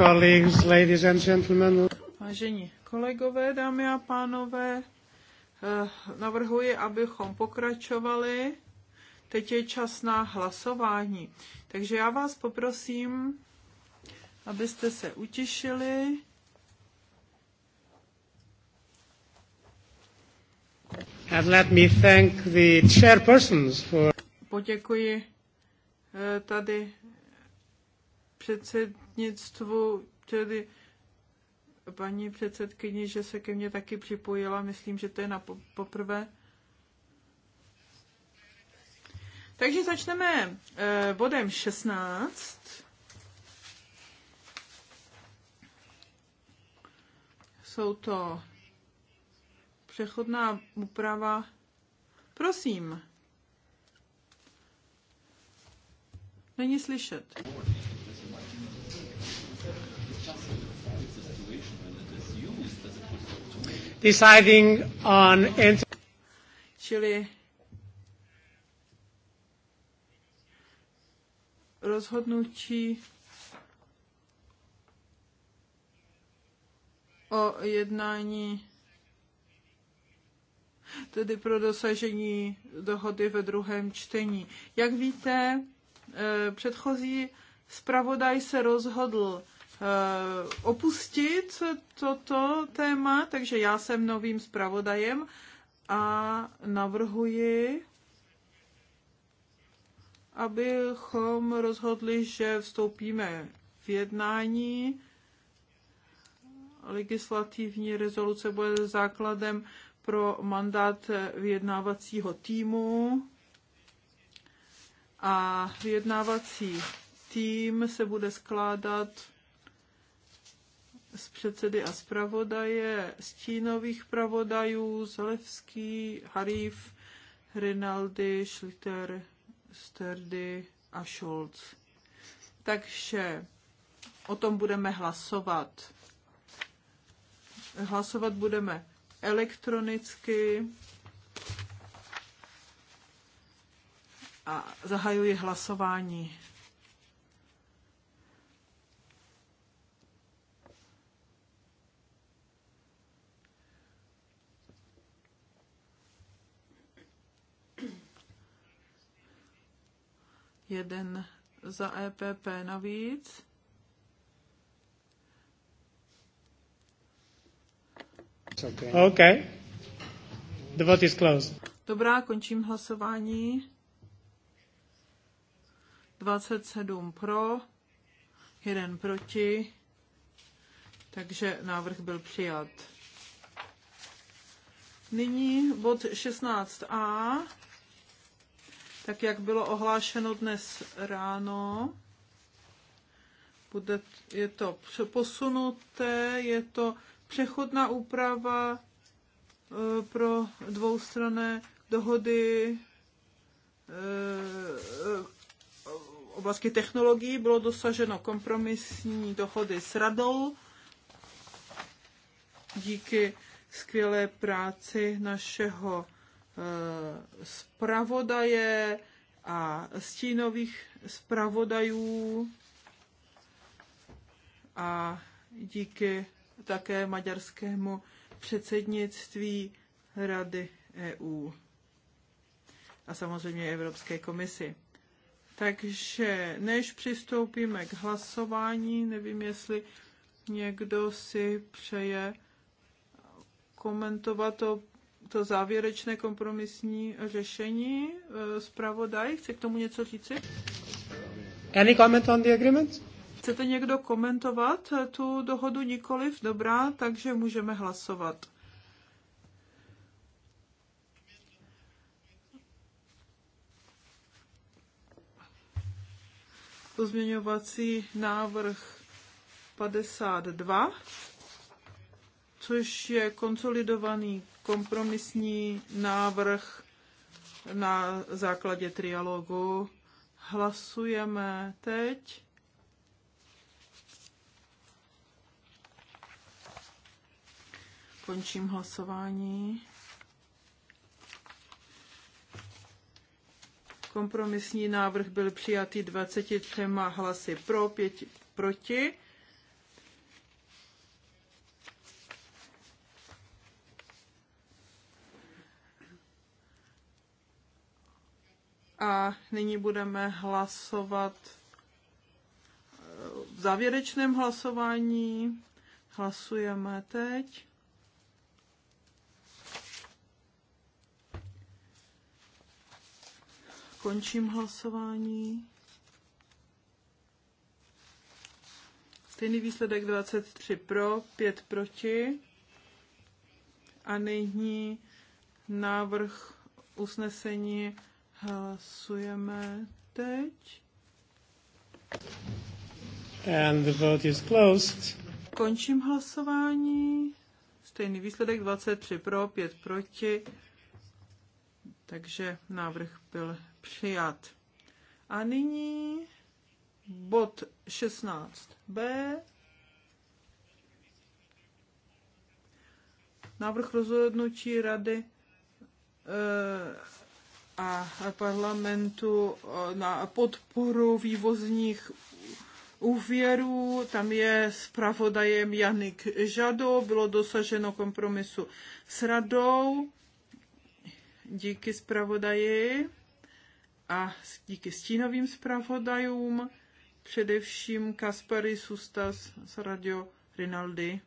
colleagues, ladies and gentlemen. Vážení kolegové, dámy a pánové, eh, navrhuji, abychom pokračovali. Teď je čas na hlasování. Takže já vás poprosím, abyste se utišili. And let me thank the chairpersons for... Poděkuji eh, tady předsednictvu, tedy paní předsedkyni, že se ke mně taky připojila. Myslím, že to je na poprvé. Takže začneme eh, bodem 16. Jsou to přechodná úprava. Prosím. Není slyšet. deciding on Čili rozhodnutí o jednání tedy pro dosažení dohody ve druhém čtení. Jak víte, eh, předchozí zpravodaj se rozhodl Eh, opustit toto téma, takže já jsem novým zpravodajem a navrhuji, abychom rozhodli, že vstoupíme v jednání. Legislativní rezoluce bude základem pro mandát vyjednávacího týmu a vyjednávací tým se bude skládat z předsedy a zpravodaje, stínových pravodajů, Zalevský, Harif, Rinaldi, Schlitter, Sterdy a Scholz. Takže o tom budeme hlasovat. Hlasovat budeme elektronicky a zahajuji hlasování. jeden za EPP navíc. OK. The vote is closed. Dobrá, končím hlasování. 27 pro, 1 proti, takže návrh byl přijat. Nyní bod 16a tak jak bylo ohlášeno dnes ráno. Bude, je to posunuté, je to přechodná úprava e, pro dvoustrané dohody e, e, oblasti technologií bylo dosaženo kompromisní dohody s radou díky skvělé práci našeho Eh, zpravodaje a stínových zpravodajů a díky také maďarskému předsednictví Rady EU a samozřejmě Evropské komisi. Takže než přistoupíme k hlasování, nevím, jestli někdo si přeje komentovat to to závěrečné kompromisní řešení. Eh, zpravodaj, chce k tomu něco říci? Any comment on the agreement? Chcete někdo komentovat eh, tu dohodu nikoliv? Dobrá, takže můžeme hlasovat. Pozměňovací návrh 52, což je konsolidovaný kompromisní návrh na základě trialogu. Hlasujeme teď. Končím hlasování. Kompromisní návrh byl přijatý 23 hlasy pro, 5 proti. A nyní budeme hlasovat eh, v závěrečném hlasování. Hlasujeme teď. Končím hlasování. Stejný výsledek 23 pro, 5 proti. A nyní návrh usnesení Hlasujeme teď. And the vote is closed. Končím hlasování. Stejný výsledek 23 pro, 5 proti. Takže návrh byl přijat. A nyní bod 16b. Návrh rozhodnutí rady e, a parlamentu eh, na podporu vývozních úvěrů. Tam je pravodajem Janik Žado. Bylo dosaženo kompromisu s radou. Díky zpravodaji a díky stínovým zpravodajům, především Kaspary Sustas z Radio Rinaldi.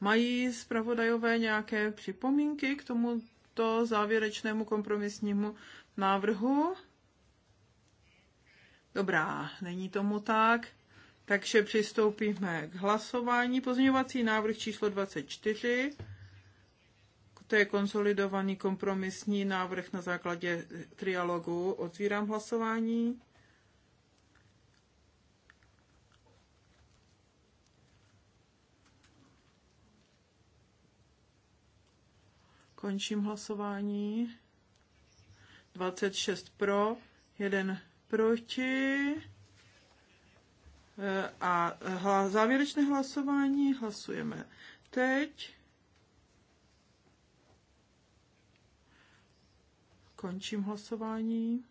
Mají zpravodajové nějaké připomínky k tomu tomuto závěrečnému kompromisnímu návrhu? Dobrá, není tomu tak. Takže přistoupíme k hlasování. Pozměňovací návrh číslo 24. To je konsolidovaný kompromisní návrh na základě trialogu. Otvírám hlasování. Končím hlasování. 26 pro, 1 proti. E, a závěrečné hlasování hlasujeme teď. Končím hlasování.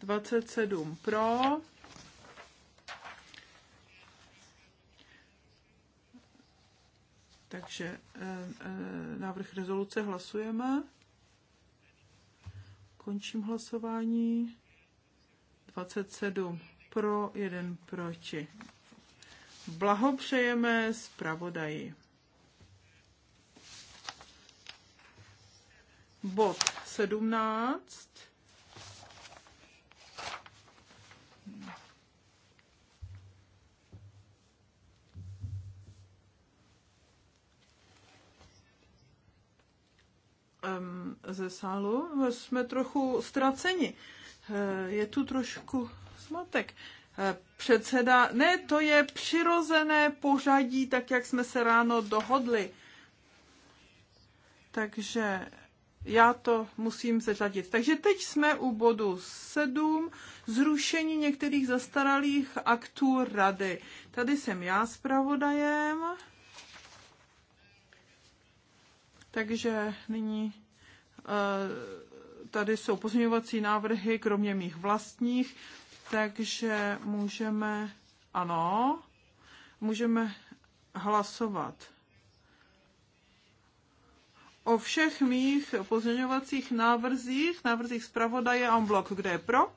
27 pro. Takže eh, eh, návrh rezoluce hlasujeme. Končím hlasování. 27 pro, 1 proti. Blahopřejeme zpravodaji. Bod 17. ze sálu, jsme trochu ztraceni. Eh, je tu trošku smatek. Eh, předseda, ne, to je přirozené pořadí, tak jak jsme se ráno dohodli. Takže já to musím seřadit. Takže teď jsme u bodu 7, zrušení některých zastaralých aktů rady. Tady jsem já s pravodajem. Takže nyní eh, tady jsou pozměňovací návrhy, kromě mých vlastních, takže můžeme, ano, můžeme hlasovat o všech mých pozměňovacích návrzích, návrzích zpravodaje a blok, kde je pro,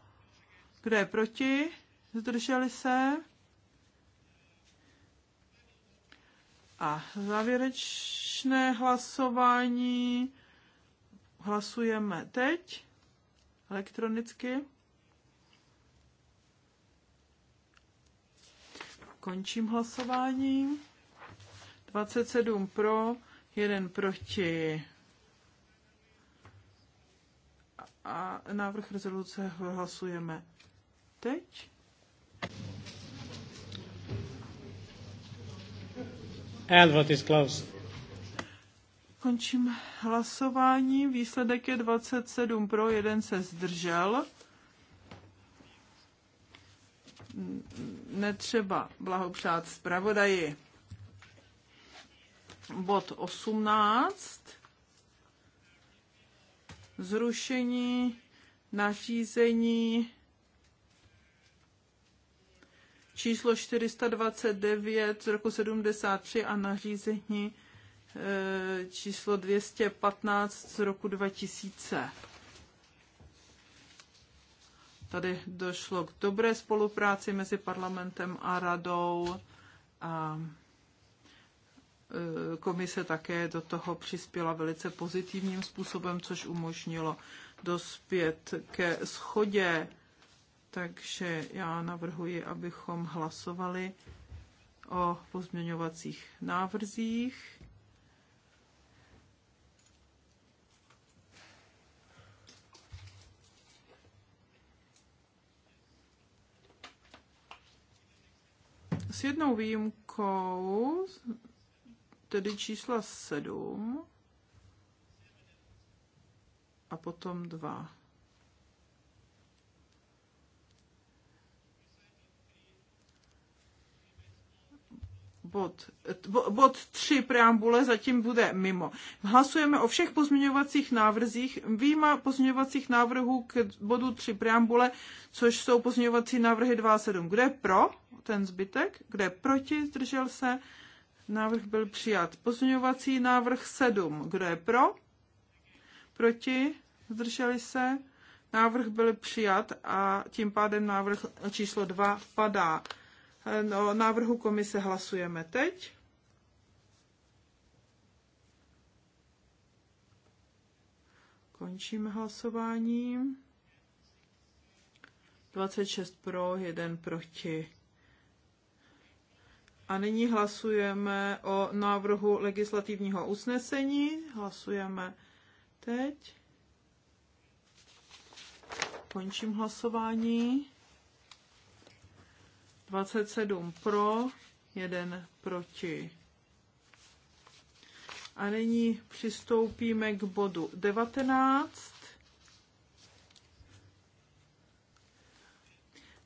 kde je proti, zdrželi se, A závěrečné hlasování hlasujeme teď elektronicky. Končím hlasování. 27 pro, 1 proti. A návrh rezoluce hlasujeme teď. And vote is closed. Končím hlasování. Výsledek je 27 pro, jeden se zdržel. Netřeba blahopřát zpravodaji. Bod 18. Zrušení nařízení číslo 429 z roku 73 a nařízení e, číslo 215 z roku 2000. Tady došlo k dobré spolupráci mezi parlamentem a radou a e, komise také do toho přispěla velice pozitivním způsobem, což umožnilo dospět ke schodě takže já navrhuji, abychom hlasovali o pozměňovacích návrzích. S jednou výjimkou, tedy čísla 7 a potom 2. bod, bod 3 preambule zatím bude mimo. Hlasujeme o všech pozměňovacích návrzích, výjima pozměňovacích návrhů k bodu 3 preambule, což jsou pozměňovací návrhy 2 a 7. Kde pro ten zbytek, kde proti, zdržel se, návrh byl přijat. Pozměňovací návrh 7, kdo je pro, proti, zdrželi se, návrh byl přijat a tím pádem návrh číslo 2 padá. No, o návrhu komise hlasujeme teď. Končím hlasování. 26 pro, 1 proti. A nyní hlasujeme o návrhu legislativního usnesení. Hlasujeme teď. Končím hlasování. 27 pro, 1 proti. A nyní přistoupíme k bodu 19.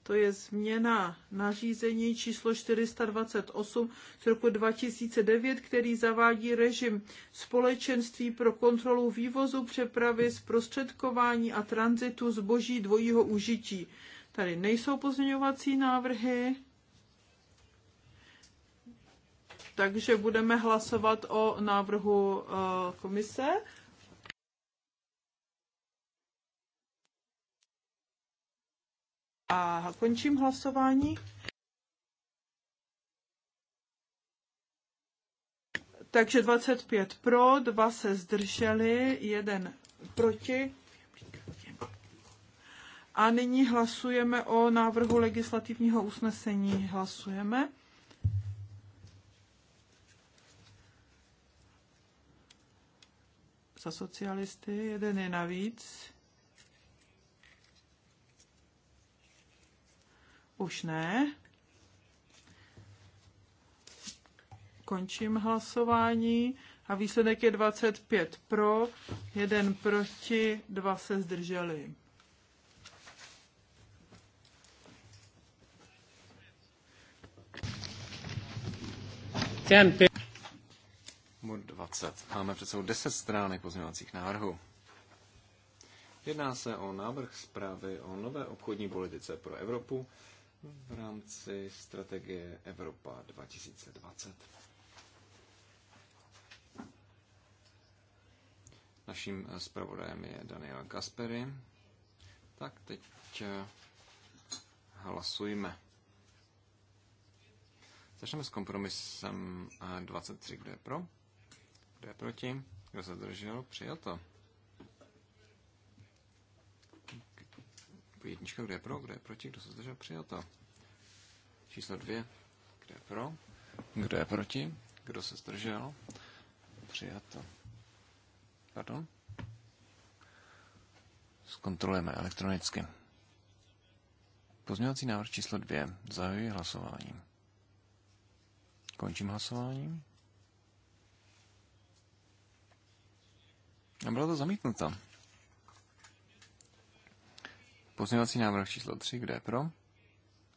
To je změna nařízení číslo 428 z roku 2009, který zavádí režim společenství pro kontrolu vývozu, přepravy, zprostředkování a tranzitu zboží dvojího užití. Tady nejsou pozměňovací návrhy, takže budeme hlasovat o návrhu eh, komise. A končím hlasování. Takže 25 pro, dva se zdrželi, jeden proti. A nyní hlasujeme o návrhu legislativního usnesení. Hlasujeme. Za socialisty jeden je navíc. Už ne. Končím hlasování a výsledek je 25 pro, jeden proti, dva se zdrželi. 20. Máme před sebou 10 stránek pozměňovacích návrhů. Jedná se o návrh zprávy o nové obchodní politice pro Evropu v rámci strategie Evropa 2020. Naším zpravodajem je Daniel Kaspery. Tak teď eh, hlasujme. Začneme s kompromisem 23. Eh, kdo je pro? Kdo je proti? Kdo se Přijel Přijato. Jednička, kdo je pro? Kdo je proti? Kdo se zdržel? Přijato. Číslo dvě. Kdo je pro? Kdo je proti? Kdo se zdržel? Přijato. Pardon? Zkontrolujeme elektronicky. Pozměňovací návrh číslo dvě. Zahajuji hlasování. Končím hlasování. A byla to zamítnuta. Pozměňovací návrh číslo 3, kdo je pro?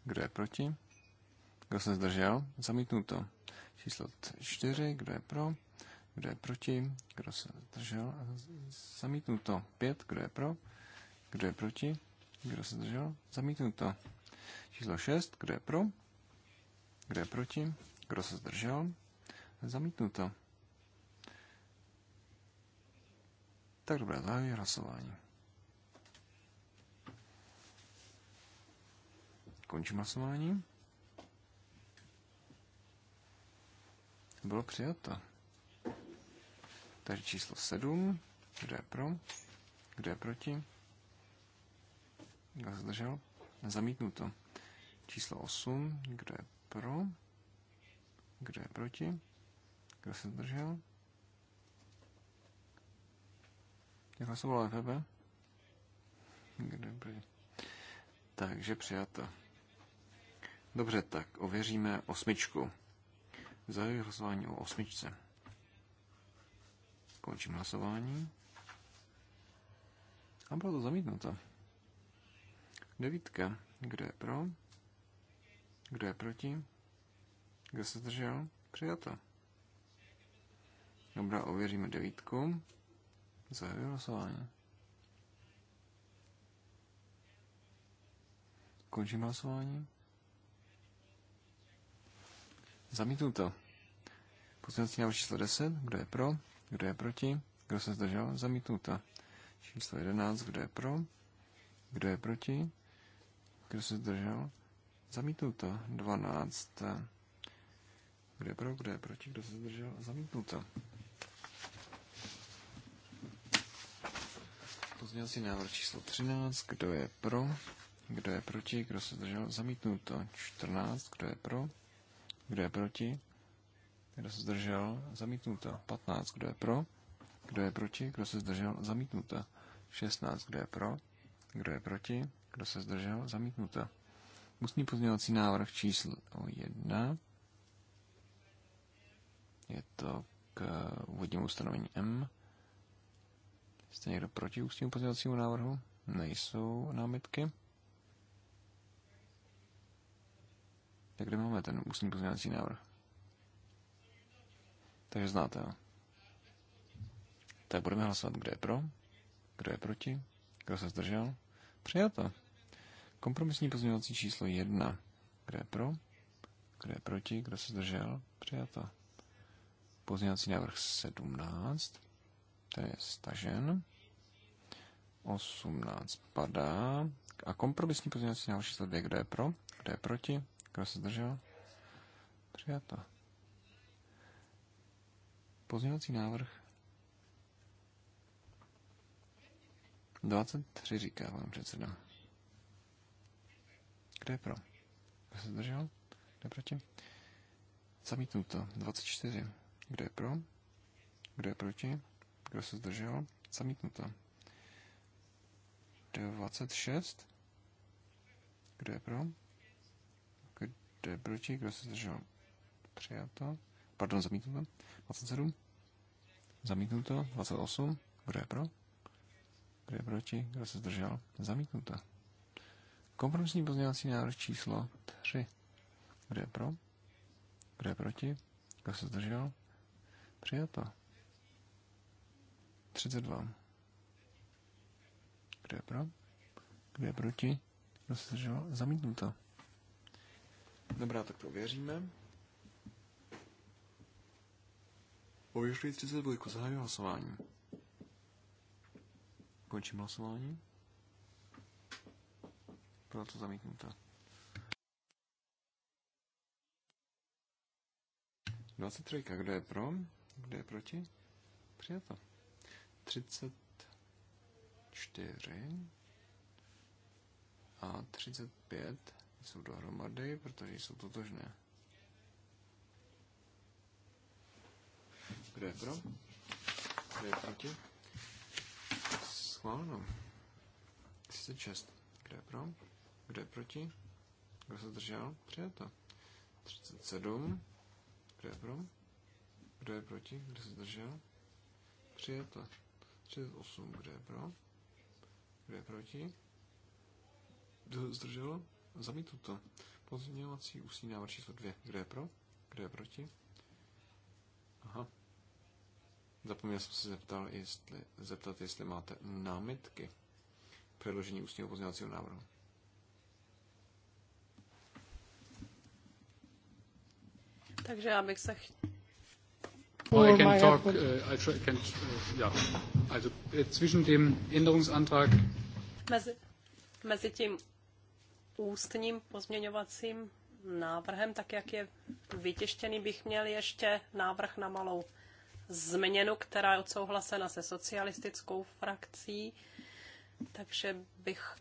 Kdo je proti? Kdo se zdržel? Zamítnuto. Číslo 4, kdo je pro? Kdo je proti? Kdo se zdržel? Zamítnuto. 5, kdo je pro? Kdo je proti? Kdo se zdržel? Zamítnuto. Číslo 6, kdo je pro? Kdo je proti? Kdo se zdržel? Zamítnuto. Tak dobré, zahajuji hlasování. Končím hlasování. Bylo přijato. Takže číslo 7. Kdo je pro? Kdo je proti? Kdo se zdržel? Zamítnuto. Číslo 8. Kdo je pro? Kdo je proti? Kdo se zdržel? Jak hlasovalo FB? Kdo je proti? Takže přijato. Dobře, tak ověříme osmičku. Zahajuji hlasování o osmičce. Končím hlasování. A bylo to zamítnuto. Devítka. Kdo je pro? Kdo je proti? Kdo se zdržel? Přijato. Dobrá, ověříme devítku. Zahajuji hlasování. Končím hlasování. Zamítnu Zamítnuto. Pozměnací návrh číslo 10. Kdo je pro? Kdo je proti? Kdo se zdržel? Zamítnu to. Číslo 11. Kdo je pro? Kdo je proti? Kdo se zdržel? Zamítnu to. 12. Kdo je pro, kdo je proti, kdo se zdržel? Zamítnuto. Pozměňovací návrh číslo 13. Kdo je pro? Kdo je proti? Kdo se zdržel? Zamítnuto. 14. Kdo je pro? Kdo je proti? Kdo se zdržel? Zamítnuto. 15. Kdo je pro? Kdo je proti? Kdo se zdržel? Zamítnuto. 16. Kdo je pro? Kdo je proti? Kdo se zdržel? Zamítnuto. Ústní pozměňovací návrh číslo 1. Je to k eh, úvodnímu ustanovení M. Jste někdo proti ústnímu pozměňovacímu návrhu? Nejsou námitky. Tak kde máme ten ústní pozměňovací návrh? Takže znáte ho. Tak budeme hlasovat, kdo je pro, kdo je proti, kdo se zdržel. Přijato. Kompromisní pozměňovací číslo 1. Kdo je pro, kdo je proti, kdo se zdržel. Přijato pozměňovací návrh 17, ten je stažen. 18 padá. A kompromisní pozměňovací návrh číslo 2, kdo je pro, kdo je proti, kdo se zdržel? Přijato. Pozměňovací návrh 23 říká pan předseda. Kdo je pro? Kdo se zdržel? Kdo je proti? Zamítnuto. 24. Kdo je pro? Kdo je proti? Kdo se zdržel? Zamítnuto. 26. Kdo je pro? Kdo je proti? Kdo se zdržel? Přijato. Pardon, zamítnuto. 27. Zamítnuto. 28. Kdo je pro? Kdo je proti? Kdo se zdržel? Zamítnuto. Kompromisní pozměňovací návrh číslo 3. Kdo je pro? Kdo je proti? Kdo se zdržel? přijata. 32. Kdo je pro? Kdo je proti? Kdo se zdržel? Zamítnuta. Dobrá, tak prověříme. Ověřuji 32. Zahajuji hlasování. Končím hlasování. Bylo to zamítnuta. 23. Kdo je pro? Kdo je proti? Přijato. 34 a 35 jsou dohromady, protože jsou totožné. Kdo je pro? Kdo je proti? Schválno. 36. Kdo je pro? Kdo je proti? Kdo se držel? Přijato. 37. Kdo je pro? Kdo je proti? Kdo se zdržel? Přijato. 38. Kdo je pro? Kdo je proti? Kdo se zdrželo? Zamítnuto. Pozměňovací ústní návrh číslo 2. Kdo je pro? Kdo je proti? Aha. Zapomněl jsem se zeptal, jestli, zeptat, jestli máte námitky předložení ústního pozměňovacího návrhu. Takže já bych se talk, äh, äh, mezi, tím ústním pozměňovacím návrhem, tak jak je vytěštěný, bych měl ještě návrh na malou změnu, která je odsouhlasena se socialistickou frakcí, takže bych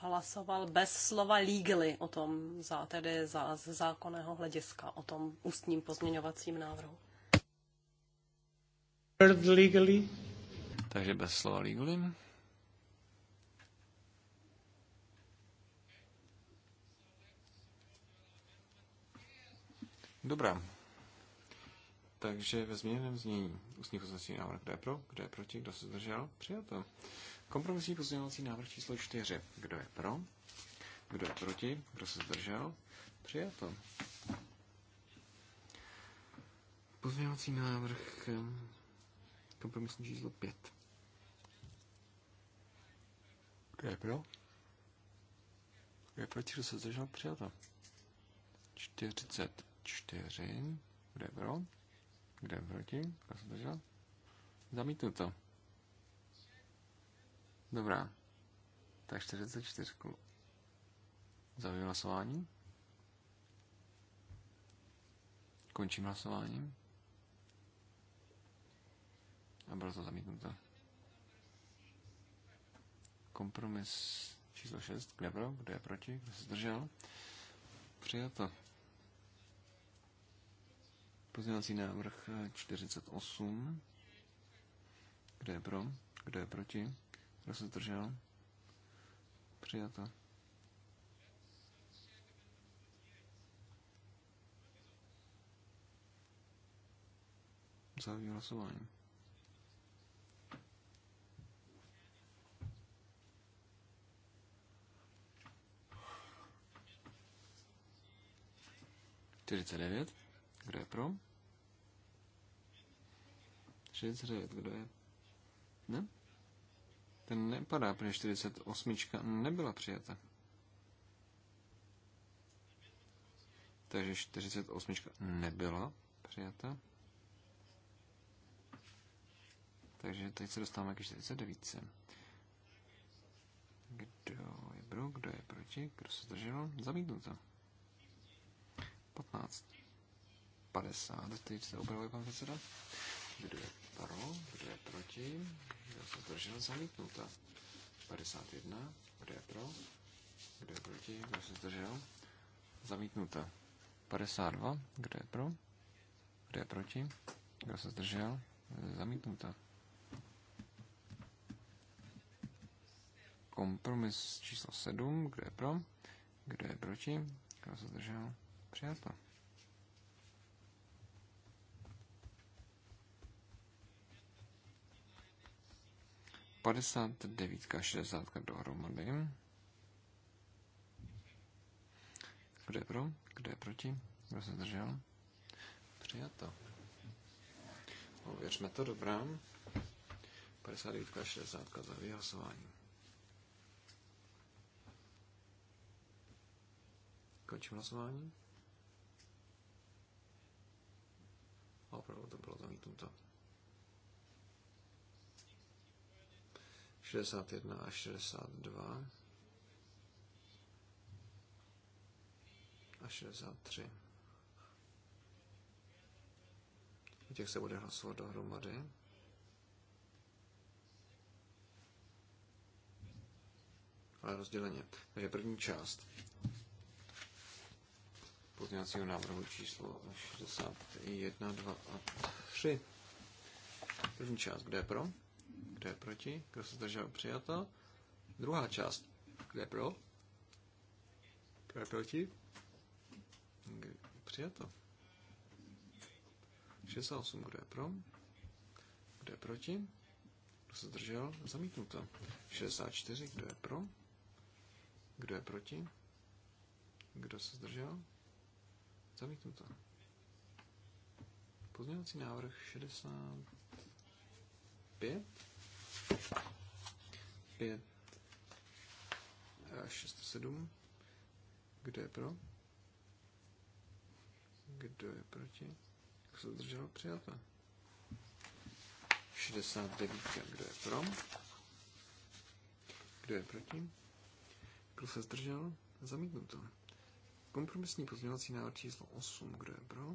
hlasoval bez slova legally o tom, za, tedy za, z zákonného hlediska, o tom ústním pozměňovacím návrhu legally. Takže bez slova legally. Dobrá. Takže ve změněném znění ústní pozměňovací návrh, kdo je pro, kdo je proti, kdo se zdržel, přijato. Kompromisní pozměňovací návrh číslo 4, kdo je pro, kdo je proti, kdo se zdržel, přijato. Pozměňovací návrh Kompromisní číslo 5. Kdo je pro? Kdo je proti, kdo se zdržel? Přijato. 44. Kdo je pro? Kdo je proti? Kdo se zdržel? Zamítnu to. Dobrá. Tak 44. Zavím hlasování. Končím hlasování a bylo to zamítnuto. Kompromis číslo 6, kde bylo, kdo je proti, kdo se zdržel. Přijato. Pozměňovací návrh 48. Kdo je pro? Kdo je proti? Kdo se zdržel? Přijato. Zavím hlasování. 49. Kdo je pro? 49. Kdo je? Ne? Ten nepadá, protože 48 nebyla přijata. Takže 48 nebyla přijata. Takže teď se dostáváme k 49. Kdo je pro, kdo je proti, kdo se zdržel? Zamítnuto. 15. 50, teď se opravuje pan předseda. Kdo je pro, kdo je proti, kdo se zdržel, zamítnuta. 51, kdo je pro, kdo je proti, kdo se zdržel, zamítnuta. 52, kdo je pro, kdo je proti, kdo se zdržel, zamítnuta. Kompromis číslo 7, kdo je pro, kdo je proti, kdo se zdržel, Přijato. Padesát devítka, šedesátka dohromady. Kdo je pro? Kdo je proti? Kdo se zdržel? Přijato. Ověřme to, dobrá. 59 a 60 za vyhlasování. Končím hlasování. A opravdu to bylo zamítnuto. 61 až 62 a 63. O těch se bude hlasovat dohromady. Ale rozděleně. Takže první část pozměňovacího návrhu číslo 61, 2 a 3. První část, kde je pro? Kde je proti? Kdo se zdržel? Přijata. Druhá část, kde je pro? Kdo je proti? Přijato. 68, kdo je pro? Kdo je proti? Kdo se zdržel? Zamítnuto. 64, kdo je pro? Kdo je proti? Kdo se zdržel? Zamítnuto. Pozměňovací návrh 65. 5 a 6 7. Kdo je pro? Kdo je proti? Jak se zdržel? Přijato. 69. Kdo je pro? Kdo je proti? Kdo se zdržel? Zamítnuto. Kompromisní pozměňovací návrh číslo 8. Kdo je pro?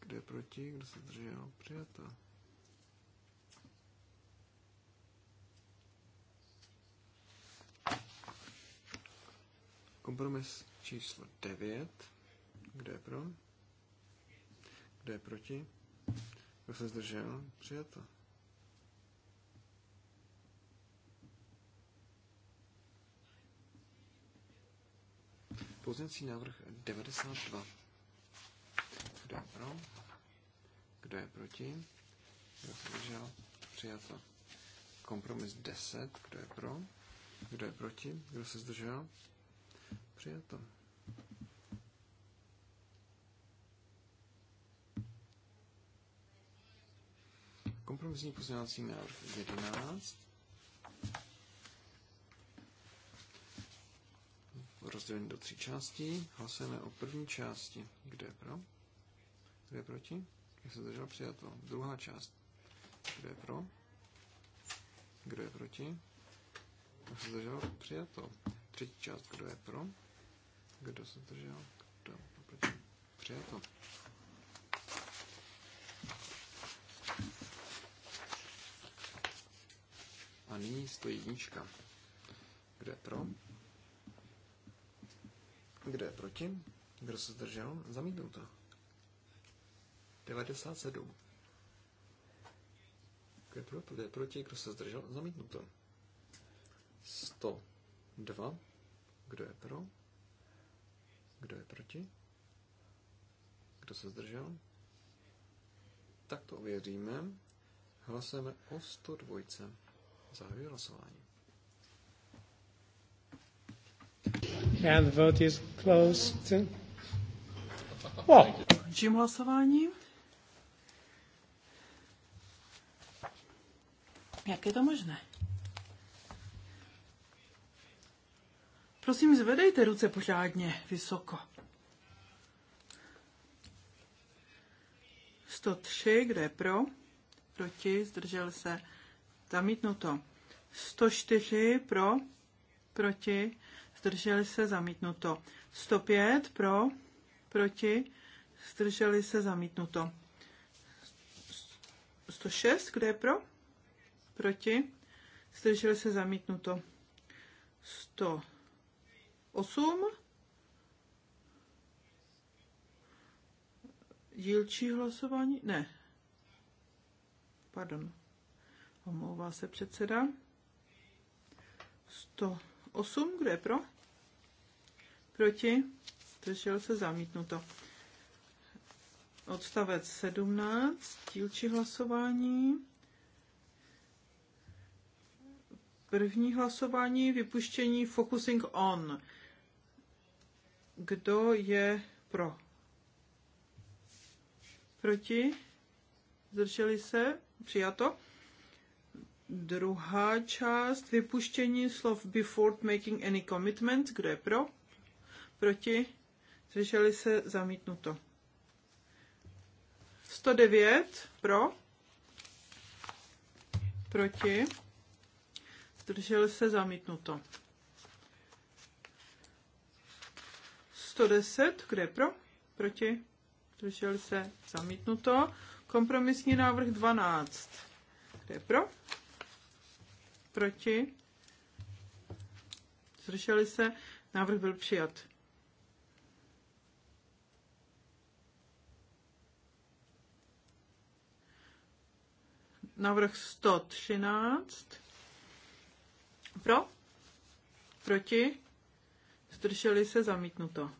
Kdo je proti? Kdo se zdržel? Přijato. Kompromis číslo 9. Kdo je pro? Kdo je proti? Kdo se zdržel? Přijato. Pozměňovací návrh 92. Kdo je pro? Kdo je proti? Kdo se držel? Přijato. Kompromis 10. Kdo je pro? Kdo je proti? Kdo se zdržel? Přijato. Kompromisní pozměňovací návrh 11. rozdělen do tří částí. Hlasujeme o první části. Kdo je pro? Kdo je proti? Jak se zdržel přijato? Druhá část. Kdo je pro? Kdo je proti? Jak se zdržel přijato? Třetí část. Kdo je pro? Kdo se zdržel? Kdo je proti? Přijato. A nyní stojí jednička. Kdo je pro? Kdo je proti? Kdo se zdržel? Zamítnuto. 97. Kdo je, pro, kdo je proti? Kdo se zdržel? Zamítnuto. 102. Kdo je pro? Kdo je proti? Kdo se zdržel? Tak to ověříme. Hlasujeme o 102. Zahajuji hlasování. And the vote is closed. Končím hlasování. Jak je to možné? Prosím, zvedejte ruce pořádně vysoko. 103, kde je pro, proti, zdržel se, zamítnuto. 104 pro, proti, zdrželi se zamítnuto. 105 pro, proti, zdrželi se zamítnuto. 106, kde je pro? Proti, zdrželi se zamítnuto. 108, dílčí hlasování, ne, pardon, omlouvá se předseda. 100. 8, kdo je pro? Proti? Zdržel se zamítnuto. Odstavec 17, dílčí hlasování. První hlasování, vypuštění Focusing on. Kdo je pro? Proti? Zdrželi se? Přijato. Druhá část, vypuštění slov before making any commitment. Kdo je pro? Proti? Zdrželi se zamítnuto. 109 pro. Proti. Zdrželi se zamítnuto. 110, kde pro? Proti. Zdrželi se zamítnuto. Kompromisní návrh 12. Kde pro? proti, zdrželi se, návrh byl přijat. Návrh 113. Pro? Proti? Zdrželi se zamítnuto.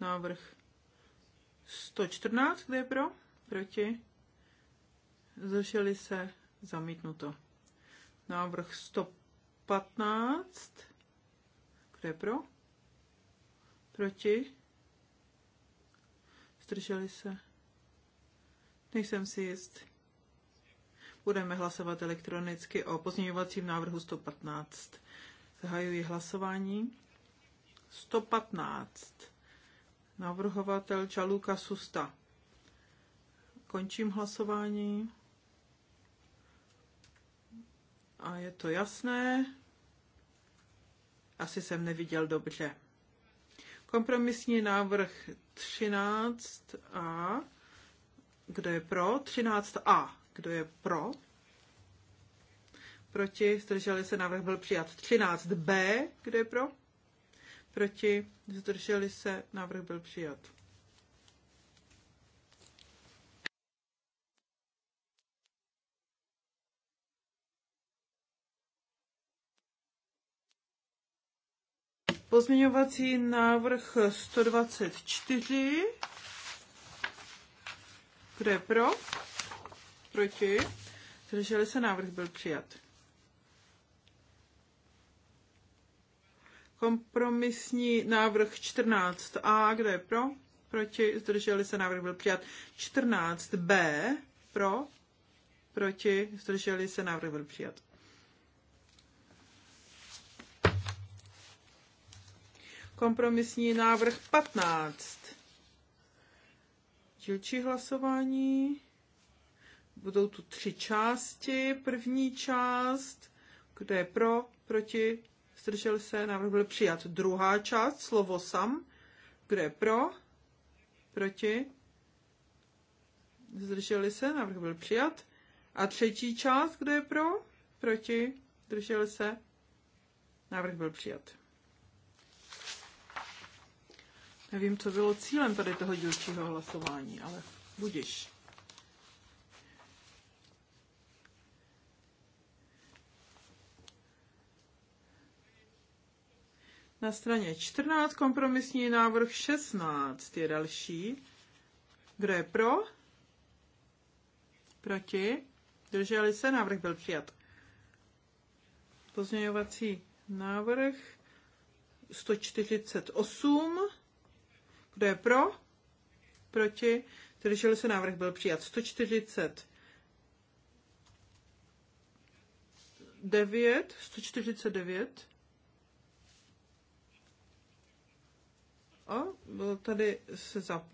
Návrh 114, kde je pro? Proti? Zdrželi se zamítnuto návrh 115. Kdo je pro? Proti? Zdrželi se? Nejsem si jist. Budeme hlasovat elektronicky o pozměňovacím návrhu 115. Zahajuji hlasování. 115. Navrhovatel Čaluka Susta. Končím hlasování. A je to jasné. Asi jsem neviděl dobře. Kompromisní návrh 13a. Kdo je pro? 13a. Kdo je pro? Proti? Zdrželi se, návrh byl přijat. 13b. Kdo je pro? Proti? Zdrželi se, návrh byl přijat. Pozměňovací návrh 124. Kdo je pro? Proti? Zdrželi se, návrh byl přijat. Kompromisní návrh 14a. Kdo je pro? Proti? Zdrželi se, návrh byl přijat. 14b. Pro? Proti? Zdrželi se, návrh byl přijat. Kompromisní návrh 15. Dílčí hlasování. Budou tu tři části. První část, kde je pro, proti, zdržel se, návrh byl přijat. Druhá část, slovo sam, kde je pro, proti, zdrželi se, návrh byl přijat. A třetí část, kde je pro, proti, zdržel se, návrh byl přijat. Nevím, co bylo cílem tady toho dílčího hlasování, ale budiš. Na straně 14 kompromisní návrh 16 je další. Kdo je pro? Proti? Drželi se? Návrh byl přijat. Pozměňovací návrh 148. Kdo je pro? Proti? Tedy, Zdrželi se, návrh byl přijat. 140. 9, 149. O, bylo tady se zap...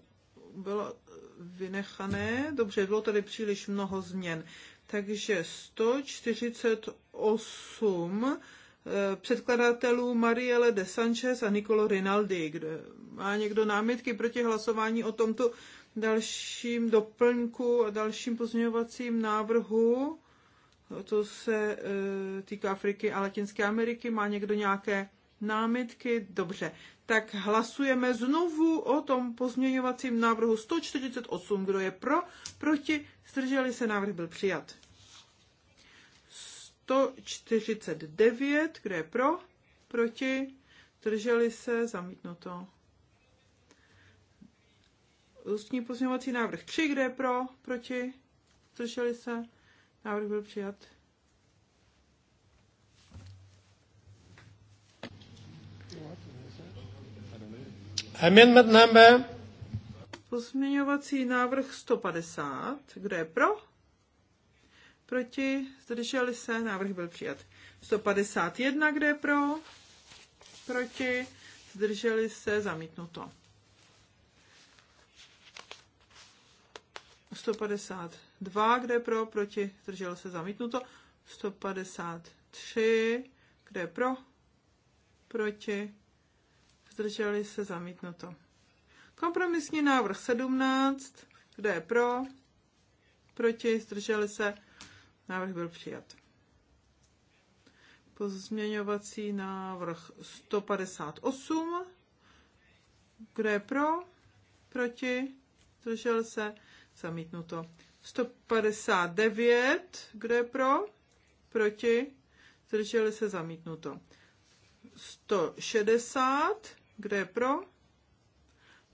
bylo vynechané, dobře, bylo tady příliš mnoho změn. Takže 148 Eh, předkladatelů Marielle de Sanchez a Nicolo Rinaldi. Kde má někdo námitky proti hlasování o tomto dalším doplňku a dalším pozměňovacím návrhu? To se eh, týká Afriky a Latinské Ameriky. Má někdo nějaké námitky? Dobře. Tak hlasujeme znovu o tom pozměňovacím návrhu 148. Kdo je pro? Proti? Zdrželi se? Návrh byl přijat. 149, kde je pro, proti, drželi se, zamítnuto. Ústní pozměňovací návrh 3, kde je pro, proti, drželi se, návrh byl přijat. Amendment number. Pozměňovací návrh 150, kde je pro, proti, zdrželi se, návrh byl přijat. 151, kde je pro, proti, zdrželi se, zamítnuto. 152, kde je pro, proti, zdrželo se, zamítnuto. 153, kde je pro, proti, zdrželi se, zamítnuto. Kompromisní návrh 17, kde je pro, proti, zdrželi se, Návrh byl přijat. Pozměňovací návrh 158. Kdo je pro? Proti? Zdržel se? Zamítnuto. 159. Kdo je pro? Proti? Zdrželi se? Zamítnuto. 160. Kdo je pro?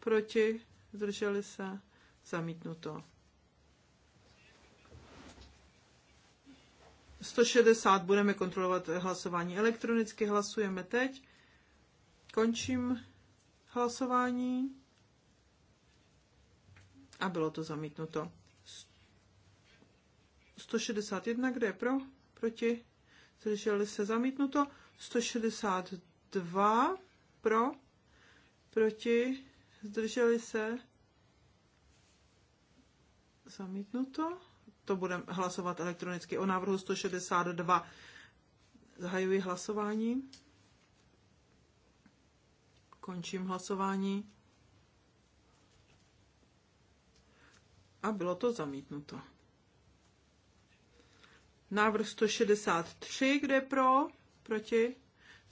Proti? Zdrželi se? Zamítnuto. 160 budeme kontrolovat hlasování elektronicky, hlasujeme teď. Končím hlasování. A bylo to zamítnuto. 161, kde je pro? Proti? Zdrželi se zamítnuto. 162 pro? Proti? Zdrželi se zamítnuto to budeme hlasovat elektronicky o návrhu 162. Zahajuji hlasování. Končím hlasování. A bylo to zamítnuto. Návrh 163, kde pro, proti,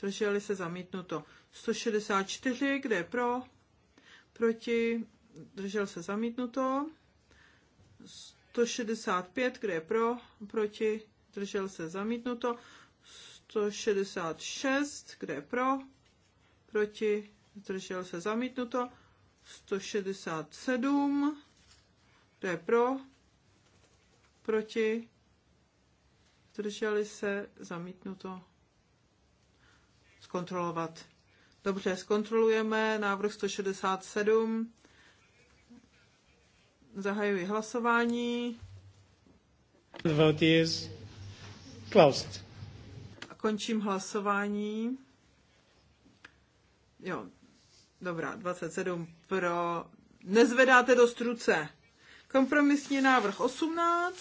drželi se zamítnuto. 164, kde pro, proti, držel se zamítnuto. 165, kde je pro, proti, zdržel se zamítnuto. 166, kde je pro, proti, zdržel se zamítnuto. 167, kde je pro, proti, zdrželi se zamítnuto. Zkontrolovat. Dobře, zkontrolujeme návrh 167. Zahajuji hlasování. The vote is closed. A končím hlasování. Jo, dobrá, 27 pro. Nezvedáte do struce. Kompromisní návrh 18.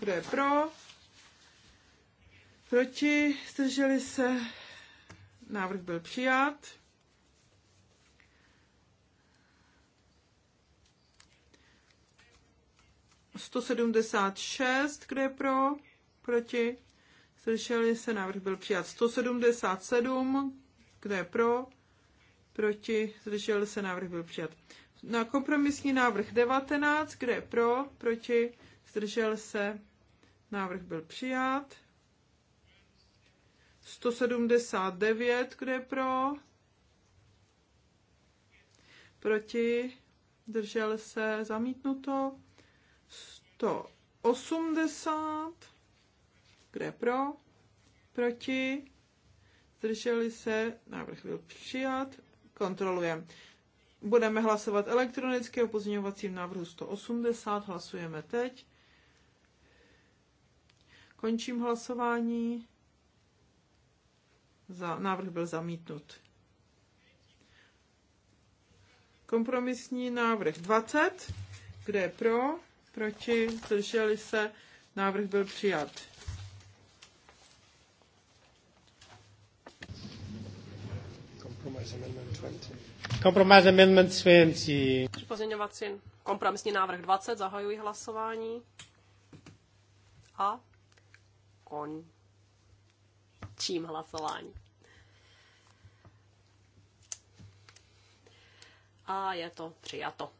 Kdo je pro? Proti? Zdrželi se? Návrh byl přijat. 176, kde je pro, proti, slyšeli se, návrh byl přijat. 177, kde je pro, proti, slyšeli se, návrh byl přijat. Na kompromisní návrh 19, kde je pro, proti, zdržel se, návrh byl přijat. 179, kde je pro, proti, zdržel se, zamítnuto to 80, kde pro, proti, zdrželi se, návrh byl přijat, kontrolujeme. Budeme hlasovat elektronicky o pozměňovacím návrhu 180, hlasujeme teď. Končím hlasování. Za, návrh byl zamítnut. Kompromisní návrh 20. kde je pro? proti, zdrželi se, návrh byl přijat. Kompromis Amendment 20. Amendment 20. Pozměňovací kompromisní návrh 20, zahajuji hlasování. A kon. Čím hlasování. A je to přijato.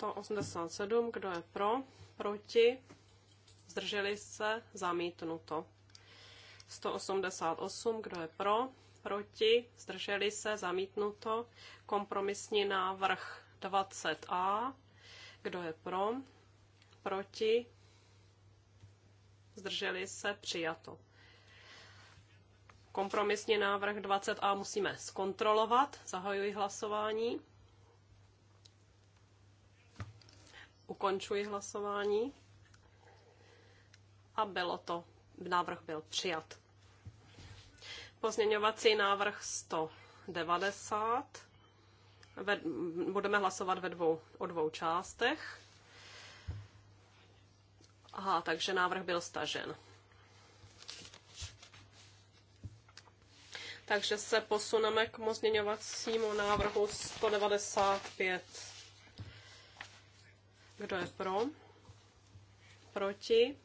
187, kdo je pro, proti, zdrželi se, zamítnuto. 188, kdo je pro, proti, zdrželi se, zamítnuto. Kompromisní návrh 20a, kdo je pro, proti, zdrželi se, přijato. Kompromisní návrh 20a musíme zkontrolovat. Zahajuji hlasování. Ukončuji hlasování. A bylo to. Návrh byl přijat. Pozměňovací návrh 190. Ve, budeme hlasovat ve dvou, o dvou částech. Aha, takže návrh byl stažen. Takže se posuneme k pozměňovacímu návrhu 195. Kdo je pro? Proti?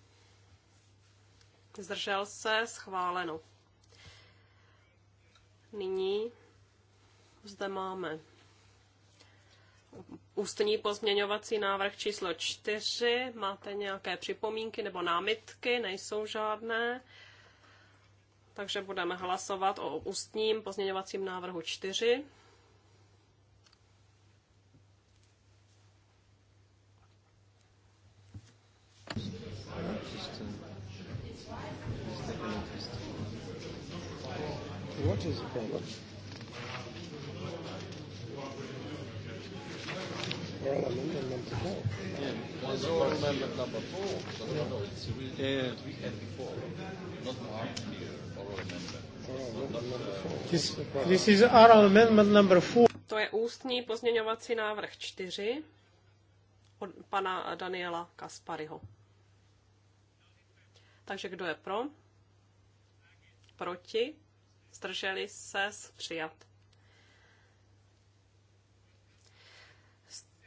Zdržel se? Schváleno. Nyní zde máme ústní pozměňovací návrh číslo 4. Máte nějaké připomínky nebo námitky? Nejsou žádné. Takže budeme hlasovat o ústním pozměňovacím návrhu 4. What is the problem? amendment number four. Yeah, amendment number four. So yeah. no, it's really yeah. we had before, not Oral amendment. This, this is amendment number four. To je ústní pozměňovací návrh čtyři od pana Daniela Kaspariho. Takže kdo je pro? Proti? zdrželi se, přijat.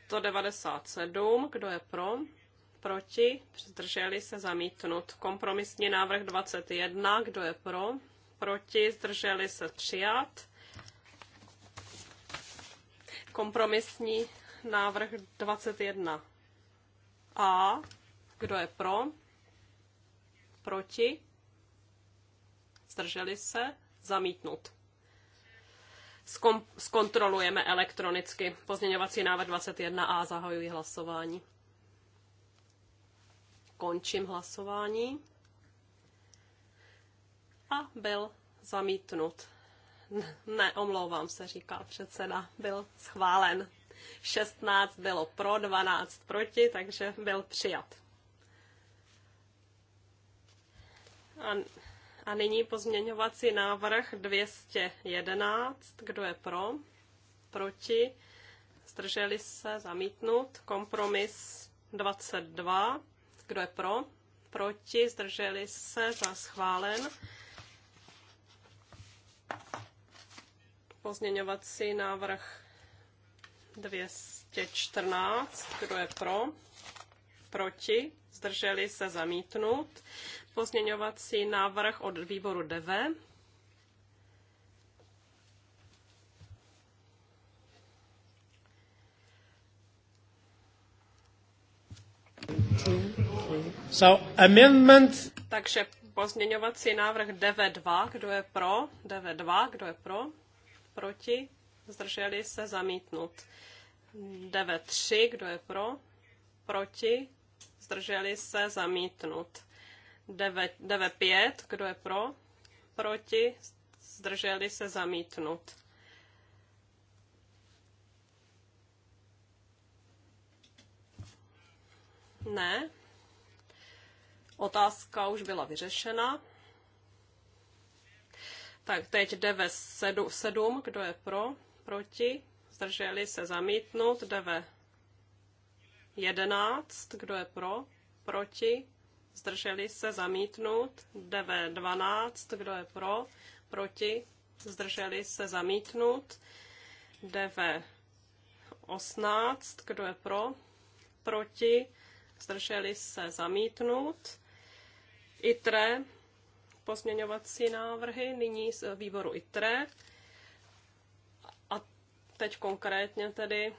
197, kdo je pro, proti, zdrželi se, zamítnut. Kompromisní návrh 21, kdo je pro, proti, zdrželi se, přijat. Kompromisní návrh 21. A, kdo je pro, proti, zdrželi se, Zamítnut. Zkom- zkontrolujeme elektronicky. Pozměňovací návrh 21a. Zahajuji hlasování. Končím hlasování. A byl zamítnut. Ne, omlouvám se, říká předseda. Byl schválen. 16 bylo pro, 12 proti, takže byl přijat. A a nyní pozměňovací návrh 211. Kdo je pro? Proti? Zdrželi se? Zamítnut. Kompromis 22. Kdo je pro? Proti? Zdrželi se? Za schválen. Pozměňovací návrh 214. Kdo je pro? proti, zdrželi se zamítnout. Pozměňovací návrh od výboru DV. So, amendment. Takže pozměňovací návrh DV2, kdo je pro? DV2, kdo je pro? Proti? Zdrželi se zamítnout DV3, kdo je pro? Proti? zdrželi se, zamítnut. 9.5. kdo je pro, proti, zdrželi se, zamítnut. Ne. Otázka už byla vyřešena. Tak teď 9.7. kdo je pro, proti, zdrželi se zamítnout, DV 11, kdo je pro, proti, zdrželi se zamítnout, DV12, kdo je pro, proti, zdrželi se zamítnout, DV18, kdo je pro, proti, zdrželi se zamítnout, ITRE, pozměňovací návrhy, nyní z výboru ITRE, a teď konkrétně tedy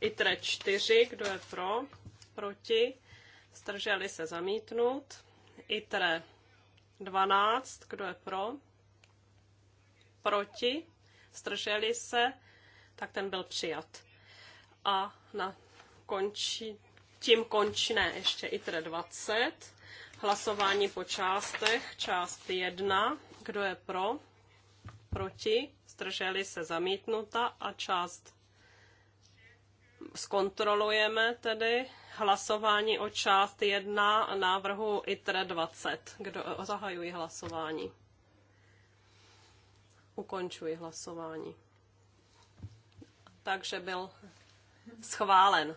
ITRE 4, kdo je pro, proti, zdrželi se zamítnout. ITRE 12, kdo je pro, proti, zdrželi se, tak ten byl přijat. A na končí, tím končné ještě ITRE 20. Hlasování po částech, část 1, kdo je pro, proti, zdrželi se zamítnuta a část zkontrolujeme tedy hlasování o část 1 návrhu ITRE 20. Kdo zahajuji hlasování? Ukončuji hlasování. Takže byl schválen.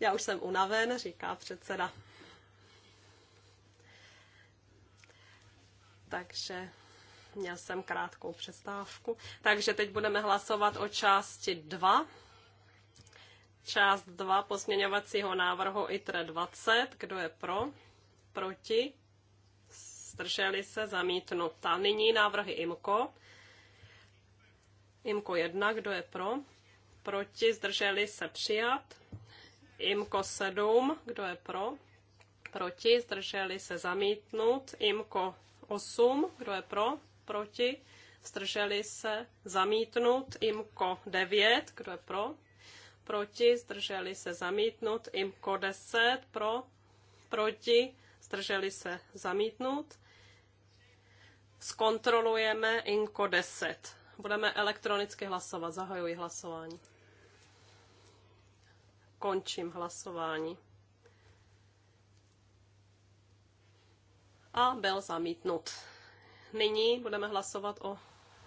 Já už jsem unaven, říká předseda. Takže Měl jsem krátkou přestávku. Takže teď budeme hlasovat o části 2. Část 2 pozměňovacího návrhu ITRE 20. Kdo je pro? Proti? Zdrželi se? Zamítnuta. Nyní návrhy IMKO. IMKO 1. Kdo je pro? Proti? Zdrželi se? Přijat. IMKO 7. Kdo je pro? Proti? Zdrželi se? Zamítnut. IMKO 8. Kdo je pro? proti, zdrželi se, zamítnut, IMKO 9, kdo je pro, proti, zdrželi se, zamítnut, IMKO 10, pro, proti, zdrželi se, zamítnut. Zkontrolujeme IMKO 10. Budeme elektronicky hlasovat, zahajuji hlasování. Končím hlasování. A byl zamítnut. Nyní budeme hlasovat o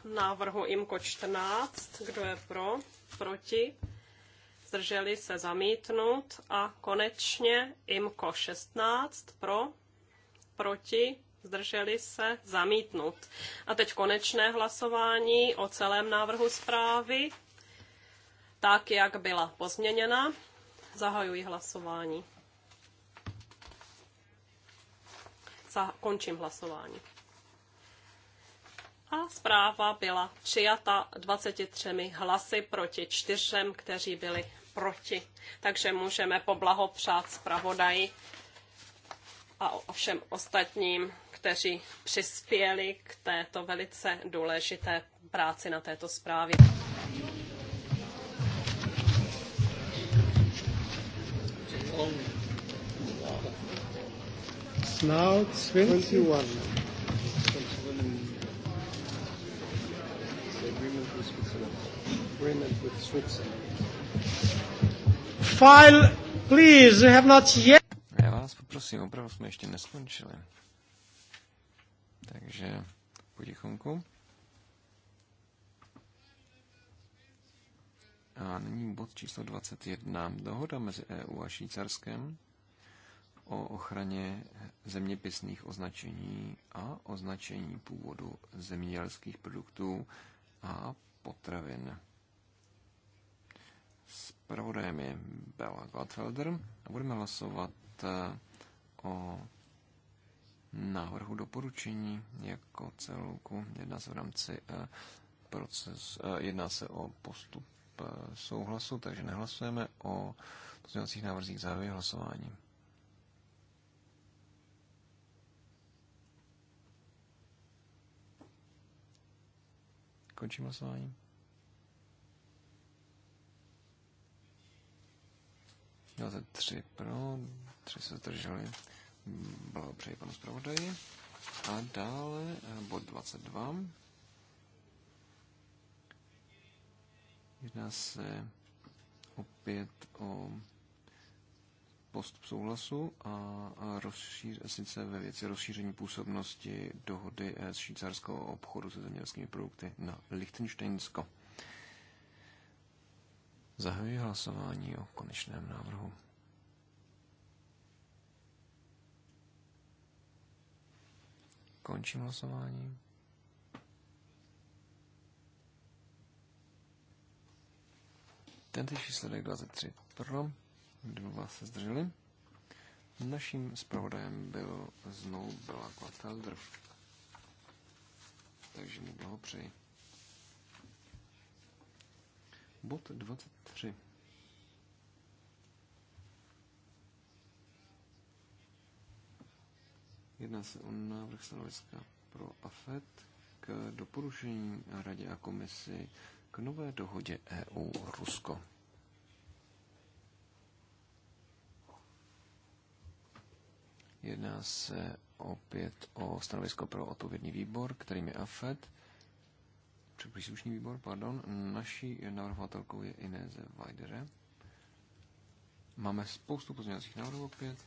návrhu IMKO 14. Kdo je pro? Proti? Zdrželi se zamítnout. A konečně IMKO 16. Pro? Proti? Zdrželi se zamítnout. A teď konečné hlasování o celém návrhu zprávy, tak jak byla pozměněna. Zahajuji hlasování. Končím hlasování a zpráva byla přijata 23 hlasy proti čtyřem, kteří byli proti. Takže můžeme poblahopřát zpravodaji a všem ostatním, kteří přispěli k této velice důležité práci na této zprávě. Now 21. File, please, we have not yet... Já vás poprosím, opravdu jsme ještě neskončili. Takže potichonku. A nyní bod číslo 21. Dohoda mezi EU a Švýcarskem o ochraně zeměpisných označení a označení původu zemědělských produktů a potravin. Spravodajem je Bela Gottfelder a budeme hlasovat eh, o návrhu doporučení jako celku. Jedná se v rámci eh, proces, eh, jedná se o postup souhlasu, takže nehlasujeme o pozměňovacích návrzích závěr hlasování. Končím hlasování. tři pro, tři se zdrželi. Blahopřeji panu zpravodaji. A dále eh, bod 22. Jedná se opět o postup souhlasu a, rozšíř, sice ve věci rozšíření působnosti dohody s eh, švýcarskou obchodu se zemědělskými produkty na Lichtensteinsko. Zahajuji hlasování o konečném návrhu. Končím hlasování. Tentýž výsledek 23 pro, Dva se zdrželi. Naším zpravodajem byl znovu byla Quatelder. Takže mu přeji. Bod 23. Jedná se o návrh stanoviska pro AFET k doporušení Radě a komisi k nové dohodě EU-Rusko. Jedná se opět o stanovisko pro odpovědný výbor, kterým je AFED, příslušný výbor, pardon. Naší navrhovatelkou je Ineze Weidere. Máme spoustu pozměňovacích návrhů opět.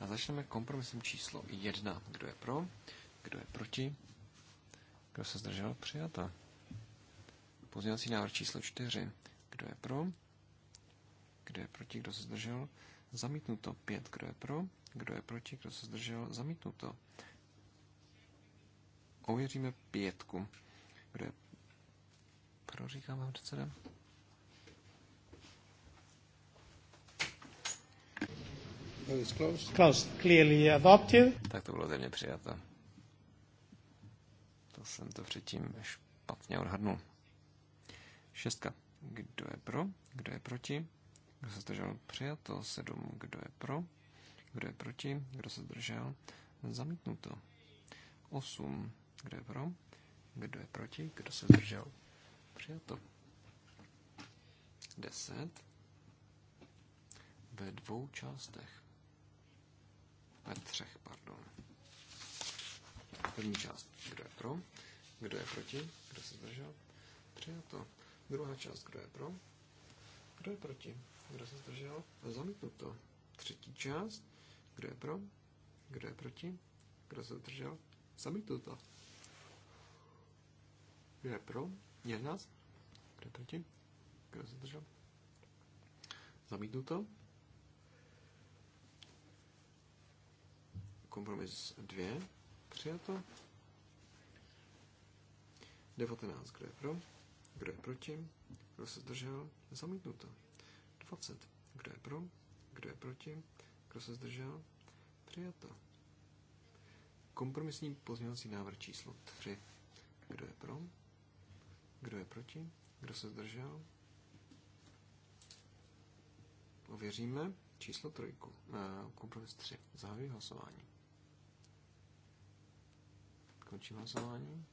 A začneme kompromisem číslo 1. Kdo je pro? Kdo je proti? Kdo se zdržel? Přijata. Pozměňovací návrh číslo 4. Kdo je pro? Kdo je proti? Kdo se zdržel? Zamítnuto. Pět. Kdo je pro? Kdo je proti? Kdo se zdržel? Zamítnuto. Ověříme pětku. Kdo je pro, říká vám předseda. Closed. Closed. Clearly adopted. Tak to bylo zřejmě přijato. To jsem to předtím špatně odhadnul. Šestka. Kdo je pro? Kdo je proti? Kdo se zdržel? Přijato. 7. Kdo je pro? Kdo je proti? Kdo se zdržel? Zamítnuto. 8. Kdo je pro? Kdo je proti? Kdo se zdržel? Přijato. 10. Ve dvou částech. Ve třech, pardon. První část. Kdo je pro? Kdo je proti? Kdo se zdržel? Přijato. Druhá část. Kdo je pro? Kdo je proti? Kdo se zdržel? No, Zamítnuto. Třetí část. Kdo je pro? Kdo je proti? Kdo se zdržel? Zamítnuto. Kdo je pro? nás. Kdo je proti? Kdo se zdržel? Zamítnuto. Kompromis dvě. Přijato. 19. Kdo je pro? Kdo je proti? Kdo se zdržel? Zamítnuto. 20. Kdo je pro? Kdo je proti? Kdo se zdržel? Přijato. Kompromisní pozměňovací návrh číslo 3. Kdo je pro? Kdo je proti? Kdo se zdržel? Ověříme číslo 3. Eh, kompromis 3. Zahajuji hlasování. Končím hlasování.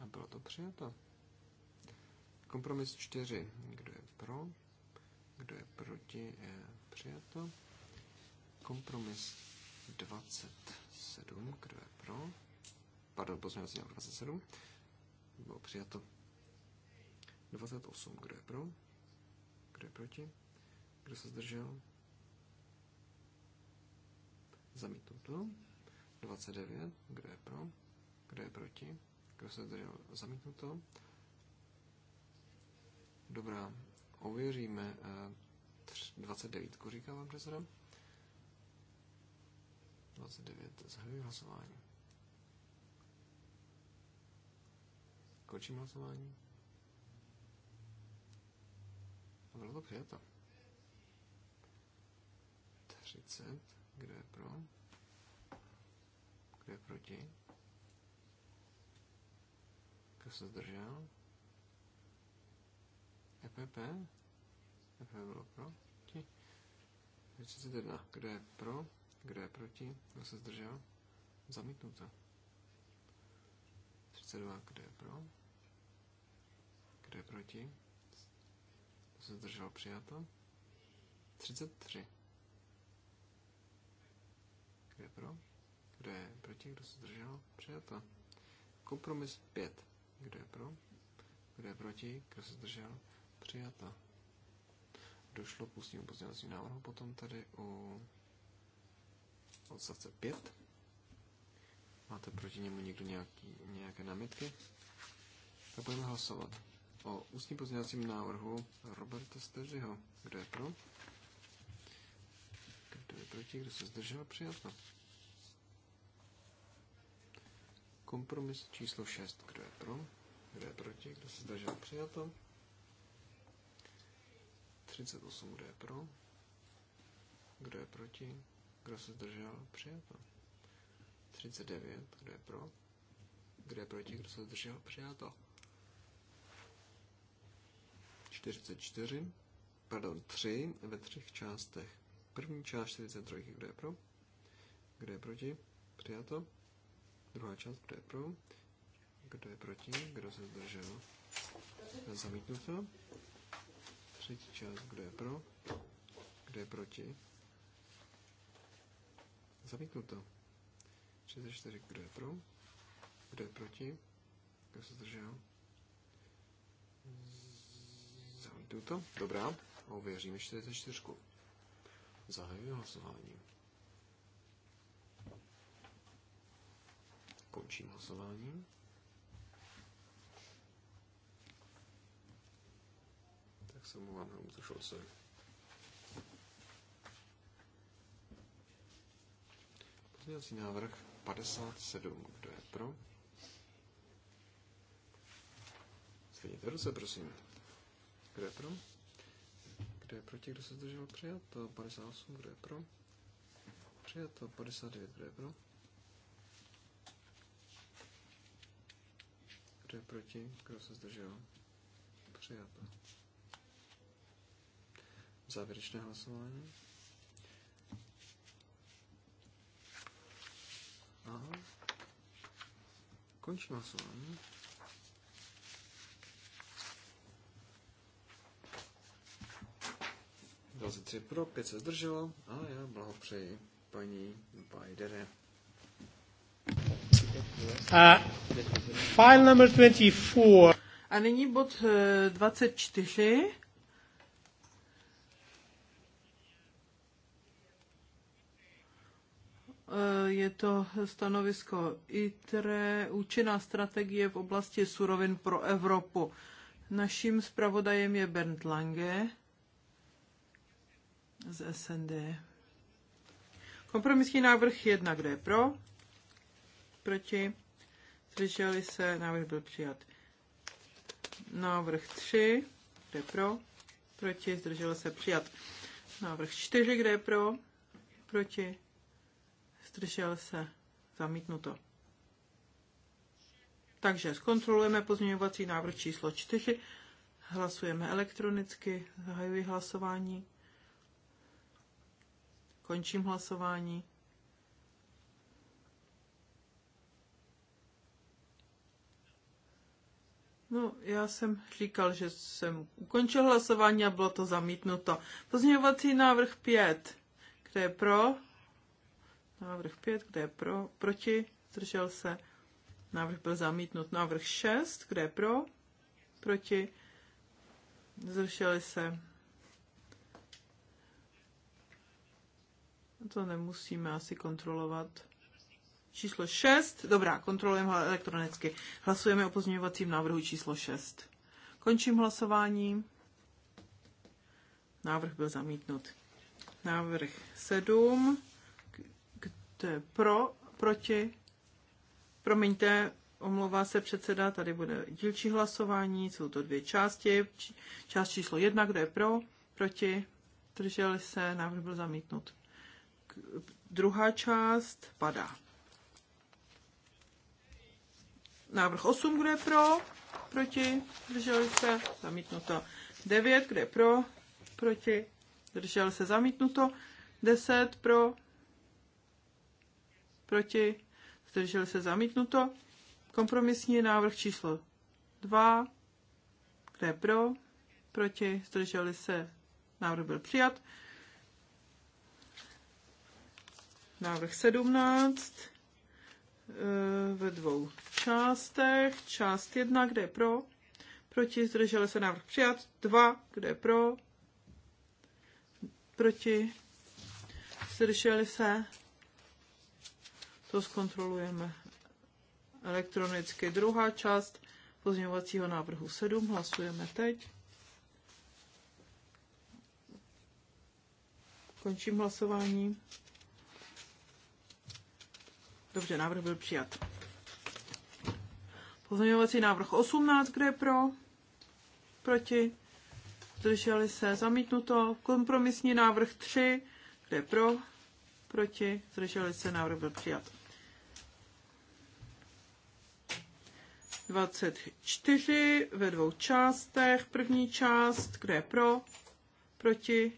A bylo to přijato. Kompromis 4. Kdo je pro? Kdo je proti? Je přijato. Kompromis 27. Kdo je pro? Pardon, pozměňovací návrh 27. Bylo přijato. 28. Kdo je pro? Kdo je proti? Kdo se zdržel? Zamítnuto. 29. Kdo je pro? Kdo je proti? Kdo se zdržel? Zamítnuto. Dobrá, ověříme 29, eh, říká vám předseda. 29, zahajuji hlasování. Končím hlasování. A bylo to přijato. 30, kdo je pro? Kdo je proti? Kdo se zdržel? EPP. EPP bylo proti. 31. Kdo je pro? Kdo je proti? Kdo se zdržel? Zamítnuto. 32. Kdo je pro? Kdo je proti? Kdo se zdržel? Přijato. 33. Kdo je pro? Kdo je proti? Kdo se zdržel? Přijato. Kompromis 5. Kdo je pro? Kdo je proti? Kdo se zdržel? Přijata. Došlo k ústnímu pozdělacímu návrhu potom tady u odstavce 5. Máte proti němu někdo nějaký, nějaké námitky? Tak budeme hlasovat o ústním pozdělacím návrhu Roberta Steřiho. Kdo je pro? Kdo je proti? Kdo se zdržel? Přijato. Kompromis číslo 6. Kdo je pro? Kdo je proti? Kdo se zdržel? Přijato. 38, kdo je pro, kdo je proti, kdo se zdržel, přijato. 39, kdo je pro, kdo je proti, kdo se zdržel, přijato. 44, pardon, 3 ve třech částech. První část 43, kdo je pro, kdo je proti, přijato. Druhá část, kdo je pro, kdo je proti, kdo se zdržel, zamítnuto. Třetí část, kdo je pro? Kdo je proti? Zamítnuto. 64, kdo je pro? Kdo je proti? Kdo se zdržel? Zamítnuto. Dobrá. Ověříme 44. Zahajuji hlasování. Končím hlasování. se omlouvám, šlo, se. Pozměňovací návrh 57, kdo je pro? Zvedněte ruce, prosím. Kdo je pro? Kdo je proti, kdo se zdržel? To 58, kdo je pro? to 59, kdo je pro? Kdo je proti, kdo se zdržel? to. Závěrečné hlasování. Aha. Končím hlasování. tři pro, pět se zdrželo a já blahopřeji paní Bajdere. Uh, file number 24. A nyní bod 24. Eh, je to stanovisko ITRE, účinná strategie v oblasti surovin pro Evropu. Naším zpravodajem je Bernd Lange z SND. Kompromisní návrh jedna kde je pro? Proti? Zdrželi se, návrh byl přijat. Návrh 3, kde je pro? Proti? Zdrželo se přijat. Návrh 4, kde je pro? Proti? zdržel se, zamítnuto. Takže zkontrolujeme pozměňovací návrh číslo 4, hlasujeme elektronicky, zahajuji hlasování, končím hlasování. No, já jsem říkal, že jsem ukončil hlasování a bylo to zamítnuto. Pozměňovací návrh 5. Kdo je pro? Návrh 5, kde je pro, proti, zdržel se. Návrh byl zamítnut. Návrh 6, kde je pro, proti, zdrželi se. To nemusíme asi kontrolovat. Číslo 6, dobrá, kontrolujeme elektronicky. Hlasujeme o pozměňovacím návrhu číslo 6. Končím hlasování. Návrh byl zamítnut. Návrh 7 to je pro, proti. Promiňte, omlouvá se předseda, tady bude dílčí hlasování, jsou to dvě části. Část číslo jedna, kde je pro, proti, drželi se, návrh byl zamítnut. Druhá část padá. Návrh 8, kde je pro, proti, drželi se, zamítnuto. 9, kde je pro, proti, Drželi se, zamítnuto. 10 pro, proti, zdržel se zamítnuto. Kompromisní návrh číslo 2, kde je pro, proti, zdrželi se, návrh byl přijat. Návrh 17 eh, ve dvou částech. Část 1, kde je pro, proti, zdrželi se, návrh přijat. 2, kde je pro, proti, zdrželi se, to zkontrolujeme elektronicky. Druhá část pozměňovacího návrhu 7 hlasujeme teď. Končím hlasování. Dobře, návrh byl přijat. Pozměňovací návrh 18, kde je pro? Proti? Zdrželi se? Zamítnuto. Kompromisní návrh 3, kde je pro? Proti? Zdrželi se? Návrh byl přijat. 24 ve dvou částech. První část, kdo je pro, proti,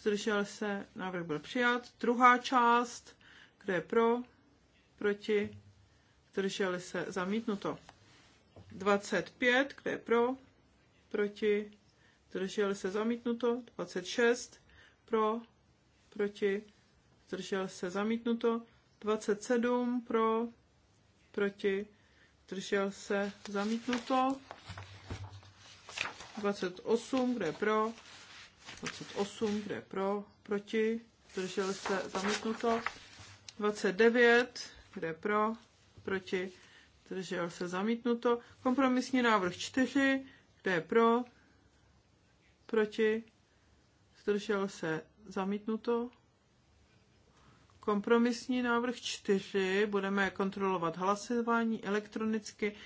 zdržel se, návrh byl přijat. Druhá část, kdo je pro, proti, zdrželi se, zamítnuto. 25, kdo je pro, proti, zdržel se, zamítnuto. 26, pro, proti, zdržel se, zamítnuto. 27, pro, proti, zdržel se zamítnuto. 28, kde je pro. 28, kde je pro. Proti. zdržel se zamítnuto. 29, kde je pro. Proti. zdržel se zamítnuto. Kompromisní návrh 4, kde je pro. Proti. Zdržel se zamítnuto. Kompromisní návrh 4 budeme kontrolovat hlasování elektronicky.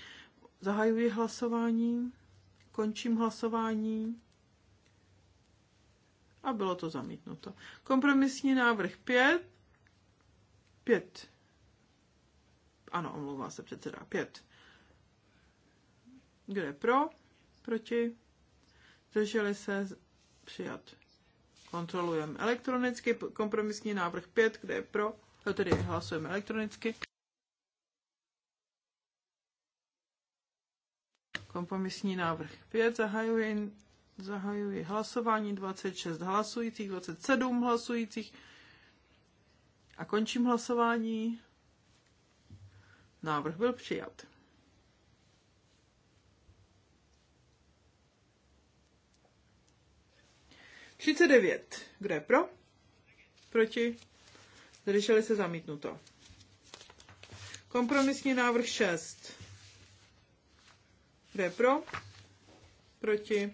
Zahajuji hlasování, končím hlasování a bylo to zamítnuto. Kompromisní návrh 5. 5. Ano, omlouvá se předseda. 5. Kdo je pro? Proti? Zdrželi se? Přijat. Kontrolujeme elektronicky. Kompromisní návrh 5, kde je pro, eh, tedy hlasujeme elektronicky. Kompromisní návrh 5, zahajuji, zahajuji hlasování 26 hlasujících, 27 hlasujících a končím hlasování. Návrh byl přijat. 39. Kdo je pro? Proti? Zdrželi se zamítnuto. Kompromisní návrh 6. Kdo je pro? Proti?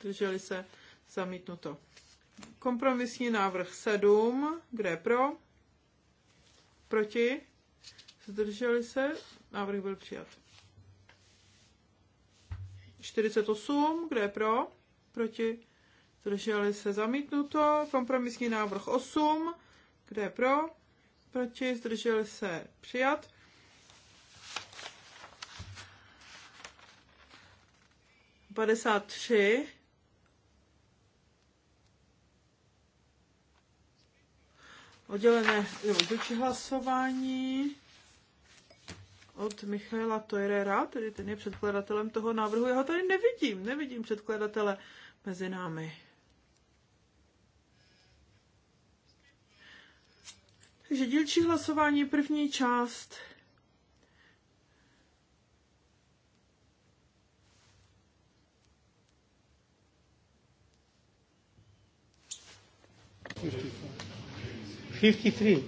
Zdrželi se zamítnuto. Kompromisní návrh 7. Kdo je pro? Proti? Zdrželi se? Návrh byl přijat. 48. Kdo je pro? Proti? zdrželi se zamítnuto. Kompromisní návrh 8, kde je pro, proti, zdrželi se přijat. Padesát tři. Oddělené dílčí hlasování od Michaela Toirera, tedy ten je předkladatelem toho návrhu. Já ho tady nevidím, nevidím předkladatele mezi námi. Takže dílčí hlasování, první část. Fifty-three.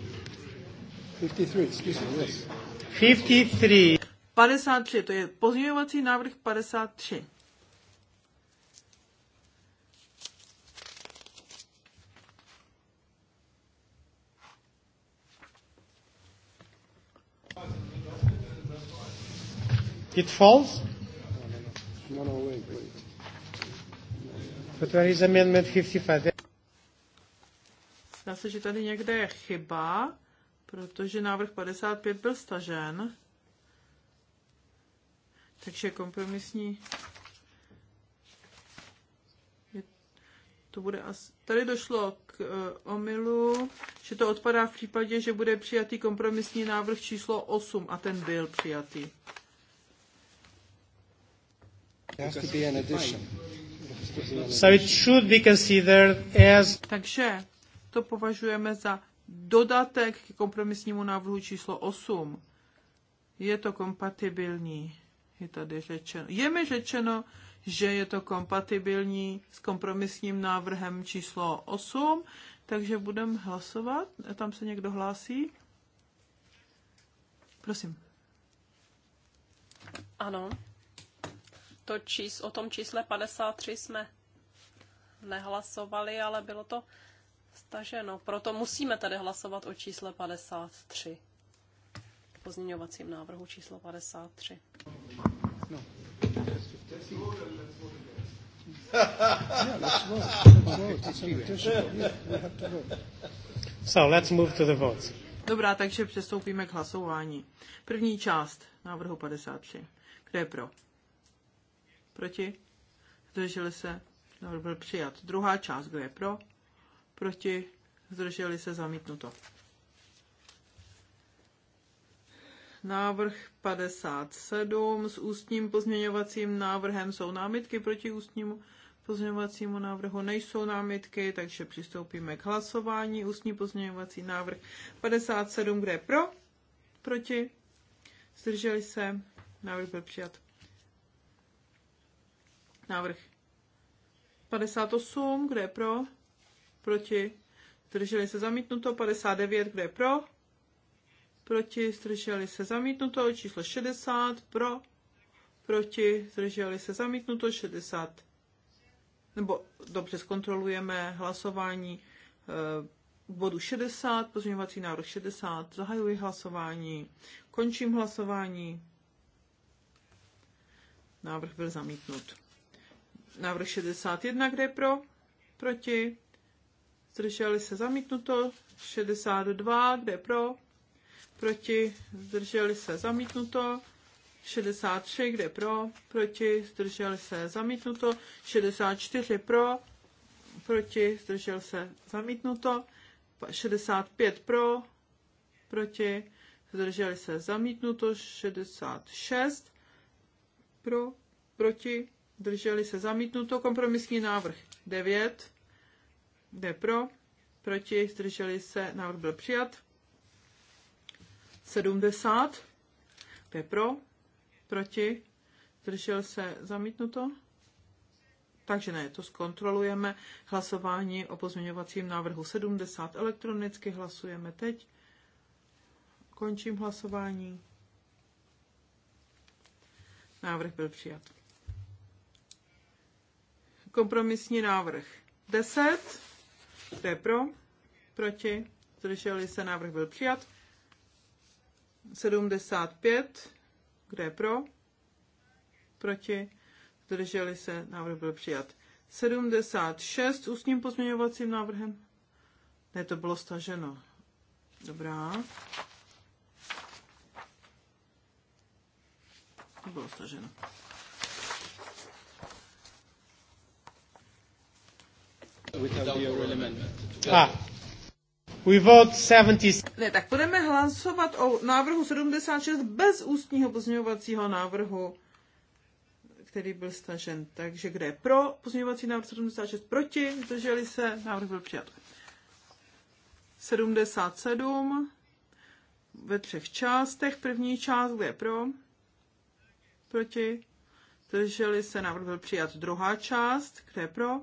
Fifty-three, excuse me, yes. Fifty Padesát 53, to je pozměňovací návrh 53. It falls? But where is amendment 55? Zdá se, že tady někde je chyba, protože návrh 55 byl stažen. Takže kompromisní to bude asi... Tady došlo k uh, e, omylu, že to odpadá v případě, že bude přijatý kompromisní návrh číslo 8 a ten byl přijatý. Takže to považujeme za dodatek k kompromisnímu návrhu číslo 8. Je to kompatibilní, je tady řečeno. Je mi řečeno, že je to kompatibilní s kompromisním návrhem číslo 8, takže budeme hlasovat. Tam se někdo hlásí? Prosím. Ano to čís, o tom čísle 53 jsme nehlasovali, ale bylo to staženo. Proto musíme tady hlasovat o čísle 53. K pozměňovacím návrhu číslo 53. No. So let's move to the votes. Dobrá, takže přestoupíme k hlasování. První část návrhu 53. Kdo je pro? Proti? Zdrželi se? Návrh byl přijat. Druhá část, kdo je pro? Proti? Zdrželi se? Zamítnuto. Návrh 57 s ústním pozměňovacím návrhem jsou námitky proti ústnímu pozměňovacímu návrhu nejsou námitky, takže přistoupíme k hlasování. Ústní pozměňovací návrh 57, kde je pro, proti, zdrželi se, návrh byl přijat návrh 58, kde je pro, proti, zdrželi se zamítnuto, 59, kde je pro, proti, zdrželi se zamítnuto, číslo 60, pro, proti, zdrželi se zamítnuto, 60, nebo dobře, zkontrolujeme hlasování k eh, bodu 60, pozměňovací návrh 60, zahajuji hlasování, končím hlasování, návrh byl zamítnut návrh 61, kde je pro, proti, zdrželi se zamítnuto, 62, kde je pro, proti, zdrželi se zamítnuto, 63, kde je pro, proti, zdrželi se zamítnuto, 64 pro, proti, zdržel se zamítnuto, 65 pro, proti, zdrželi se zamítnuto, 66 pro, proti, Drželi se zamítnuto. Kompromisní návrh 9. Jde pro. Proti. Zdrželi se. Návrh byl přijat. 70. Jde pro. Proti. Zdržel se. Zamítnuto. Takže ne, to zkontrolujeme. Hlasování o pozměňovacím návrhu 70 elektronicky hlasujeme teď. Končím hlasování. Návrh byl přijat. Kompromisní návrh 10. To je pro? Proti? Zdrželi se, návrh byl přijat. 75. Kde je pro? Proti? Zdrželi se, návrh byl přijat. 76 ústním pozměňovacím návrhem. Ne, to bylo staženo. Dobrá. To bylo staženo. Ah. We vote 70. Ne, tak budeme hlasovat o návrhu 76 bez ústního pozměňovacího návrhu, který byl stažen. Takže kde je pro pozměňovací návrh 76 proti, zdrželi se, návrh byl přijat. 77 ve třech částech. První část, kde je pro, proti, zdrželi se, návrh byl přijat. Druhá část, kde je pro,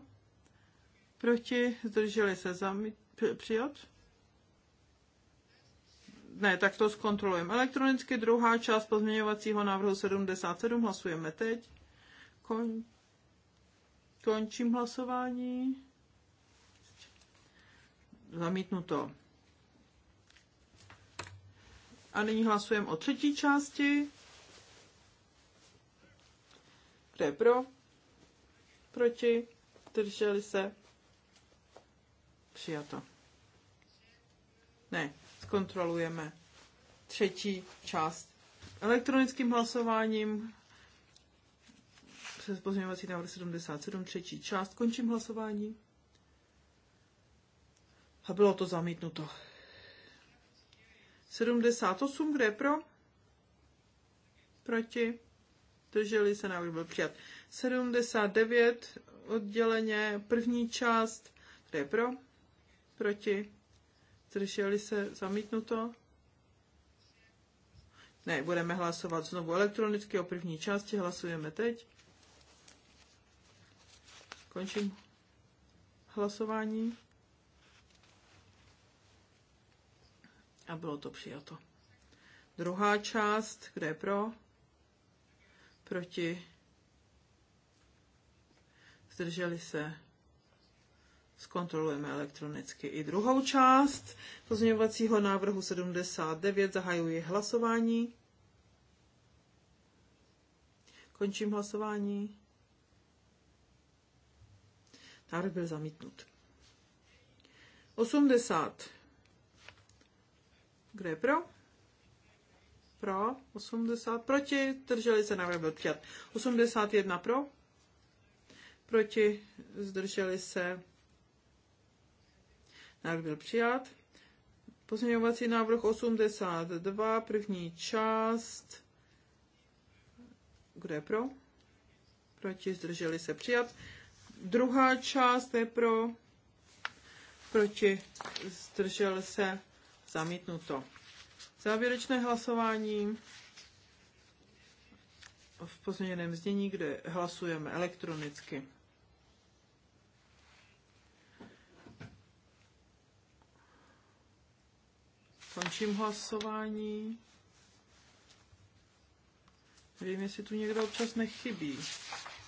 proti, zdrželi se zamít, přijat. Ne, tak to zkontrolujeme. Elektronicky druhá část pozměňovacího návrhu 77 hlasujeme teď. Kon, končím hlasování. Zamítnuto. A nyní hlasujeme o třetí části. Kdo je pro? Proti? Drželi se? Přijato. Ne, zkontrolujeme. Třetí část. Elektronickým hlasováním se pozměňovací návrh 77, třetí část. Končím hlasování. A bylo to zamítnuto. 78, kde je pro? Proti? Drželi se, návrh byl přijat. 79, odděleně, první část, kde je pro? proti, zdrželi se, zamítnuto. Ne, budeme hlasovat znovu elektronicky o první části, hlasujeme teď. Končím hlasování. A bylo to přijato. Druhá část, kde je pro, proti, zdrželi se, Zkontrolujeme elektronicky i druhou část pozměňovacího návrhu 79. Zahajuji hlasování. Končím hlasování. Návrh byl zamítnut. 80. Kdo je pro? Pro. 80. Proti. Drželi se návrh byl přijat. 81 pro. Proti. Zdrželi se. Návrh byl přijat. Pozměňovací návrh 82, první část. Kdo je pro? Proti, zdrželi se přijat. Druhá část je pro, proti, zdržel se, zamítnuto. Závěrečné hlasování v pozměněném znění, kde hlasujeme elektronicky. Končím hlasování. Nevím, jestli tu někdo občas nechybí.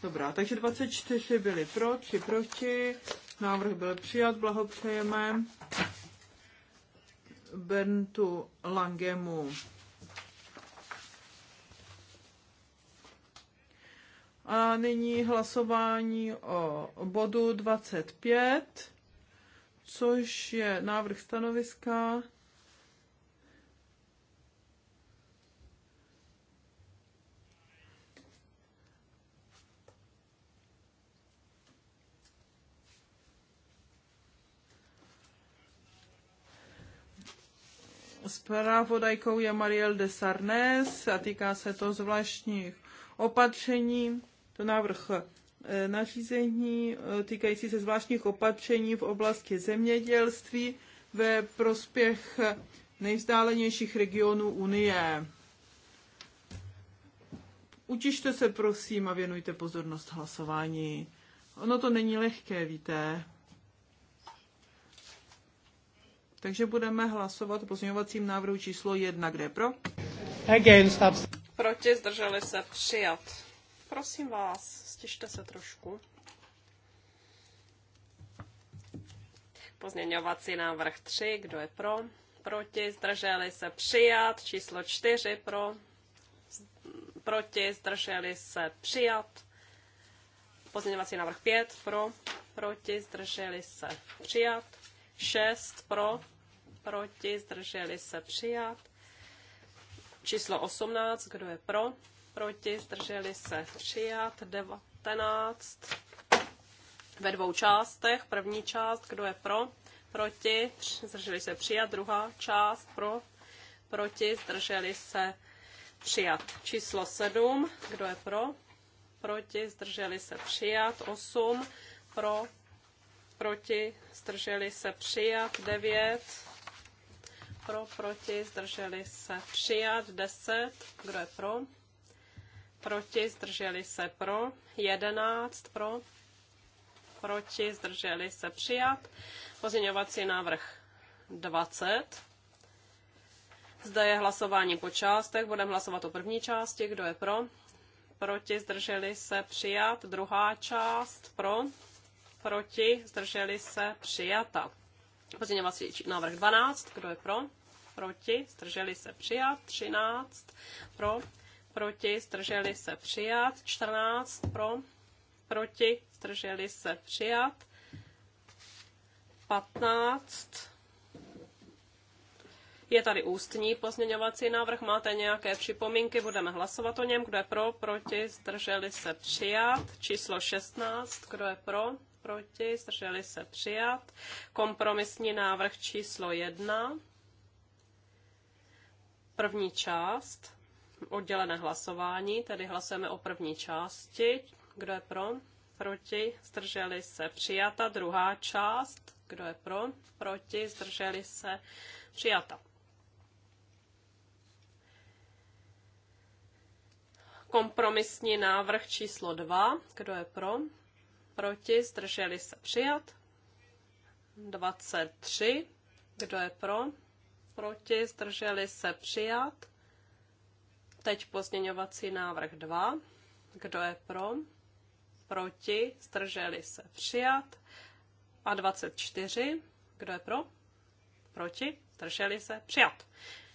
Dobrá, takže 24 byli pro, 3 proti. Návrh byl přijat, blahopřejeme Bentu Langemu. A nyní hlasování o bodu 25, což je návrh stanoviska Zpravodajkou je Mariel de Sarnes a týká se to zvláštních opatření. To návrh e, nařízení e, týkající se zvláštních opatření v oblasti zemědělství ve prospěch nejvzdálenějších regionů Unie. Utište se prosím a věnujte pozornost hlasování. Ono to není lehké, víte. Takže budeme hlasovat o pozměňovacím návrhu číslo 1. Kde je pro? Against. Proti zdrželi se přijat. Prosím vás, stište se trošku. Pozměňovací návrh 3, kdo je pro? Proti, zdrželi se přijat. Číslo 4 pro. Proti, zdrželi se přijat. Pozměňovací návrh 5 pro. Proti, zdrželi se přijat. 6 pro, proti, zdrželi se přijat. Číslo 18, kdo je pro, proti, zdrželi se přijat. 19 ve dvou částech. První část, kdo je pro, proti, zdrželi se přijat. Druhá část pro, proti, zdrželi se přijat. Číslo 7, kdo je pro, proti, zdrželi se přijat. 8 pro, proti, zdrželi se přijat, 9, pro, proti, zdrželi se přijat, 10, kdo je pro, proti, zdrželi se pro, 11 pro, proti, zdrželi se přijat, pozměňovací návrh 20, zde je hlasování po částech, budeme hlasovat o první části, kdo je pro, proti, zdrželi se přijat, druhá část pro, proti, zdrželi se, přijata. Pozměňovací návrh 12, kdo je pro, proti, zdrželi se, přijat. 13, pro, proti, zdrželi se, přijat. 14, pro, proti, zdrželi se, přijat. 15, je tady ústní pozměňovací návrh. Máte nějaké připomínky? Budeme hlasovat o něm. Kdo je pro? Proti? Zdrželi se přijat. Číslo 16. Kdo je pro? proti, zdrželi se přijat. Kompromisní návrh číslo jedna, první část, oddělené hlasování, tedy hlasujeme o první části. Kdo je pro? Proti, zdrželi se přijata. Druhá část, kdo je pro? Proti, zdrželi se přijata. Kompromisní návrh číslo 2. Kdo je pro? proti, zdrželi se přijat. 23, kdo je pro, proti, zdrželi se přijat. Teď pozměňovací návrh 2, kdo je pro, proti, zdrželi se přijat. A 24, kdo je pro, proti, zdrželi se přijat.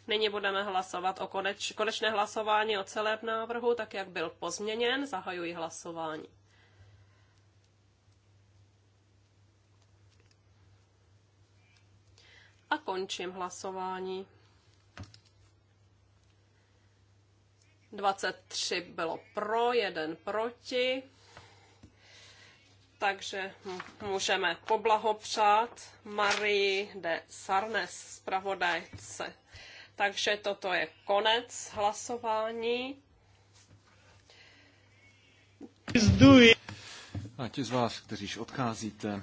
Nyní budeme hlasovat o koneč, konečné hlasování o celém návrhu, tak jak byl pozměněn. Zahajuji hlasování. a končím hlasování. 23 bylo pro, jeden proti. Takže můžeme poblahopřát Marii de Sarnes, zpravodajce. Takže toto je konec hlasování. A ti z vás, kteříž odcházíte,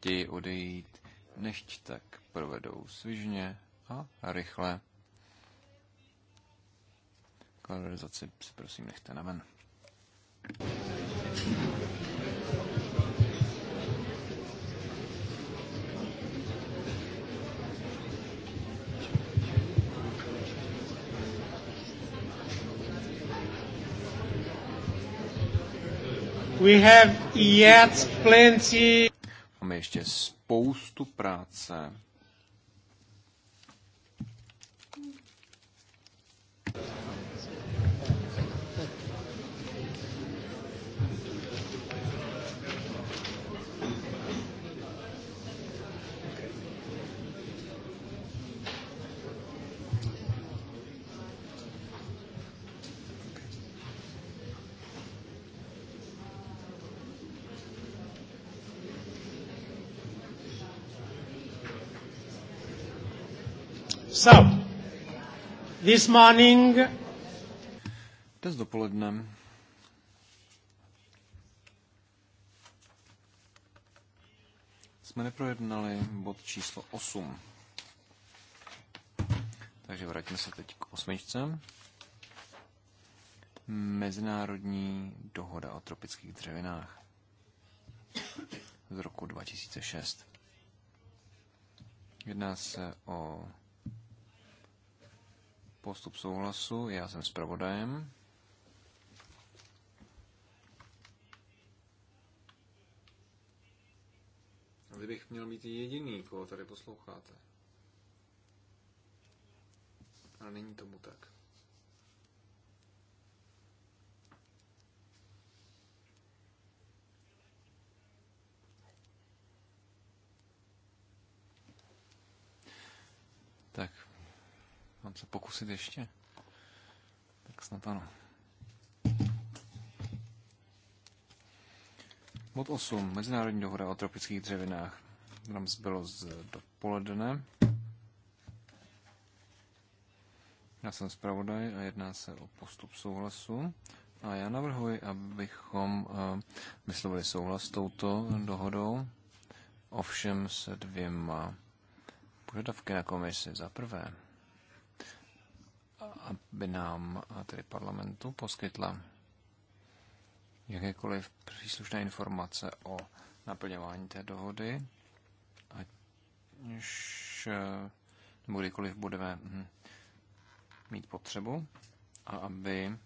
chtějí odejít, nechť tak provedou svižně a rychle. Kolorizaci si prosím nechte na ven. We have yet plenty Máme ještě spoustu práce. So, this morning... Dnes dopoledne jsme neprojednali bod číslo 8. Takže vrátíme se teď k osmičce. Mezinárodní dohoda o tropických dřevinách z roku 2006. Jedná se o postup souhlasu, já jsem zpravodajem. A bych měl být jediný, koho tady posloucháte. Ale není tomu tak. Tak, Mám se pokusit ještě? Tak snad ano. Bod 8. Mezinárodní dohoda o tropických dřevinách. nám zbylo z dopoledne. Já jsem zpravodaj a jedná se o postup souhlasu. A já navrhuji, abychom eh, vyslovili souhlas s touto dohodou, ovšem se dvěma požadavky na komisi. Za prvé, aby nám, tedy parlamentu, poskytla jakékoliv příslušné informace o naplňování té dohody, ať nebo kdykoliv budeme hm, mít potřebu a aby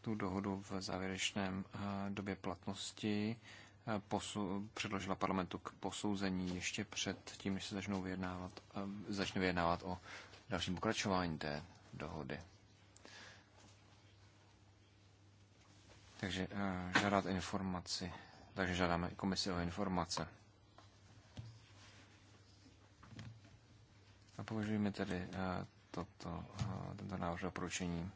tu dohodu v závěrečném eh, době platnosti eh, posu, předložila parlamentu k posouzení ještě před tím, než se začnou vyjednávat, eh, začne vyjednávat o dalším pokračování té dohody. Takže eh, žádat informaci, takže žádáme komisi o informace. A považujeme tedy eh, toto, eh, tento návrh doporučení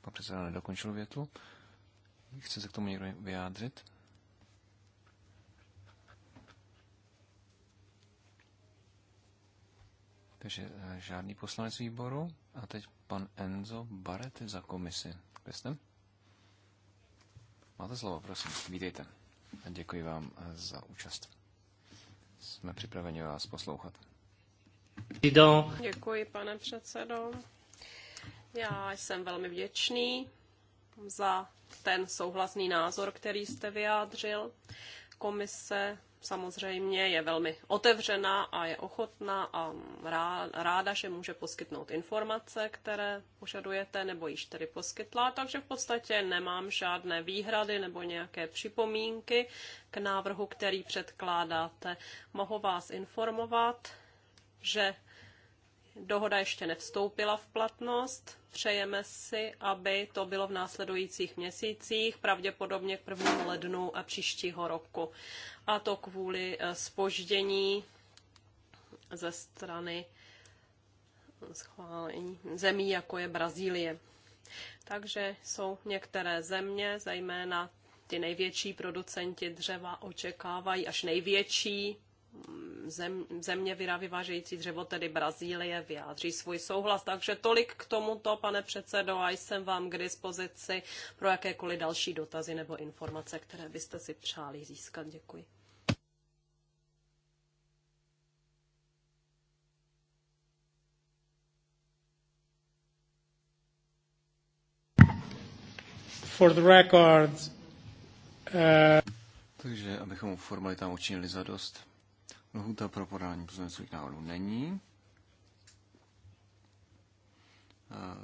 Pan předseda nedokončil větu. Chce se k tomu někdo vyjádřit? Takže eh, žádný poslanec výboru. A teď pan Enzo Barety za komisi. Kde jste? Máte slovo, prosím. Vítejte. A děkuji vám eh, za účast. Jsme připraveni vás poslouchat. Děkuji, pane předsedo. Já jsem velmi vděčný za ten souhlasný názor, který jste vyjádřil. Komise samozřejmě je velmi otevřená a je ochotná a ráda, že může poskytnout informace, které požadujete nebo již tedy poskytla, takže v podstatě nemám žádné výhrady nebo nějaké připomínky k návrhu, který předkládáte. Mohu vás informovat, že Dohoda ještě nevstoupila v platnost. Přejeme si, aby to bylo v následujících měsících, pravděpodobně k 1. lednu a příštího roku. A to kvůli spoždění eh, ze strany schválení zemí, jako je Brazílie. Takže jsou některé země, zejména ty největší producenti dřeva očekávají až největší zem, země vyvážející dřevo, tedy Brazílie, vyjádří svůj souhlas. Takže tolik k tomuto, pane předsedo, a jsem vám k dispozici pro jakékoliv další dotazy nebo informace, které byste si přáli získat. Děkuji. For the record, uh... Takže abychom formalitám učinili zadost. Lhůta pro podání pozměňovacích návrhů není.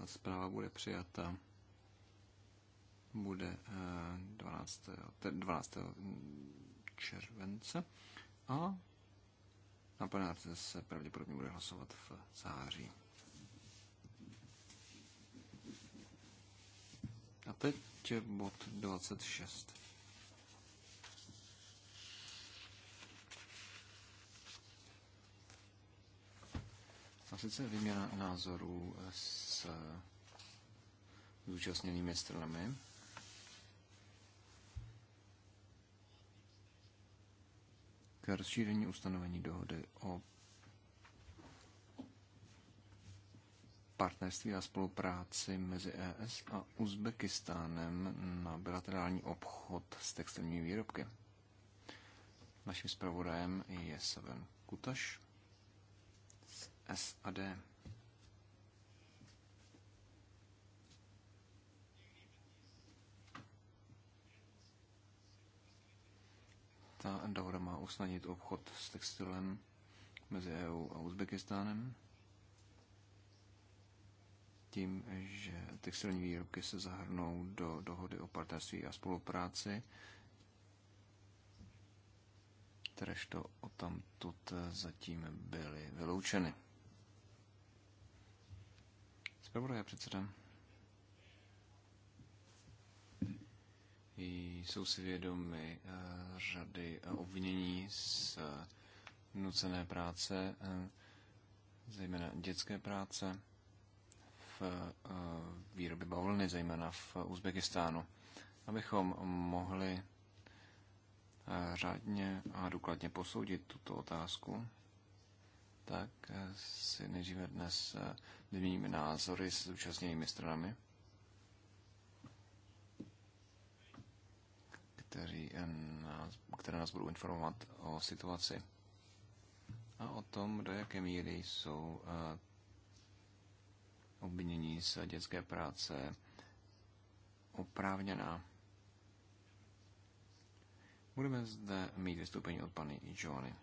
Zpráva bude přijata bude 12. Eh, 12. července a na plenárce se pravděpodobně bude hlasovat v září. A teď bod 26. A sice výměna názorů s zúčastněnými stranami. K rozšíření ustanovení dohody o partnerství a spolupráci mezi ES a Uzbekistánem na bilaterální obchod s textilními výrobky. Naším zpravodajem je Seven Kutaš. SAD. Ta dohoda má usnadnit obchod s textilem mezi EU a Uzbekistánem tím, že textilní výrobky se zahrnou do dohody o partnerství a spolupráci, kteréžto o tamtud zatím byly vyloučeny zpravodaje předseda. Jsou si vědomi eh, řady eh, obvinění z eh, nucené práce, zejména dětské práce v výrobě bavlny, zejména v Uzbekistánu. Abychom mohli řádně a důkladně posoudit tuto otázku, tak eh, si nejdříve dnes eh, vyměníme názory s zúčastněnými stranami, kteří eh, nás, které nás budou informovat o situaci a o tom, do jaké míry jsou obvinění z dětské práce oprávněná. Budeme zde mít vystoupení od paní Joanny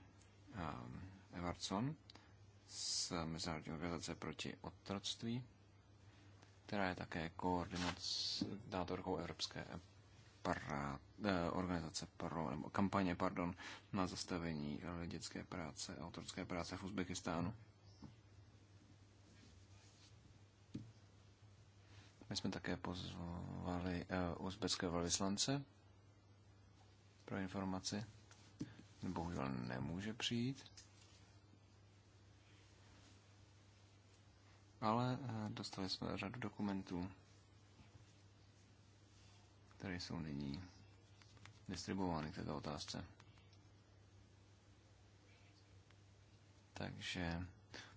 Evartson z Mezinárodní organizace proti otroctví, která je také koordinátorkou Evropské pra, eh, organizace pro, nebo kampaně, pardon, na zastavení dětské práce, otrocké práce v Uzbekistánu. My jsme také pozvali eh, uzbecké velvyslance pro informaci. Bohužel nemůže přijít. ale eh, dostali jsme řadu dokumentů, které jsou nyní distribuovány k této otázce. Takže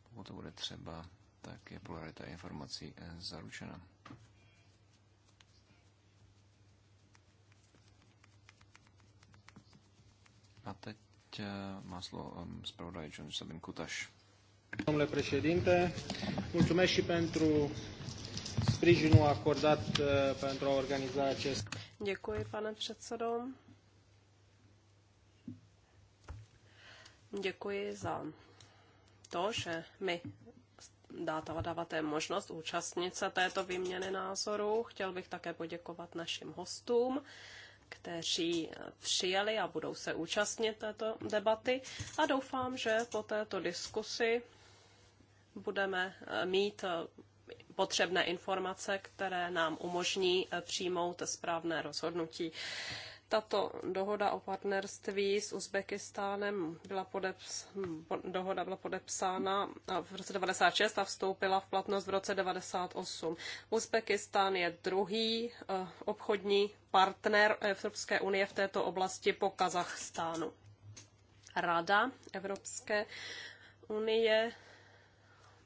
pokud to bude třeba, tak je pluralita informací eh, zaručena. A teď eh, má slovo zpravodaj John Sabin Kutaš. Domnule președinte, mulțumesc și pentru sprijinul acordat uh, pentru a organiza acest... Děkuji, pane předsedo. Děkuji za to, že mi dáváte možnost účastnit se této výměny názorů. Chtěl bych také poděkovat našim hostům, kteří přijeli a budou se účastnit této debaty a doufám, že po této diskusi budeme eh, mít eh, potřebné informace, které nám umožní eh, přijmout správné rozhodnutí. Tato dohoda o partnerství s Uzbekistánem byla podeps, dohoda byla podepsána v roce 96 a vstoupila v platnost v roce 98. Uzbekistán je druhý obchodní partner Evropské unie v této oblasti po Kazachstánu. Rada Evropské unie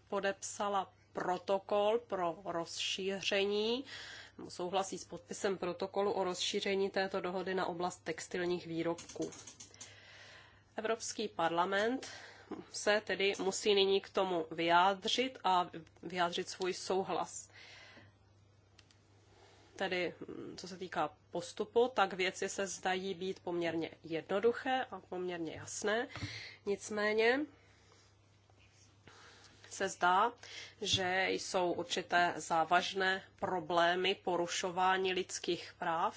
podepsala protokol pro rozšíření, souhlasí s podpisem protokolu o rozšíření této dohody na oblast textilních výrobků. Evropský parlament se tedy musí nyní k tomu vyjádřit a vyjádřit svůj souhlas. Tedy, co se týká postupu, tak věci se zdají být poměrně jednoduché a poměrně jasné. Nicméně se zdá, že jsou určité závažné problémy porušování lidských práv,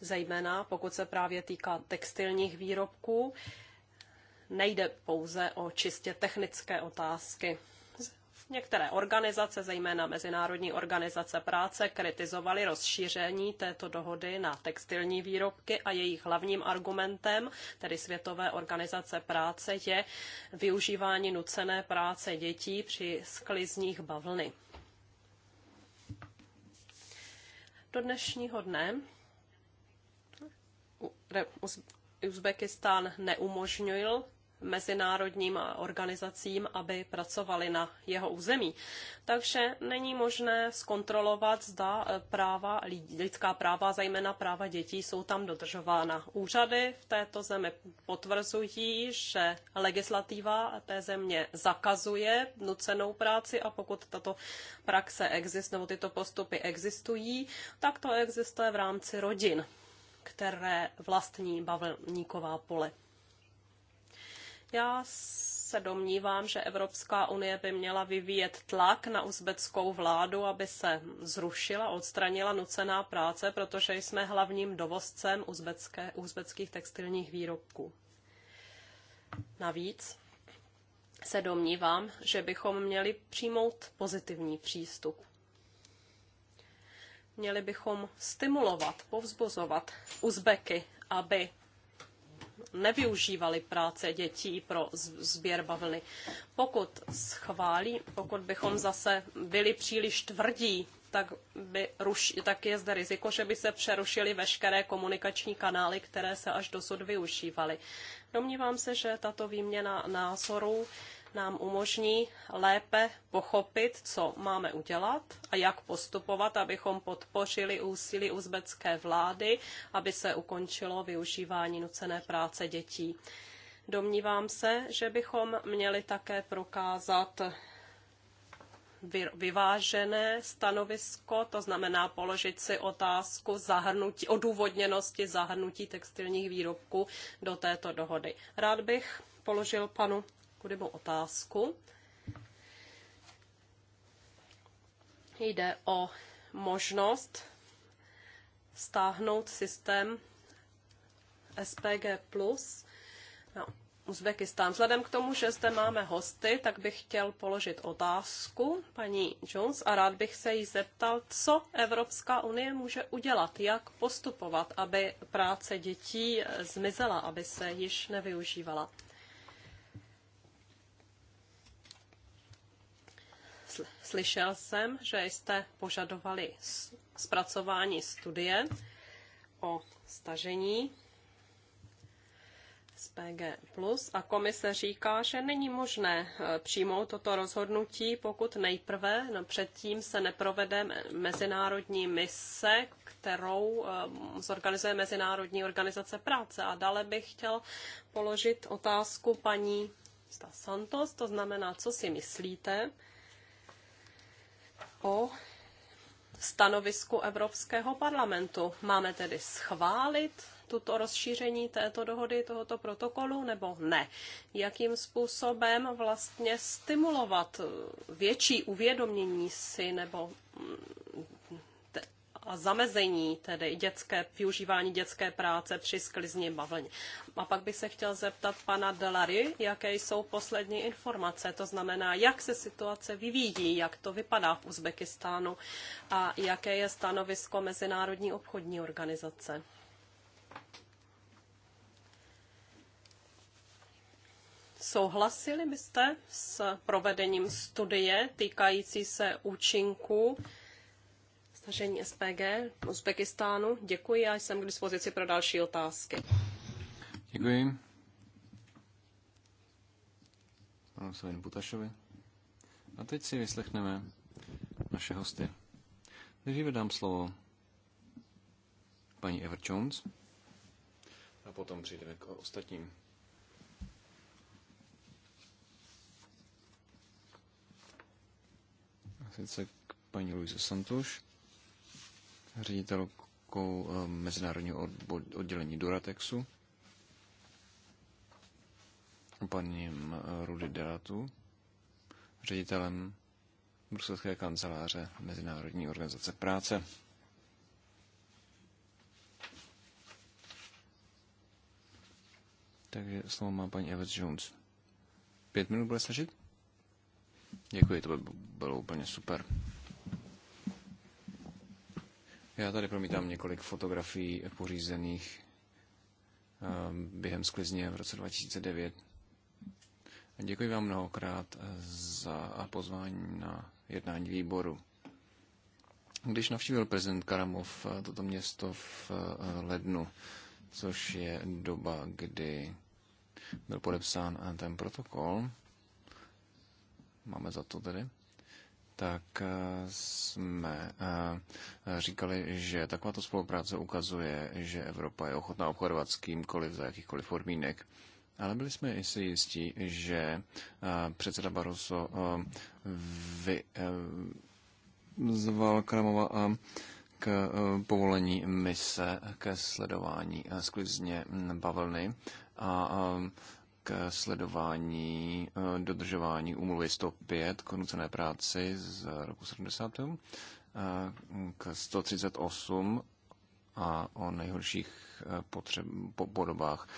zejména pokud se právě týká textilních výrobků. Nejde pouze o čistě technické otázky. Některé organizace, zejména Mezinárodní organizace práce, kritizovaly rozšíření této dohody na textilní výrobky a jejich hlavním argumentem, tedy Světové organizace práce, je využívání nucené práce dětí při sklizních bavlny. Do dnešního dne Uzbekistán neumožnil mezinárodním organizacím, aby pracovali na jeho území. Takže není možné zkontrolovat, zda e, práva, lidská práva, zejména práva dětí, jsou tam dodržována. Úřady v této zemi potvrzují, že legislativa té země zakazuje nucenou práci a pokud tato praxe existuje, nebo tyto postupy existují, tak to existuje v rámci rodin, které vlastní bavlníková pole. Já se domnívám, že Evropská unie by měla vyvíjet tlak na uzbeckou vládu, aby se zrušila, odstranila nucená práce, protože jsme hlavním dovozcem uzbecké, uzbeckých textilních výrobků. Navíc se domnívám, že bychom měli přijmout pozitivní přístup. Měli bychom stimulovat, povzbuzovat Uzbeky, aby nevyužívali práce dětí pro sběr bavlny. Pokud schválí, pokud bychom zase byli příliš tvrdí, tak, by ruš, tak je zde riziko, že by se přerušily veškeré komunikační kanály, které se až dosud využívaly. Domnívám se, že tato výměna názorů nám umožní lépe pochopit, co máme udělat a jak postupovat, abychom podpořili úsilí uzbecké vlády, aby se ukončilo využívání nucené práce dětí. Domnívám se, že bychom měli také prokázat vyvážené stanovisko, to znamená položit si otázku zahrnutí, odůvodněnosti zahrnutí textilních výrobků do této dohody. Rád bych položil panu pod Kudybu otázku. Jde o možnost stáhnout systém SPG Plus na Uzbekistán. Vzhledem k tomu, že zde máme hosty, tak bych chtěl položit otázku paní Jones a rád bych se jí zeptal, co Evropská unie může udělat, jak postupovat, aby práce dětí zmizela, aby se již nevyužívala. slyšel jsem, že jste požadovali zpracování studie o stažení PG+. a komise říká, že není možné e, přijmout toto rozhodnutí, pokud nejprve no předtím se neprovede mezinárodní mise, kterou e, zorganizuje Mezinárodní organizace práce. A dále bych chtěl položit otázku paní Santos, to znamená, co si myslíte, o stanovisku Evropského parlamentu. Máme tedy schválit tuto rozšíření této dohody, tohoto protokolu, nebo ne? Jakým způsobem vlastně stimulovat větší uvědomění si nebo mm, a zamezení tedy dětské, využívání dětské práce při sklizni bavlně. A pak bych se chtěl zeptat pana Delary, jaké jsou poslední informace, to znamená, jak se situace vyvíjí, jak to vypadá v Uzbekistánu a jaké je stanovisko Mezinárodní obchodní organizace. Souhlasili byste s provedením studie týkající se účinku Snažení SPG Uzbekistánu. Děkuji a jsem k dispozici pro další otázky. Děkuji. Panu Savinu Butašovi. A teď si vyslechneme naše hosty. Nejdříve dám slovo paní Ever Jones a potom přijdeme k ostatním. A sice k paní Luise Santuš ředitelkou eh, mezinárodního oddělení Duratexu, paním eh, Rudy Delatu, ředitelem Bruselské kanceláře Mezinárodní organizace práce. Takže slovo má paní Evans Jones. Pět minut bude stačit? Děkuji, to by bylo úplně super. Já tady promítám několik fotografií pořízených ehm, během sklizně v roce 2009. Děkuji vám mnohokrát eh, za pozvání na jednání výboru. Když navštívil prezident Karamov eh, toto město v eh, lednu, což je doba, kdy byl podepsán ten protokol, máme za to tedy, tak eh, jsme eh, říkali, že takováto spolupráce ukazuje, že Evropa je ochotná obchodovat s kýmkoliv za jakýchkoliv podmínek. Ale byli jsme i si jistí, že eh, předseda Barroso vyzval zval a k povolení mise ke sledování sklizně bavlny a k sledování eh, dodržování úmluvy 105 k nucené práci z roku 70, eh, k 138 a o nejhorších eh, potřeb, po, podobách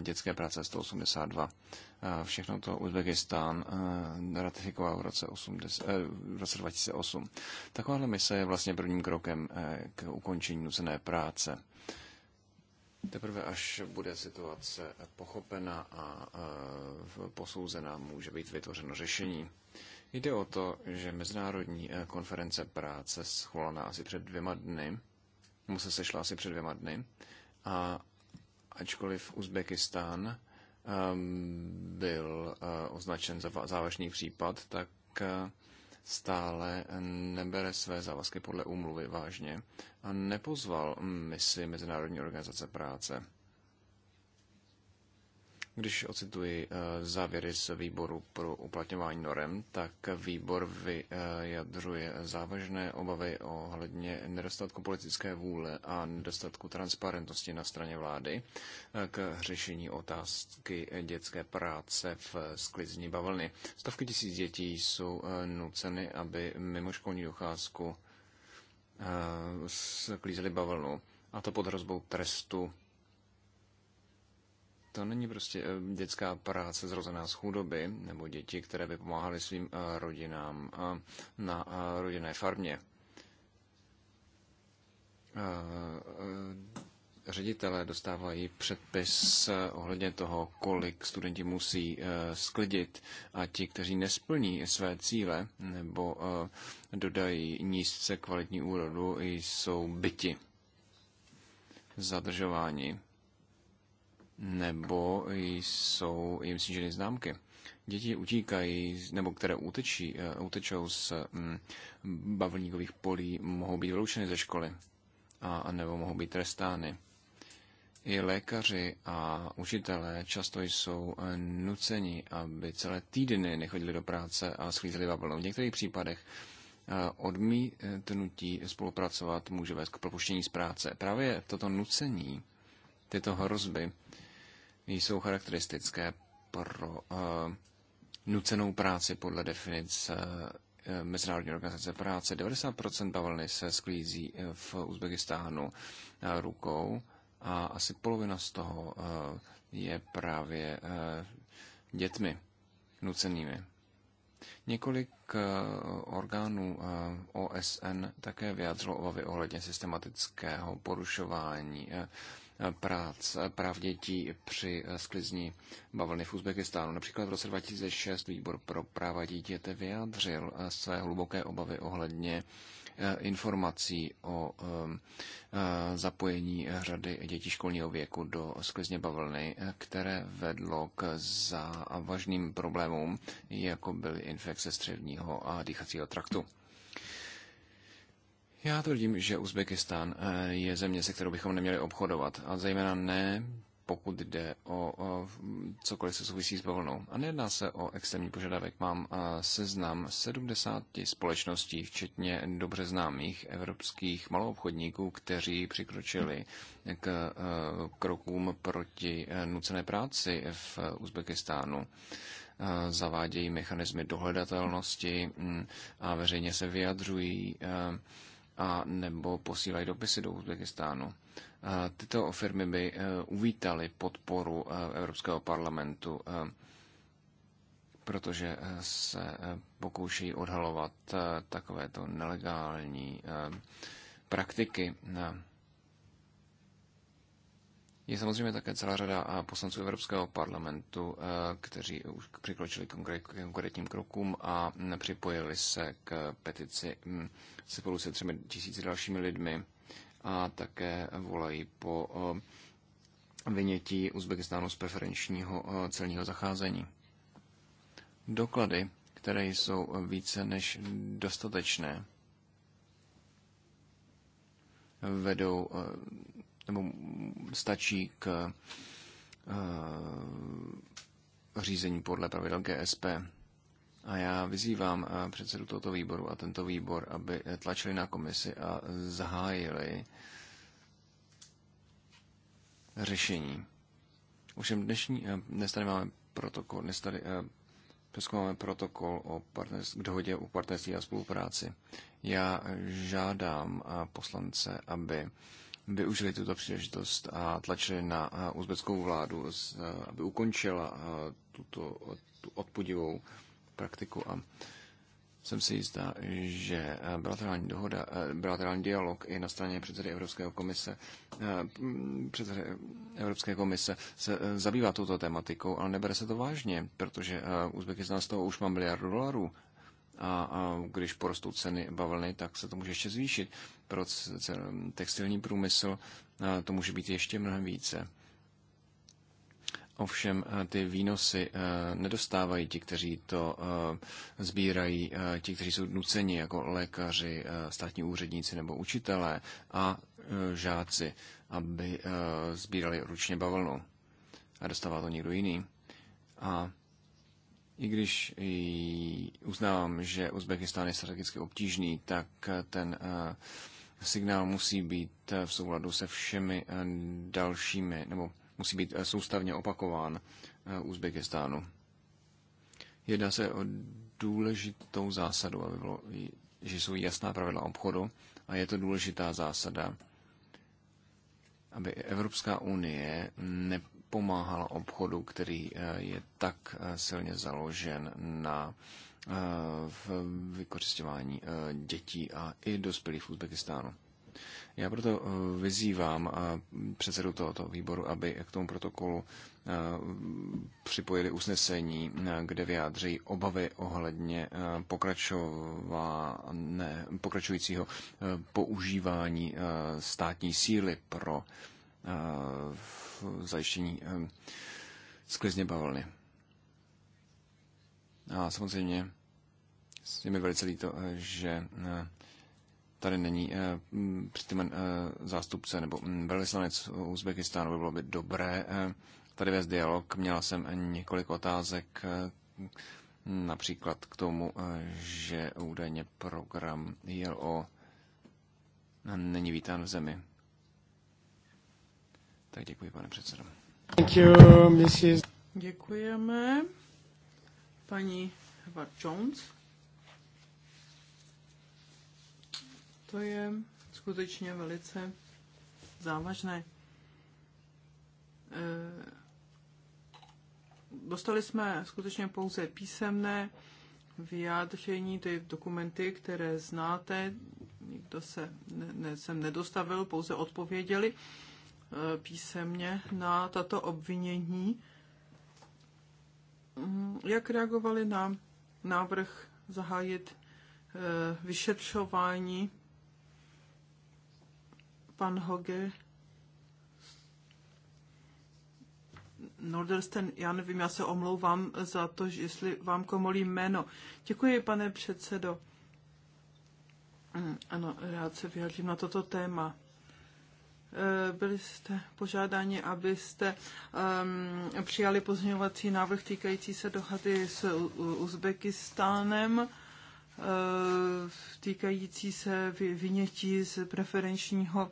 dětské práce 182. Všechno to Uzbekistán ratifikoval v roce, 80, v roce 2008. Takováhle mise je vlastně prvním krokem k ukončení nucené práce. Teprve až bude situace pochopena a posouzena, může být vytvořeno řešení. Jde o to, že Mezinárodní eh, konference práce schválená asi před dvěma dny, mu se sešla asi před dvěma dny, a ačkoliv Uzbekistán eh, byl eh, označen za závažný případ, tak stále nebere své závazky podle úmluvy vážně a nepozval misi Mezinárodní organizace práce. Když ocituji eh, závěry z výboru pro uplatňování norem, tak výbor vyjadřuje závažné obavy ohledně nedostatku politické vůle a nedostatku transparentnosti na straně vlády eh, k řešení otázky dětské práce v sklizní bavlny. Stovky tisíc dětí jsou eh, nuceny, aby mimo školní docházku sklízely bavlnu a to pod hrozbou trestu to není prostě eh, dětská práce zrozená z chudoby, nebo děti, které by pomáhaly svým eh, rodinám eh, na rodinné farmě. Ředitelé dostávají předpis ohledně toho, kolik studenti musí sklidit a ti, kteří nesplní své cíle nebo dodají nízce kvalitní úrodu, jsou byti, zadržování nebo jsou jim sníženy známky. Děti utíkají, nebo které utečí, eh, utečou z mm, bavlníkových polí, mohou být vyloučeny ze školy a nebo mohou být trestány. I lékaři a učitelé často jsou eh, nuceni, aby celé týdny nechodili do práce a schlízeli bavlnou. V některých případech eh, odmítnutí spolupracovat může vést k propuštění z práce. Právě toto nucení, tyto hrozby jsou charakteristické pro eh, nucenou práci podle uh, Mezinárodní organizace práce. 90% bavlny se sklízí eh, v Uzbekistánu rukou a asi polovina z toho je právě dětmi nucenými. Několik orgánů OSN také vyjádřilo obavy ohledně systematického porušování prác, práv dětí při eh, sklizni bavlny v Uzbekistánu. Například v roce 2006 výbor pro práva dítěte vyjádřil eh, své hluboké obavy ohledně eh, informací o ehm, zapojení řady dětí školního věku do sklizně bavlny, které vedlo k závažným problémům, jako byly infekce střevního a dýchacího traktu. Já tvrdím, že Uzbekistán eh, je země, se kterou bychom neměli obchodovat, a zejména ne, pokud jde o, o cokoliv, co souvisí s bavlnou. A nejedná se o extrémní požadavek. Mám eh, seznam 70 společností, včetně dobře známých evropských maloobchodníků, kteří přikročili k eh, krokům proti nucené práci v Uzbekistánu zavádějí mechanismy dohledatelnosti hm, a veřejně se vyjadřují a nebo posílají dopisy do Uzbekistánu. Tyto firmy by eh, uvítaly podporu eh, Evropského parlamentu, eh, protože se pokouší odhalovat takovéto nelegální praktiky. Je samozřejmě také celá řada poslanců Evropského parlamentu, e, kteří už přikročili konkrétním krokům a připojili se k petici spolu se třemi tisíci dalšími lidmi a také volají po e, vynětí Uzbekistánu z preferenčního e, celního zacházení. Doklady, které jsou více než dostatečné, vedou nebo stačí k eh, řízení podle pravidel GSP. A já vyzývám eh, předsedu tohoto výboru a tento výbor, aby eh, tlačili na komisi a zahájili řešení. Ovšem dnešní, dnes tady máme protokol, dnes tady přeskoumáme protokol o k dohodě o partnerství a spolupráci. Já žádám poslance, aby využili tuto příležitost a tlačili na eh, uzbeckou vládu, eh, aby ukončila eh, tuto tu odpudivou praktiku. A jsem si jistá, že bilaterální, dohoda, bilaterální dialog i na straně předsedy Evropské komise, předsedy Evropské komise se zabývá touto tematikou, ale nebere se to vážně, protože Uzbekistán z toho už má miliardu dolarů a, a když porostou ceny bavlny, tak se to může ještě zvýšit. Pro textilní průmysl to může být ještě mnohem více. Ovšem ty výnosy nedostávají ti, kteří to sbírají, ti, kteří jsou nuceni jako lékaři, státní úředníci nebo učitelé a žáci, aby sbírali ručně bavlnu. A dostává to někdo jiný. A i když uznávám, že Uzbekistán je strategicky obtížný, tak ten eh, signál musí být eh, v souladu se všemi eh, dalšími, nebo musí být soustavně opakován Uzbekistánu. Jedná se o důležitou zásadu, aby bylo, že jsou jasná pravidla obchodu a je to důležitá zásada, aby Evropská unie ne, pomáhala obchodu, který eh, je tak eh, silně založen na eh, v vykořišťování dětí a i dospělých v Uzbekistánu. Já proto vyzývám předsedu tohoto výboru, aby k tomu protokolu připojili usnesení, kde vyjádří obavy ohledně ne, pokračujícího používání státní síly pro zajištění sklizně bavlny. A samozřejmě je mi velice líto, eh, že eh, tady není eh, přítomen zástupce nebo velvyslanec Uzbekistánu. By bylo by dobré tady vést dialog. Měla jsem několik otázek, například k tomu, že údajně program JLO není vítán v zemi. Tak děkuji, pane předsedo. Thank you, Mrs. Děkujeme. Paní Howard Jones. To je skutečně velice závažné. Eh, dostali jsme skutečně pouze písemné vyjádření, ty dokumenty, které znáte, nikdo se ne, ne, sem nedostavil, pouze odpověděli. Eh, písemně na tato obvinění. Mm, jak reagovali na návrh zahájit eh, vyšetřování pan Hoge Nordersten, já nevím, já se omlouvám za to, že jestli vám komolí jméno. Děkuji, pane předsedo. Mm, ano, rád se vyjádřím na toto téma. Eh, byli jste požádáni, abyste um, přijali pozměňovací návrh týkající se dohady s Uzbekistánem, eh, týkající se vynětí z preferenčního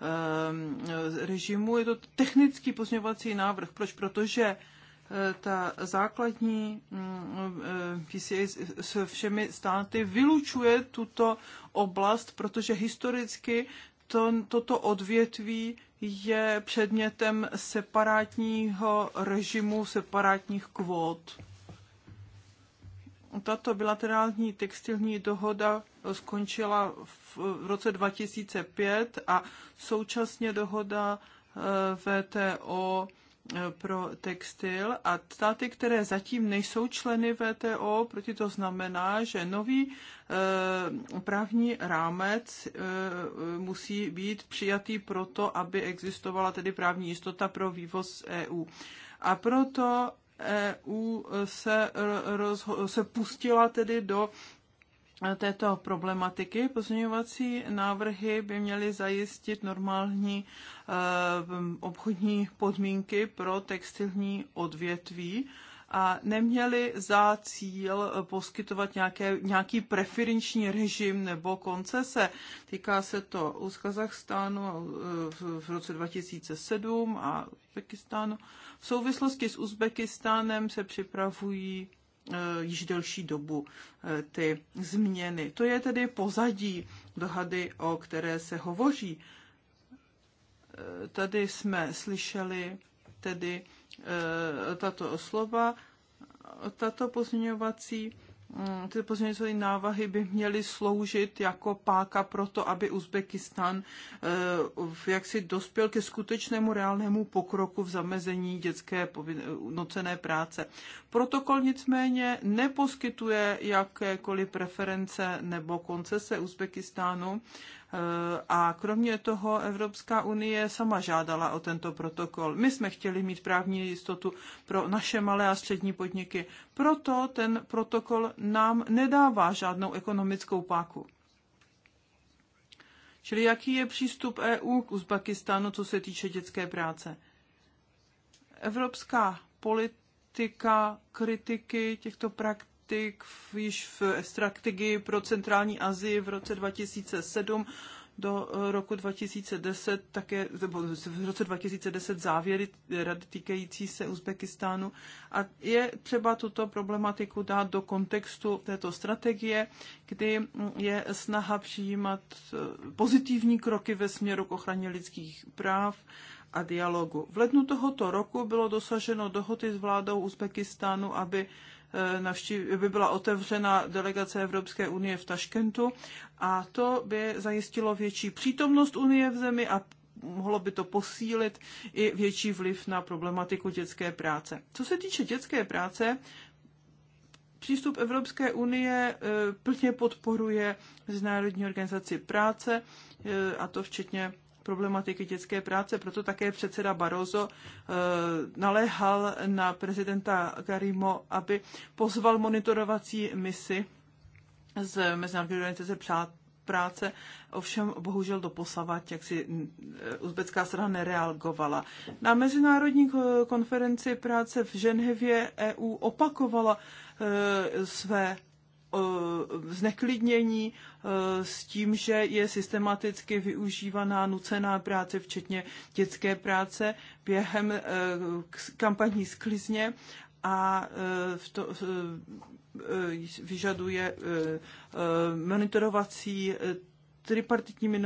ehm, režimu. Je to technický pozměňovací návrh. Proč? Protože eh, ta základní mm, PCA se všemi státy vylučuje tuto oblast, protože historicky to, toto odvětví je předmětem separátního režimu, separátních kvót. Tato bilaterální textilní dohoda skončila v roce 2005 a současně dohoda eh, VTO Eh, pro textil a státy, které zatím nejsou členy VTO, proti to znamená, že nový eh, právní rámec eh, musí být přijatý proto, aby existovala tedy právní jistota pro vývoz EU. A proto EU se, rozho- se pustila tedy do této problematiky. Pozměňovací návrhy by měly zajistit normální eh, obchodní podmínky pro textilní odvětví a neměly za cíl poskytovat nějaké, nějaký preferenční režim nebo koncese. Týká se to z Kazachstánu eh, v roce 2007 a Uzbekistánu. V souvislosti s Uzbekistánem se připravují Eh, již delší dobu eh, ty změny. To je tedy pozadí dohady, o které se hovoří. Eh, tady jsme slyšeli tedy tato slova, tato pozměňovací Mm, ty pozměňovací návahy by měly sloužit jako páka pro to, aby Uzbekistan eh, jaksi dospěl ke skutečnému reálnému pokroku v zamezení dětské nocené práce. Protokol nicméně neposkytuje jakékoliv preference nebo koncese Uzbekistánu Eh, a kromě toho Evropská unie sama žádala o tento protokol. My jsme chtěli mít právní jistotu pro naše malé a střední podniky. Proto ten protokol nám nedává žádnou ekonomickou páku. Čili jaký je přístup EU k Uzbekistánu, co se týče dětské práce? Evropská politika kritiky těchto praktik politik v, již v strategii pro centrální Asii v roce 2007 do eh, roku 2010 také, nebo v roce 2010 závěry rady týkající se Uzbekistánu a je třeba tuto problematiku dát do kontextu této strategie, kdy mm, je snaha přijímat eh, pozitivní kroky ve směru k ochraně lidských práv a dialogu. V lednu tohoto roku bylo dosaženo dohody s vládou Uzbekistánu, aby Eh, by byla otevřena delegace Evropské unie v Taškentu a to by zajistilo větší přítomnost Unie v zemi a mohlo by to posílit i větší vliv na problematiku dětské práce. Co se týče dětské práce, přístup Evropské unie eh, plně podporuje Mezinárodní organizaci práce, eh, a to včetně problematiky dětské práce. Proto také předseda Barozo eh, naléhal na prezidenta Karimo, aby pozval monitorovací misi z Mezinárodní organizace přát práce, ovšem bohužel doposavat, jak si eh, uzbecká strana nereagovala. Na mezinárodní konferenci práce v Ženevě EU opakovala eh, své Eh, zneklidnění eh, s tím, že je systematicky využívaná nucená práce, včetně dětské práce, během eh, kampaní sklizně a v to, vyžaduje monitorovací tripartitní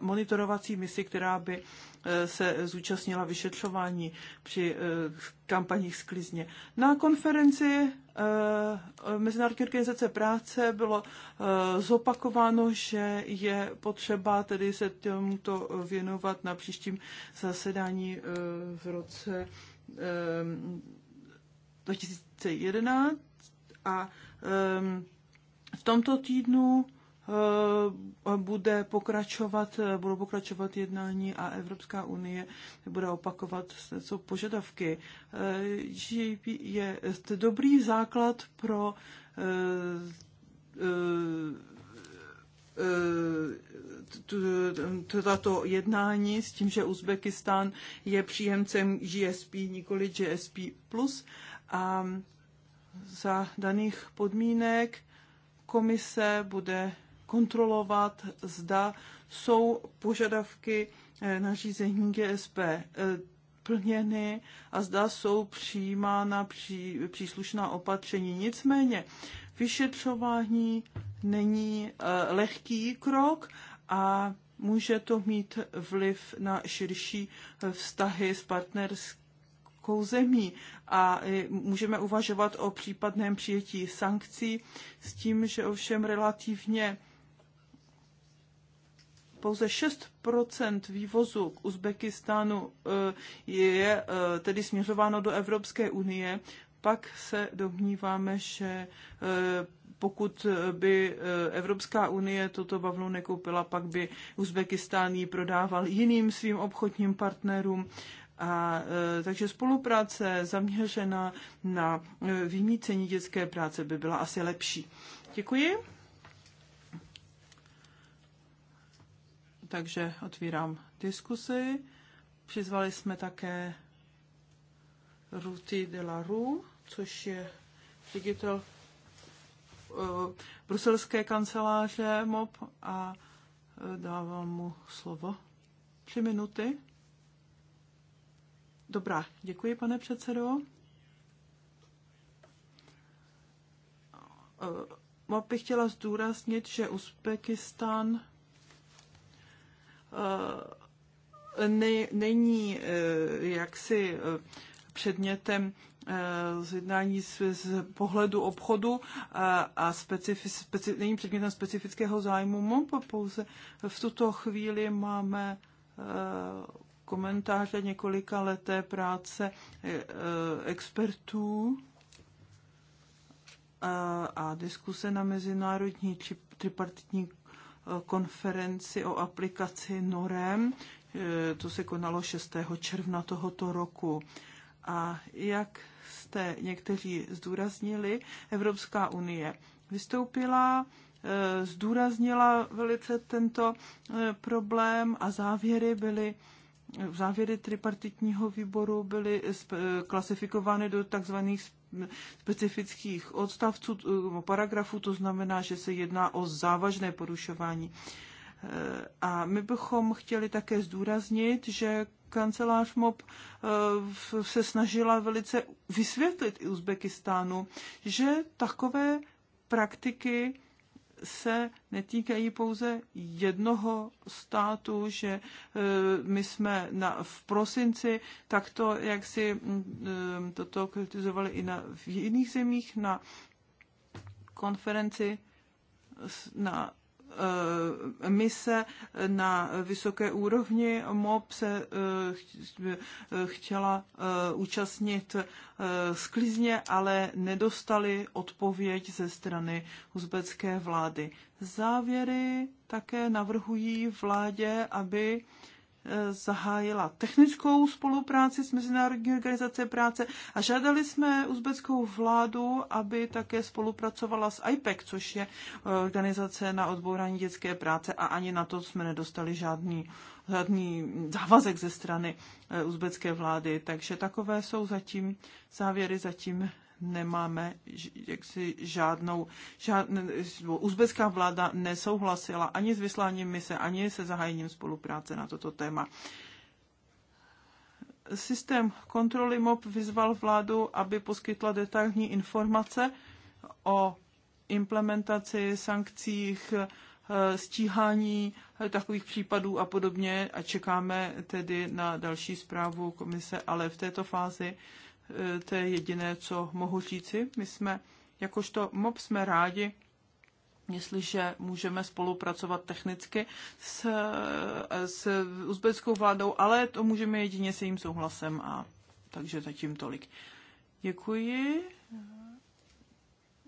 monitorovací misi, která by Eh, se zúčastnila vyšetřování při eh, kampaních sklizně. Na konferenci eh, Mezinárodní organizace práce bylo zopakováno, že je potřeba tedy se tomuto věnovat na příštím zasedání v roce 2011 a v tomto týdnu Eh, bude pokračovat, eh, budou pokračovat jednání a Evropská unie bude opakovat co požadavky. GDP eh, je dobrý základ pro tato jednání s tím, že Uzbekistán je příjemcem GSP, nikoli GSP+, a za daných podmínek komise bude kontrolovat, zda jsou požadavky eh, nařízení GSP eh, plněny a zda jsou přijímána pří, příslušná opatření. Nicméně vyšetřování není eh, lehký krok a může to mít vliv na širší vztahy s partnerskou zemí a můžeme uvažovat o případném přijetí sankcí s tím, že ovšem relativně pouze 6 vývozu k Uzbekistánu eh, je eh, tedy směřováno do Evropské unie, pak se domníváme, že eh, pokud by Evropská unie toto bavlnu nekoupila, pak by Uzbekistán ji prodával jiným svým obchodním partnerům. A, takže spolupráce zaměřená na vymícení dětské práce by byla asi lepší. Děkuji. takže otvírám diskusy. Přizvali jsme také Ruti de la Rue, což je ředitel eh, bruselské kanceláře MOB a eh, dávám mu slovo. Tři minuty. Dobrá, děkuji, pane předsedo. Eh, MOB bych chtěla zdůraznit, že Uzbekistán Eh, ne, není eh, jaksi eh, předmětem z jednání z, z pohledu obchodu a, a specifi, speci, není předmětem specifického zájmu MOP, pouze v tuto chvíli máme komentáře několika leté práce expertů a, a diskuse na mezinárodní tripartitní konferenci o aplikaci norem. Eh, to se konalo 6. června tohoto roku. A jak jste někteří zdůraznili, Evropská unie vystoupila, eh, zdůraznila velice tento eh, problém a závěry byly závěry tripartitního výboru byly klasifikovány do takzvaných specifických odstavců, paragrafů, to znamená, že se jedná o závažné porušování. E, a my bychom chtěli také zdůraznit, že kancelář MOB e, se snažila velice vysvětlit i Uzbekistánu, že takové praktiky se netýkají pouze jednoho státu, že e, my jsme na, v prosinci takto, jak si toto kritizovali i na, v jiných zemích na konferenci na Eh, mise na vysoké úrovni. MOB se eh, chtěla eh, účastnit sklizně, ale nedostali odpověď ze strany uzbecké vlády. Závěry také navrhují vládě, aby zahájila technickou spolupráci s Mezinárodní organizace práce a žádali jsme uzbeckou vládu, aby také spolupracovala s IPEC, což je eh, organizace na odbourání dětské práce a ani na to jsme nedostali žádný, žádný závazek ze strany eh, uzbecké vlády. Takže takové jsou zatím závěry, zatím nemáme jaksi žádnou, žádnou uzbecká vláda nesouhlasila ani s vysláním mise, ani se zahájením spolupráce na toto téma. Systém kontroly MOP vyzval vládu, aby poskytla detailní informace o implementaci sankcích, eh, stíhání eh, takových případů a podobně a čekáme tedy na další zprávu komise, ale v této fázi Eh, to je jediné, co mohu říci. My jsme, jakožto MOB, jsme rádi, jestliže můžeme spolupracovat technicky s, eh, s uzbeckou vládou, ale to můžeme jedině s jejím souhlasem a takže zatím tolik. Děkuji.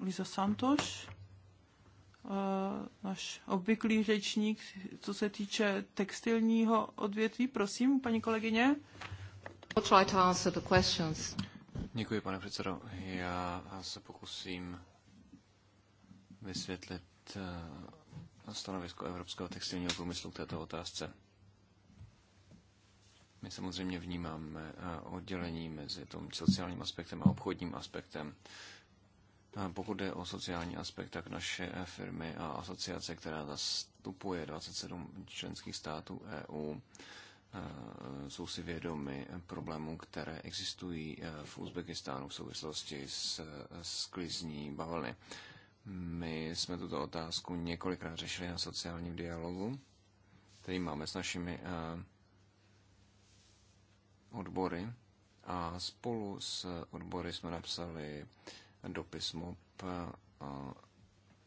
Liza Santoš, eh, náš obvyklý řečník, co se týče textilního odvětví, prosím, paní kolegyně. Děkuji, pane předsedo. Já se pokusím vysvětlit eh, stanovisko evropského textilního průmyslu k této otázce. My samozřejmě vnímáme eh, oddělení mezi tím sociálním aspektem a obchodním aspektem. Pokud jde o sociální aspekt, tak naše eh, firmy a asociace, která zastupuje 27 členských států EU, Eh, jsou si vědomi problémů, které existují eh, v Uzbekistánu v souvislosti s eh, sklizní bavlny. My jsme tuto otázku několikrát řešili na sociálním dialogu, který máme s našimi odbory a spolu s odbory jsme napsali dopis MOP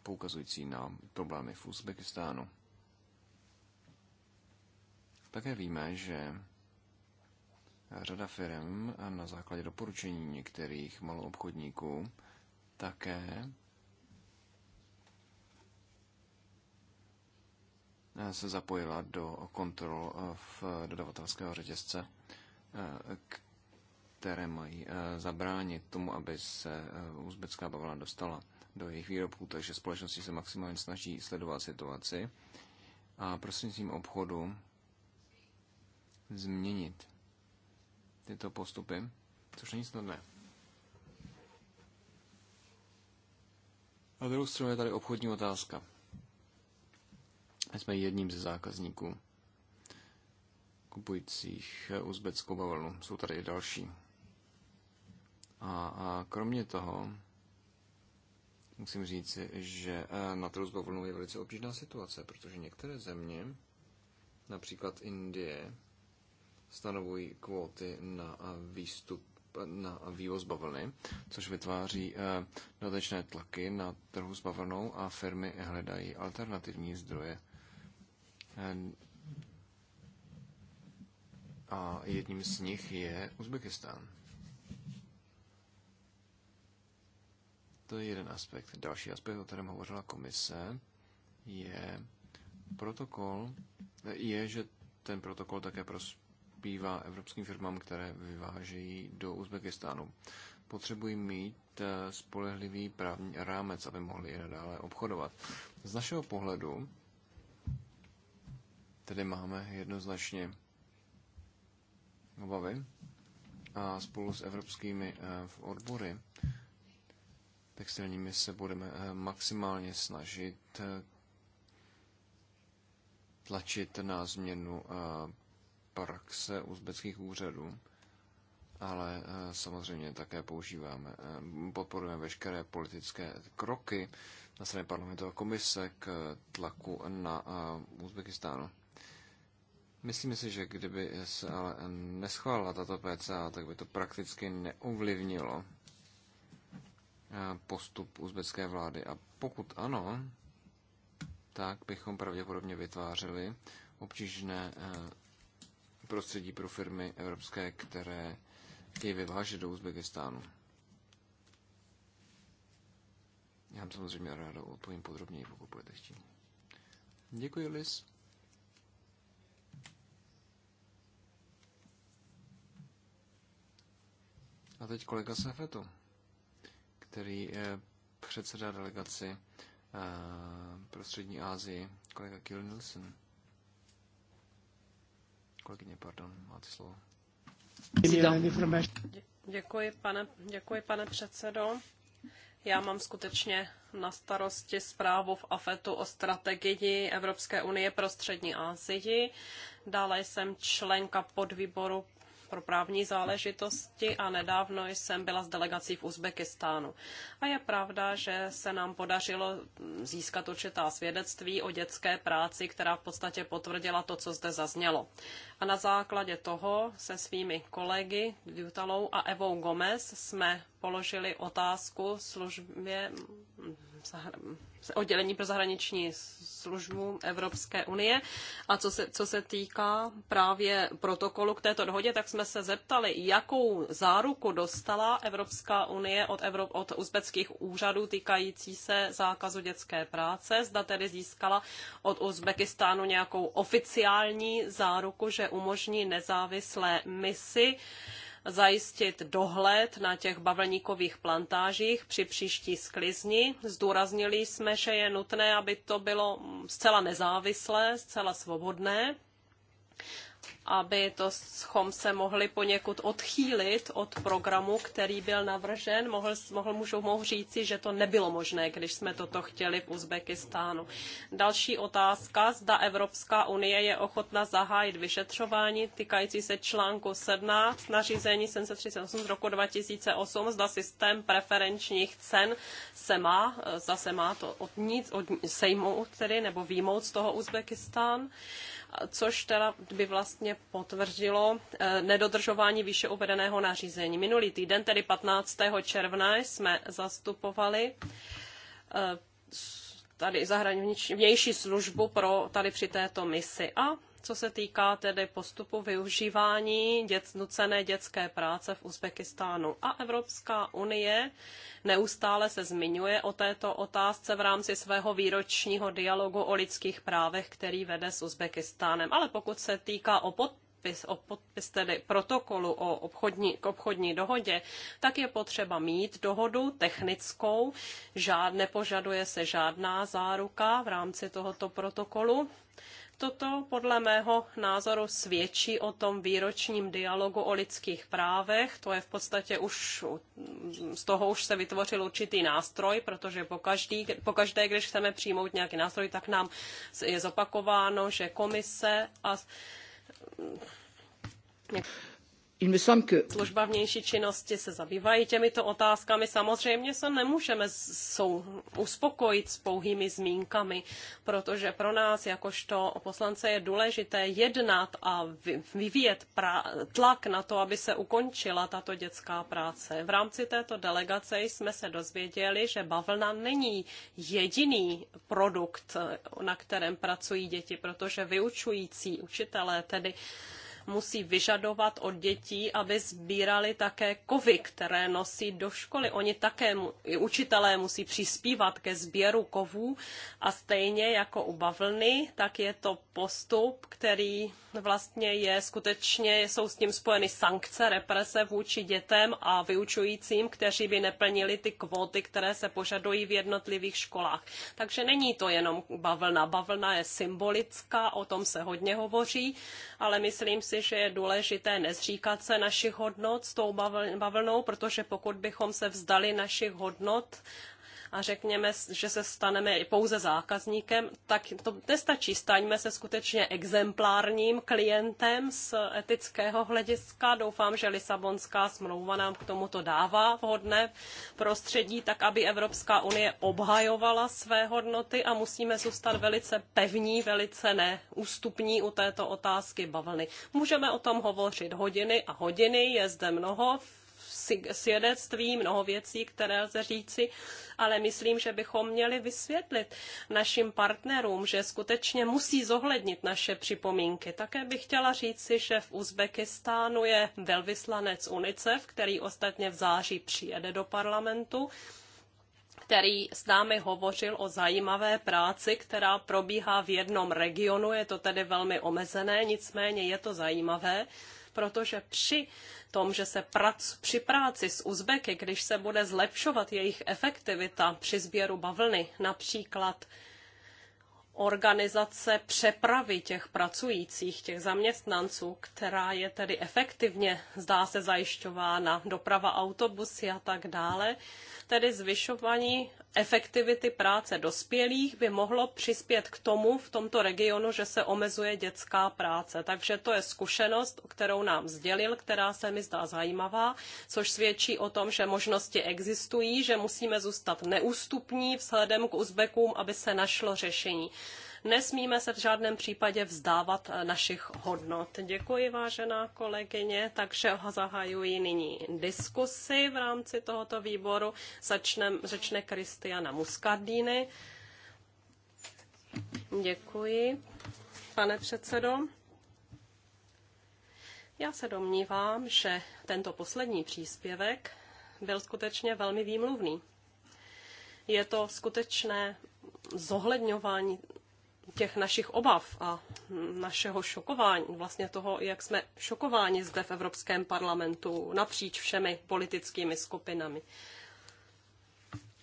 poukazující na problémy v Uzbekistánu. Také víme, že řada firm na základě doporučení některých maloobchodníků také se zapojila do kontrol v dodavatelského řetězce, které mají eh, zabránit tomu, aby se eh, uzbecká bavlna dostala do jejich výrobků, takže společnosti se maximálně snaží sledovat situaci a prostřednictvím obchodu změnit tyto postupy, což není snadné. A druhou stranu je tady obchodní otázka. My jsme jedním ze zákazníků kupujících uzbeckou bavlnu. Jsou tady i další. A, a kromě toho musím říct, že e, na trhu s bavlnou je velice obtížná situace, protože některé země, například Indie, stanovují kvóty na výstup na vývoz bavlny, což vytváří eh, dodatečné tlaky na trhu s bavlnou a firmy hledají alternativní zdroje. Eh, a jedním z nich je Uzbekistán. To je jeden aspekt. Další aspekt, o kterém hovořila komise, je protokol, eh, je, že ten protokol také prospěje bývá evropským firmám, které vyvážejí do Uzbekistánu. Potřebují mít eh, spolehlivý právní rámec, aby mohli i nadále obchodovat. Z našeho pohledu tedy máme jednoznačně obavy a spolu s evropskými eh, odbory textilními se budeme eh, maximálně snažit tlačit na změnu praxe uzbeckých úřadů, ale eh, samozřejmě také používáme, eh, podporujeme veškeré politické kroky na straně parlamentu a komise k eh, tlaku na Uzbekistánu. Myslím si, že kdyby se ale neschválila tato PCA, tak by to prakticky neovlivnilo postup uzbecké vlády. A pokud ano, tak bychom pravděpodobně vytvářeli obtížné prostředí pro firmy evropské, které chtějí vyvážet do Uzbekistánu. Já vám samozřejmě ráda odpovím podrobněji, pokud budete chtít. Děkuji, Liz. A teď kolega Safetu, který je předseda delegaci eh, prostřední Asii, kolega Kill Nielsen kolegyně, pardon, máte slovo. Děkuji, pane, děkuji, pane předsedo. Já mám skutečně na starosti zprávu v AFETu o strategii Evropské unie pro střední Asii. Dále jsem členka podvýboru pro právní záležitosti a nedávno jsem byla s delegací v Uzbekistánu. A je pravda, že se nám podařilo získat určitá svědectví o dětské práci, která v podstatě potvrdila to, co zde zaznělo. A na základě toho se svými kolegy Jutalou a Evou Gomez jsme položili otázku službě oddělení pro zahraniční službu Evropské unie. A co se, co se týká právě protokolu k této dohodě, tak jsme se zeptali, jakou záruku dostala Evropská unie od, Evrop, od uzbeckých úřadů týkající se zákazu dětské práce. Zda tedy získala od Uzbekistánu nějakou oficiální záruku, že umožní nezávislé misi zajistit dohled na těch bavlníkových plantážích při příští sklizni. Zdůraznili jsme, že je nutné, aby to bylo zcela nezávislé, zcela svobodné aby to schom se mohli poněkud odchýlit od programu, který byl navržen. Mohl, mohl můžou mohu říci, že to nebylo možné, když jsme toto chtěli v Uzbekistánu. Další otázka, zda Evropská unie je ochotna zahájit vyšetřování týkající se článku 17 nařízení 738 z roku 2008, zda systém preferenčních cen se má, zase má to odnít, od, sejmout tedy, nebo výmout z toho Uzbekistán což teda by vlastně potvrdilo eh, nedodržování výše uvedeného nařízení. Minulý týden, tedy 15. června, jsme zastupovali eh, tady zahraniční vnější službu pro tady při této misi a co se týká tedy postupu využívání dět, nucené dětské práce v Uzbekistánu. A Evropská unie neustále se zmiňuje o této otázce v rámci svého výročního dialogu o lidských právech, který vede s Uzbekistánem. Ale pokud se týká o pod podpis, o podpis tedy protokolu o obchodní, k obchodní dohodě, tak je potřeba mít dohodu technickou, žád, nepožaduje se žádná záruka v rámci tohoto protokolu. Toto podle mého názoru svědčí o tom výročním dialogu o lidských právech. To je v podstatě už, z toho už se vytvořil určitý nástroj, protože pokaždý, pokaždé, když chceme přijmout nějaký nástroj, tak nám je zopakováno, že komise a Služba vnější činnosti se zabývají těmito otázkami. Samozřejmě se nemůžeme sou, uspokojit s pouhými zmínkami, protože pro nás jakožto poslance je důležité jednat a vyvíjet tlak na to, aby se ukončila tato dětská práce. V rámci této delegace jsme se dozvěděli, že bavlna není jediný produkt, na kterém pracují děti, protože vyučující učitelé tedy musí vyžadovat od dětí, aby sbírali také kovy, které nosí do školy. Oni také, i učitelé musí přispívat ke sběru kovů a stejně jako u bavlny, tak je to postup, který vlastně je skutečně, jsou s tím spojeny sankce, represe vůči dětem a vyučujícím, kteří by neplnili ty kvóty, které se požadují v jednotlivých školách. Takže není to jenom bavlna. Bavlna je symbolická, o tom se hodně hovoří, ale myslím si, si, že je důležité nezříkat se našich hodnot s tou bavlnou, protože pokud bychom se vzdali našich hodnot, a řekněme, že se staneme pouze zákazníkem, tak to nestačí. Staňme se skutečně exemplárním klientem z etického hlediska. Doufám, že Lisabonská smlouva nám k tomuto dává vhodné prostředí, tak aby Evropská unie obhajovala své hodnoty a musíme zůstat velice pevní, velice neústupní u této otázky bavlny. Můžeme o tom hovořit hodiny a hodiny, je zde mnoho svědectví, mnoho věcí, které lze říci, ale myslím, že bychom měli vysvětlit našim partnerům, že skutečně musí zohlednit naše připomínky. Také bych chtěla říci, že v Uzbekistánu je velvyslanec UNICEF, který ostatně v září přijede do parlamentu který s námi hovořil o zajímavé práci, která probíhá v jednom regionu. Je to tedy velmi omezené, nicméně je to zajímavé protože při tom, že se prac, při práci s Uzbeky, když se bude zlepšovat jejich efektivita při sběru bavlny, například organizace přepravy těch pracujících, těch zaměstnanců, která je tedy efektivně, zdá se, zajišťována, doprava autobusy a tak dále, tedy zvyšování efektivity práce dospělých by mohlo přispět k tomu v tomto regionu, že se omezuje dětská práce. Takže to je zkušenost, kterou nám sdělil, která se mi zdá zajímavá, což svědčí o tom, že možnosti existují, že musíme zůstat neústupní vzhledem k Uzbekům, aby se našlo řešení. Nesmíme se v žádném případě vzdávat eh, našich hodnot. Děkuji, vážená kolegyně, takže zahajuji nyní diskusy v rámci tohoto výboru. Začnem, začne Kristiana Muscardini. Děkuji, pane předsedo. Já se domnívám, že tento poslední příspěvek byl skutečně velmi výmluvný. Je to skutečné zohledňování těch našich obav a našeho šokování, vlastně toho, jak jsme šokováni zde v Evropském parlamentu napříč všemi politickými skupinami.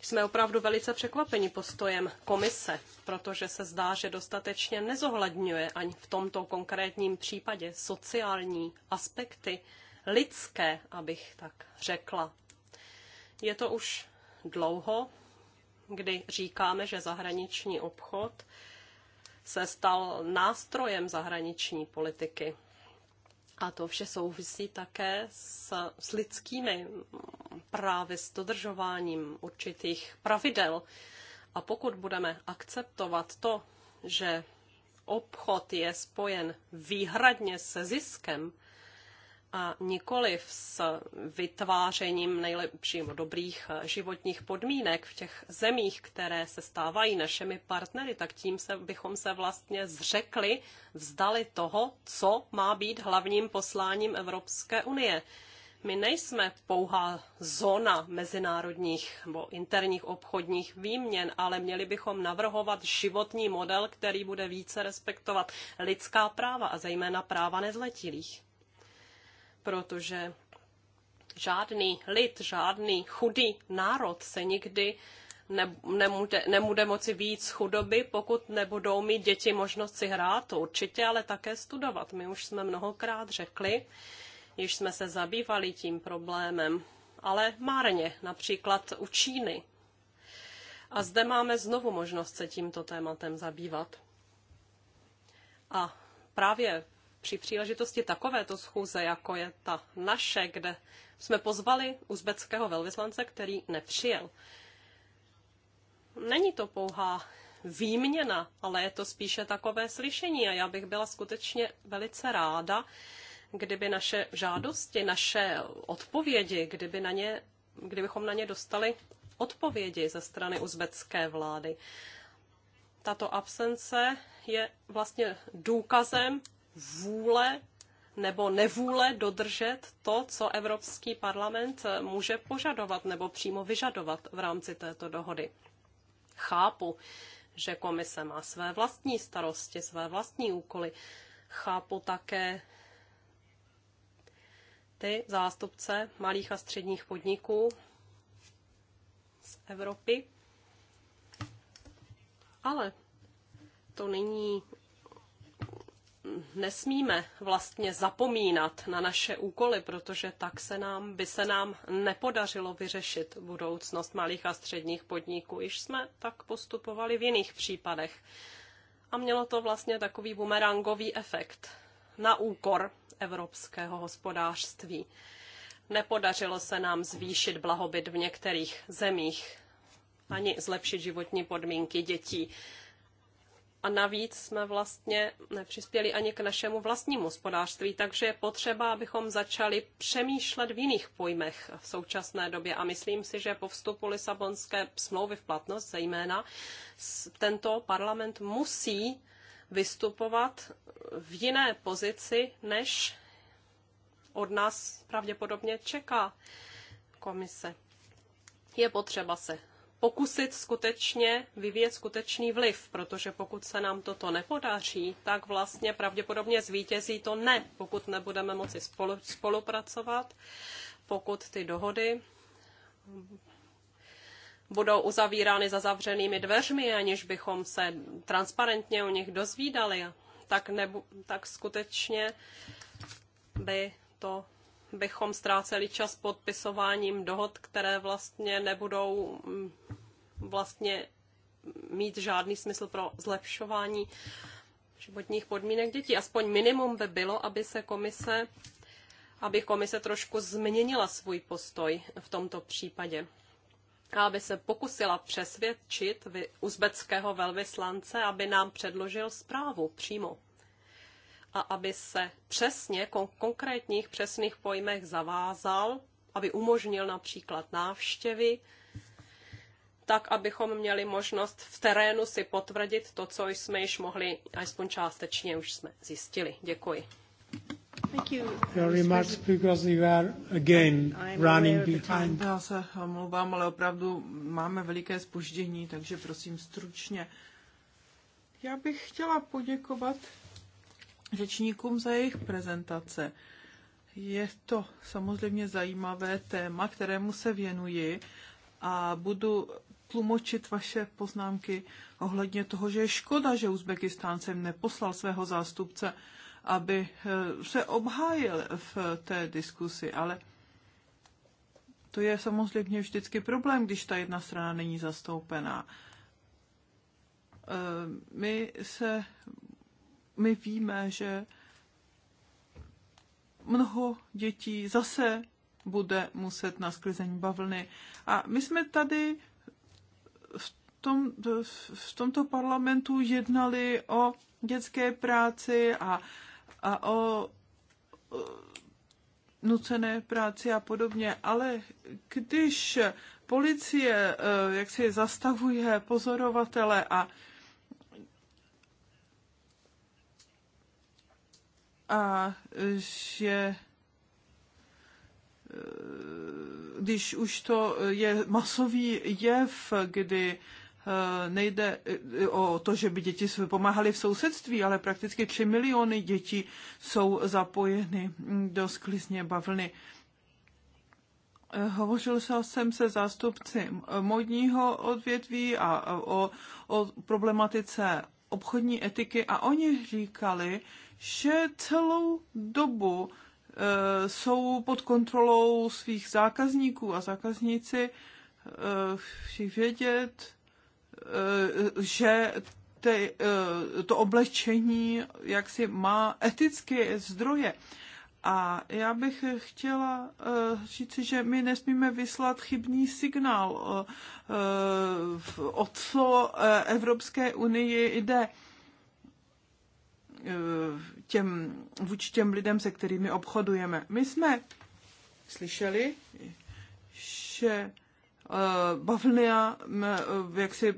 Jsme opravdu velice překvapeni postojem komise, protože se zdá, že dostatečně nezohledňuje ani v tomto konkrétním případě sociální aspekty lidské, abych tak řekla. Je to už dlouho, kdy říkáme, že zahraniční obchod se stal nástrojem zahraniční politiky. A to vše souvisí také s, s lidskými mm, právy, s dodržováním určitých pravidel. A pokud budeme akceptovat to, že obchod je spojen výhradně se ziskem, a nikoliv s vytvářením nejlepším dobrých eh, životních podmínek v těch zemích, které se stávají našimi partnery, tak tím se, bychom se vlastně zřekli, vzdali toho, co má být hlavním posláním Evropské unie. My nejsme pouhá zóna mezinárodních nebo interních obchodních výměn, ale měli bychom navrhovat životní model, který bude více respektovat lidská práva a zejména práva nezletilých protože žádný lid, žádný chudý národ se nikdy ne, nebude, nebude moci víc chudoby, pokud nebudou mít děti možnost si hrát, to určitě, ale také studovat. My už jsme mnohokrát řekli, již jsme se zabývali tím problémem, ale márně, například u Číny. A zde máme znovu možnost se tímto tématem zabývat. A právě při příležitosti takovéto schůze, jako je ta naše, kde jsme pozvali uzbeckého velvyslance, který nepřijel. Není to pouhá výměna, ale je to spíše takové slyšení a já bych byla skutečně velice ráda, kdyby naše žádosti, naše odpovědi, kdyby na ně, kdybychom na ně dostali odpovědi ze strany uzbecké vlády. Tato absence je vlastně důkazem vůle nebo nevůle dodržet to, co Evropský parlament eh, může požadovat nebo přímo vyžadovat v rámci této dohody. Chápu, že komise má své vlastní starosti, své vlastní úkoly. Chápu také ty zástupce malých a středních podniků z Evropy. Ale to není nesmíme vlastně zapomínat na naše úkoly, protože tak se nám, by se nám nepodařilo vyřešit budoucnost malých a středních podniků. Již jsme tak postupovali v jiných případech. A mělo to vlastně takový bumerangový efekt na úkor evropského hospodářství. Nepodařilo se nám zvýšit blahobyt v některých zemích ani zlepšit životní podmínky dětí a navíc jsme vlastně nepřispěli ani k našemu vlastnímu hospodářství, takže je potřeba, abychom začali přemýšlet v jiných pojmech v současné době a myslím si, že po vstupu Lisabonské smlouvy v platnost zejména tento parlament musí vystupovat v jiné pozici, než od nás pravděpodobně čeká komise. Je potřeba se pokusit skutečně vyvíjet skutečný vliv, protože pokud se nám toto nepodaří, tak vlastně pravděpodobně zvítězí to ne, pokud nebudeme moci spolu, spolupracovat, pokud ty dohody budou uzavírány za zavřenými dveřmi, aniž bychom se transparentně o nich dozvídali, tak, nebu, tak skutečně by to bychom ztráceli čas podpisováním dohod, které vlastně nebudou mm, vlastně mít žádný smysl pro zlepšování životních podmínek dětí. Aspoň minimum by bylo, aby se komise, aby komise trošku změnila svůj postoj v tomto případě. A aby se pokusila přesvědčit uzbeckého velvyslance, aby nám předložil zprávu přímo. A aby se přesně, kon- konkrétních přesných pojmech zavázal, aby umožnil například návštěvy tak abychom měli možnost v terénu si potvrdit to, co jsme již mohli, alespoň částečně už jsme zjistili. Děkuji. Thank you. because are again running behind. Já se omlouvám, ale opravdu máme veliké spoždění, takže prosím stručně. Já bych chtěla poděkovat řečníkům za jejich prezentace. Je to samozřejmě zajímavé téma, kterému se věnuji a budu tlumočit vaše poznámky ohledně toho, že je škoda, že Uzbekistán sem neposlal svého zástupce, aby eh, se obhájil v té diskusi, ale to je samozřejmě vždycky problém, když ta jedna strana není zastoupená. Eh, my se, my víme, že mnoho dětí zase bude muset na sklizení bavlny. A my jsme tady v, tom, v tomto parlamentu jednali o dětské práci a, a o, o nucené práci a podobně, ale když policie e, jak si zastavuje pozorovatele a a že když už to je masový jev, kdy eh, nejde eh, o to, že by děti pomáhaly v sousedství, ale prakticky 3 miliony dětí jsou zapojeny do sklizně bavlny. Eh, hovořil jsem se zástupci modního odvětví a o, o problematice obchodní etiky a oni říkali, že celou dobu Eh, jsou pod kontrolou svých zákazníků a zákazníci všich eh, vědět, eh, že te, to oblečení jaksi má etické zdroje. A já bych chtěla říct, že my nesmíme vyslat chybný signál, o co Evropské unii jde. Eh, těm, vůči těm lidem, se kterými obchodujeme. My jsme slyšeli, že eh, bavlna, eh, jak si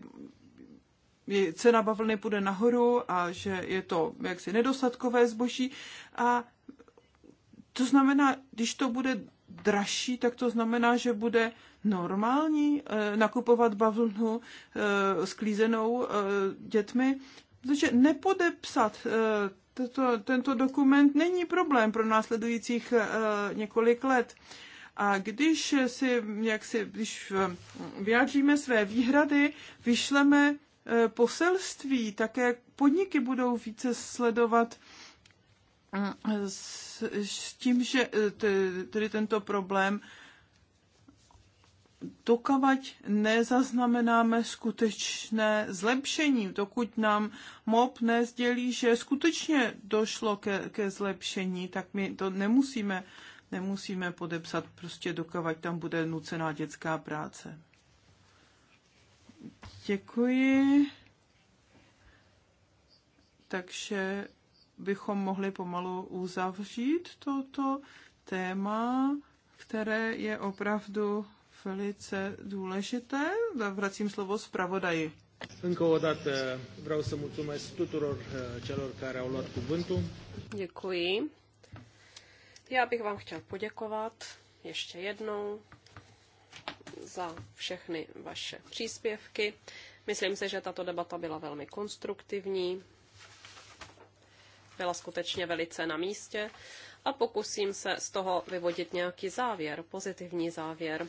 cena bavlny půjde nahoru a že je to jaksi nedostatkové zboží. A to znamená, když to bude dražší, tak to znamená, že bude normální nakupovat bavlnu sklízenou dětmi. Protože nepodepsat eh, tento, tento dokument není problém pro následujících eh, několik let. A když si, jak si, když eh, vyjádříme své výhrady, vyšleme poselství, také podniky budou více sledovat s, s tím, že tedy tento problém dokavať nezaznamenáme skutečné zlepšení, dokud nám MOP nezdělí, že skutečně došlo ke, ke zlepšení, tak my to nemusíme, nemusíme podepsat, prostě dokavať tam bude nucená dětská práce. Děkuji. Takže bychom mohli pomalu uzavřít toto téma, které je opravdu velice důležité. Vracím slovo zpravodaji. Încă o dată vreau să mulțumesc tuturor eh, celor care au luat cuvântul. Děkuji. Já bych vám chtěl poděkovat ještě jednou za všechny vaše příspěvky. Myslím si, že tato debata byla velmi konstruktivní, byla skutečně velice na místě a pokusím se z toho vyvodit nějaký závěr, pozitivní závěr.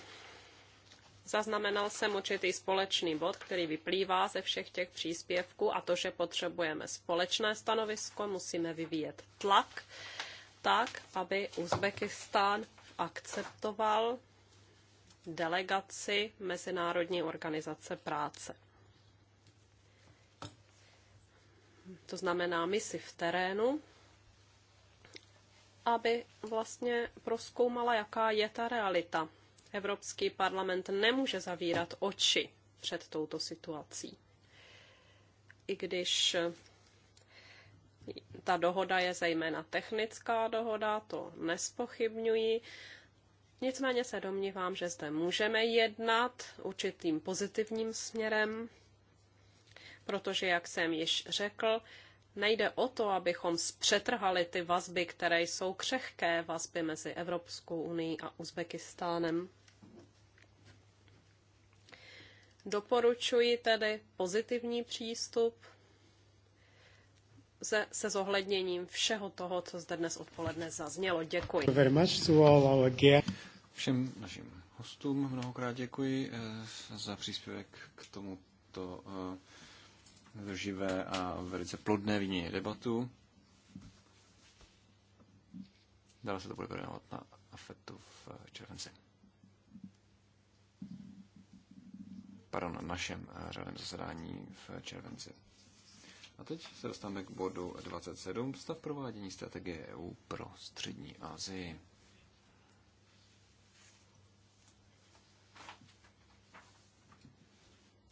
Zaznamenal jsem určitý společný bod, který vyplývá ze všech těch příspěvků a to, že potřebujeme společné stanovisko, musíme vyvíjet tlak tak, aby Uzbekistán akceptoval delegaci Mezinárodní organizace práce. To znamená misi v terénu, aby vlastně proskoumala, jaká je ta realita Evropský parlament nemůže zavírat oči před touto situací. I když ta dohoda je zejména technická dohoda, to nespochybňuji. Nicméně se domnívám, že zde můžeme jednat určitým pozitivním směrem, protože, jak jsem již řekl, nejde o to, abychom zpřetrhali ty vazby, které jsou křehké vazby mezi Evropskou unii a Uzbekistánem. Doporučuji tedy pozitivní přístup se, se zohledněním všeho toho, co zde dnes odpoledne zaznělo. Děkuji. Všem našim hostům mnohokrát děkuji eh, za příspěvek k tomuto eh, živé a velice plodné výměně debatu. Dále se to bude projednávat na AFETu v červenci. pardon, našem eh, řádném zasedání v červenci. A teď se dostáváme k bodu 27, stav provádění strategie EU pro střední Asii.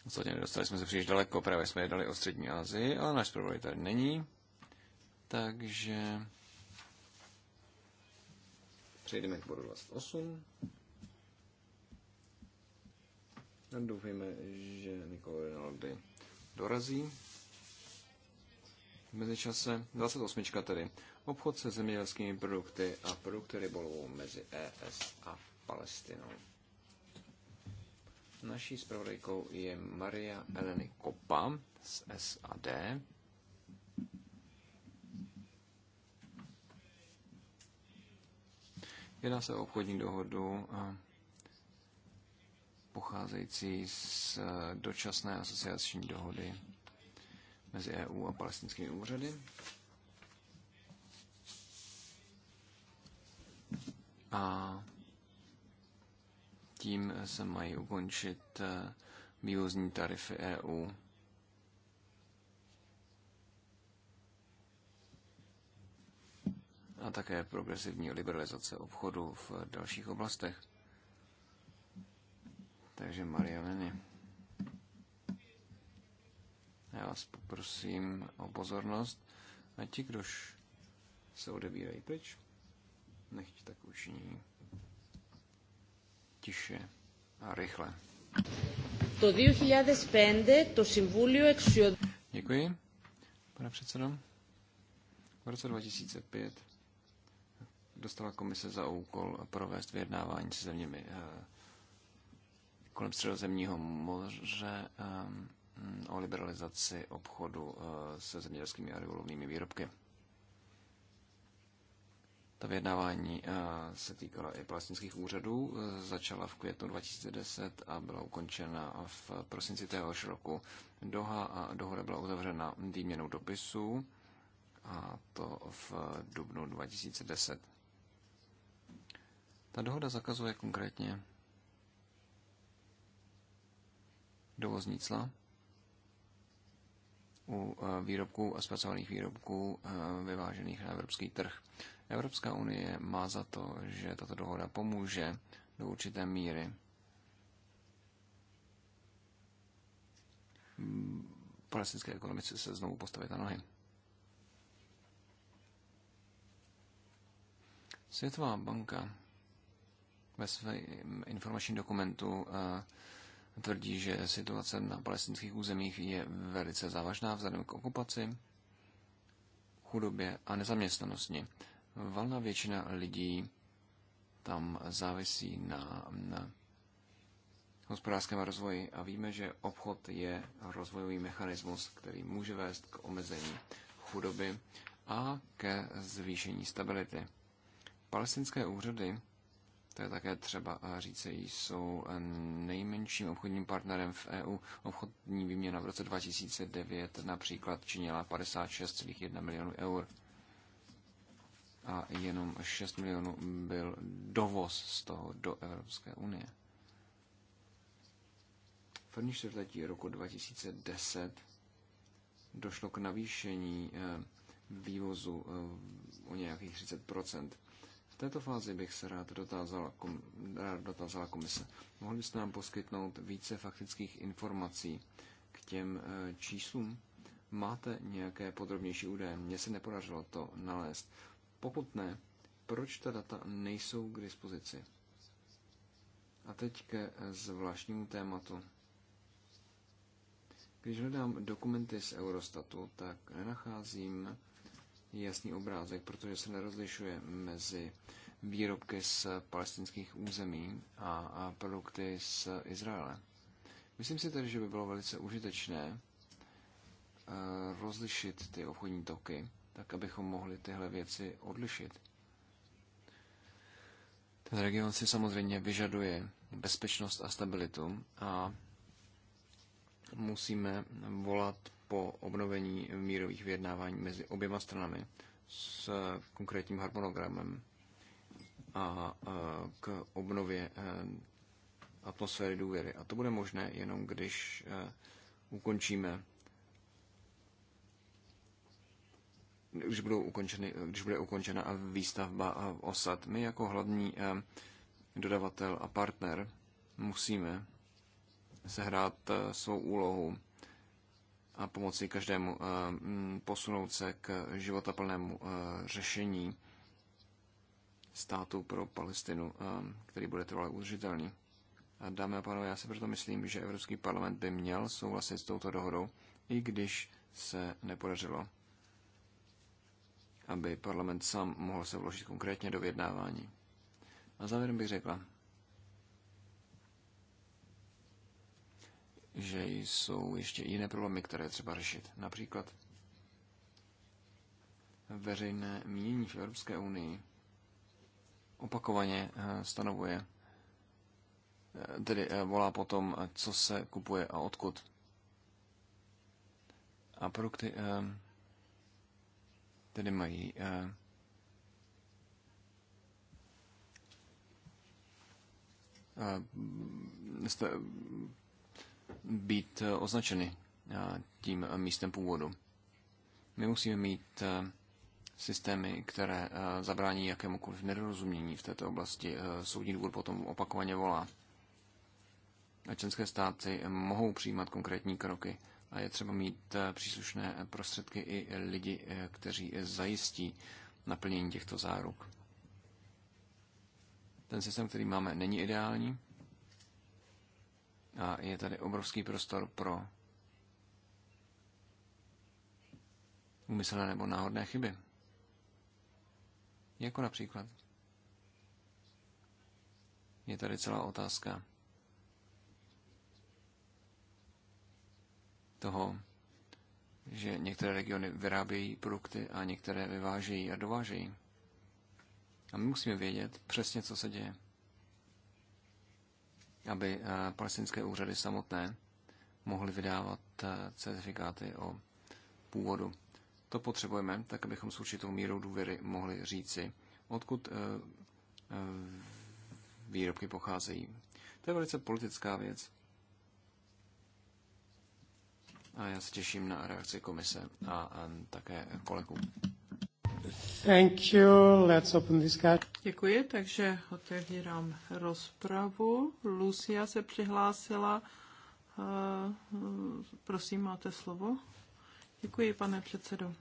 Ostatně nedostali jsme se příliš daleko, právě jsme jednali o střední Asii, ale náš zpravodaj tady není. Takže přejdeme k bodu 28. Doufejme, že Nikola Rinaldi dorazí. V mezičase 28. tedy obchod se zemědělskými produkty a produkty rybolovou mezi ES a Palestinou. Naší zpravodajkou je Maria Eleny Kopa z SAD. Jedná se o obchodní dohodu pocházející z dočasné asociační dohody mezi EU a palestinskými úřady. A tím se mají ukončit vývozní tarify EU. a také progresivní liberalizace obchodu v dalších oblastech. Takže Marialeny, já vás poprosím o pozornost a ti, kdož se odebírají pryč, nechť tak učiní tiše a rychle. To 2005 to symbolio exio... Děkuji, pane předsedo. V roce 2005 dostala komise za úkol provést vyjednávání se zeměmi eh, kolem Středozemního moře ehm, o liberalizaci obchodu eh, se zemědělskými a rybolovnými výrobky. Ta vyjednávání eh, se týkala i palestinských úřadů, eh, začala v květnu 2010 a byla ukončena v prosinci téhož roku. Doha a dohoda byla uzavřena výměnou dopisů a to v dubnu 2010. Ta dohoda zakazuje konkrétně dovozní cla u eh, výrobků a zpracovaných výrobků eh, vyvážených na evropský trh. Evropská unie má za to, že tato dohoda pomůže do určité míry mm, palestinské ekonomice se znovu postavit na nohy. Světová banka ve svém informačním dokumentu eh, tvrdí, že situace na palestinských územích je velice závažná vzhledem k okupaci, chudobě a nezaměstnanosti. Valná většina lidí tam závisí na, na hospodářském rozvoji a víme, že obchod je rozvojový mechanismus, který může vést k omezení chudoby a ke zvýšení stability. Palestinské úřady to je také třeba eh, říci, jsou eh, nejmenším obchodním partnerem v EU. Obchodní výměna v roce 2009 například činila 56,1 milionů eur a jenom 6 milionů byl dovoz z toho do Evropské unie. V první čtvrtletí roku 2010 došlo k navýšení eh, vývozu o nějakých 30 v této fázi bych se rád dotázala, kom, rád eh, dotázala komise. Mohli byste nám poskytnout více faktických informací k těm eh, číslům? Máte nějaké podrobnější údaje? Mně se nepodařilo to nalézt. Pokud ne, proč ta data nejsou k dispozici? A teď ke eh, zvláštnímu tématu. Když hledám dokumenty z Eurostatu, tak nenacházím jasný obrázek, protože se nerozlišuje mezi výrobky z palestinských území a, produkty z Izraele. Myslím si tedy, že by bylo velice užitečné eh, rozlišit ty obchodní toky, tak abychom mohli tyhle věci odlišit. Ten region si samozřejmě vyžaduje bezpečnost a stabilitu a musíme volat po obnovení mírových vyjednávání mezi oběma stranami s konkrétním harmonogramem a k obnově e, atmosféry důvěry. A to bude možné jenom, když e, ukončíme když, budou ukončeny, když bude ukončena výstavba osad. My jako hlavní e, dodavatel a partner musíme sehrát svou úlohu a pomoci každému eh, mm, posunout se k životaplnému eh, řešení státu pro Palestinu, eh, který bude trvale udržitelný. A dámy a pánové, já si proto myslím, že Evropský parlament by měl souhlasit s touto dohodou, i když se nepodařilo, aby parlament sám mohl se vložit konkrétně do vyjednávání. A závěrem bych řekla, že jsou ještě jiné problémy, které třeba řešit. Například veřejné mínění v Evropské unii opakovaně eh, stanovuje, eh, tedy eh, volá potom, co se kupuje a odkud. A produkty tedy mají být eh, označeny eh, tím eh, místem původu. My musíme mít systémy, které zabrání jakémukoliv nedorozumění v této oblasti. Soudní dvůr potom opakovaně volá. A členské státy mohou přijímat konkrétní kroky a je třeba mít příslušné prostředky i lidi, kteří zajistí naplnění těchto záruk. Ten systém, který máme, není ideální, a je tady obrovský prostor pro úmyslné nebo náhodné chyby. Jako například. Je tady celá otázka toho, že některé regiony vyrábějí produkty a některé vyvážejí a dovážejí. A my musíme vědět přesně, co se děje aby eh, palestinské úřady samotné mohly vydávat eh, certifikáty o původu. To potřebujeme, tak abychom s určitou mírou důvěry mohli říci, odkud eh, výrobky pocházejí. To je velice politická věc. A já se těším na reakci komise a, a také kolegů. Thank you. Let's open this card. Děkuji, takže otevírám rozpravu. Lucia se přihlásila. Eh, prosím, máte slovo. Děkuji, pane předsedo.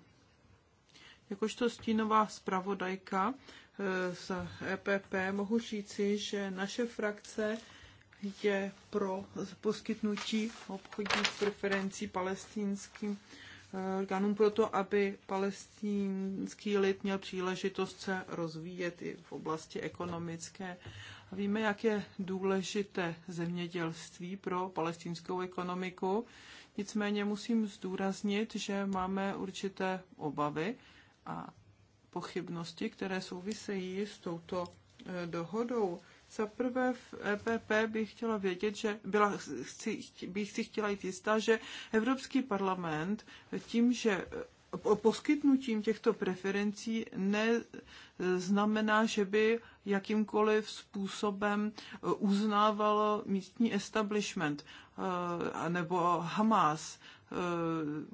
Jakožto stínová zpravodajka eh, z EPP mohu říci, že naše frakce je pro poskytnutí obchodních preferencí palestinským Eh, orgánům to, aby palestinský lid měl příležitost se rozvíjet i v oblasti ekonomické. A víme, jak je důležité zemědělství pro palestinskou ekonomiku. Nicméně musím zdůraznit, že máme určité obavy a pochybnosti, které souvisejí s touto eh, dohodou. Za prvé v EPP bych chtěla vědět, že byla, chci, bych si chtěla jít jistá, že Evropský parlament tím, že poskytnutím těchto preferencí neznamená, že by jakýmkoliv způsobem uznávalo místní establishment eh, nebo Hamas eh,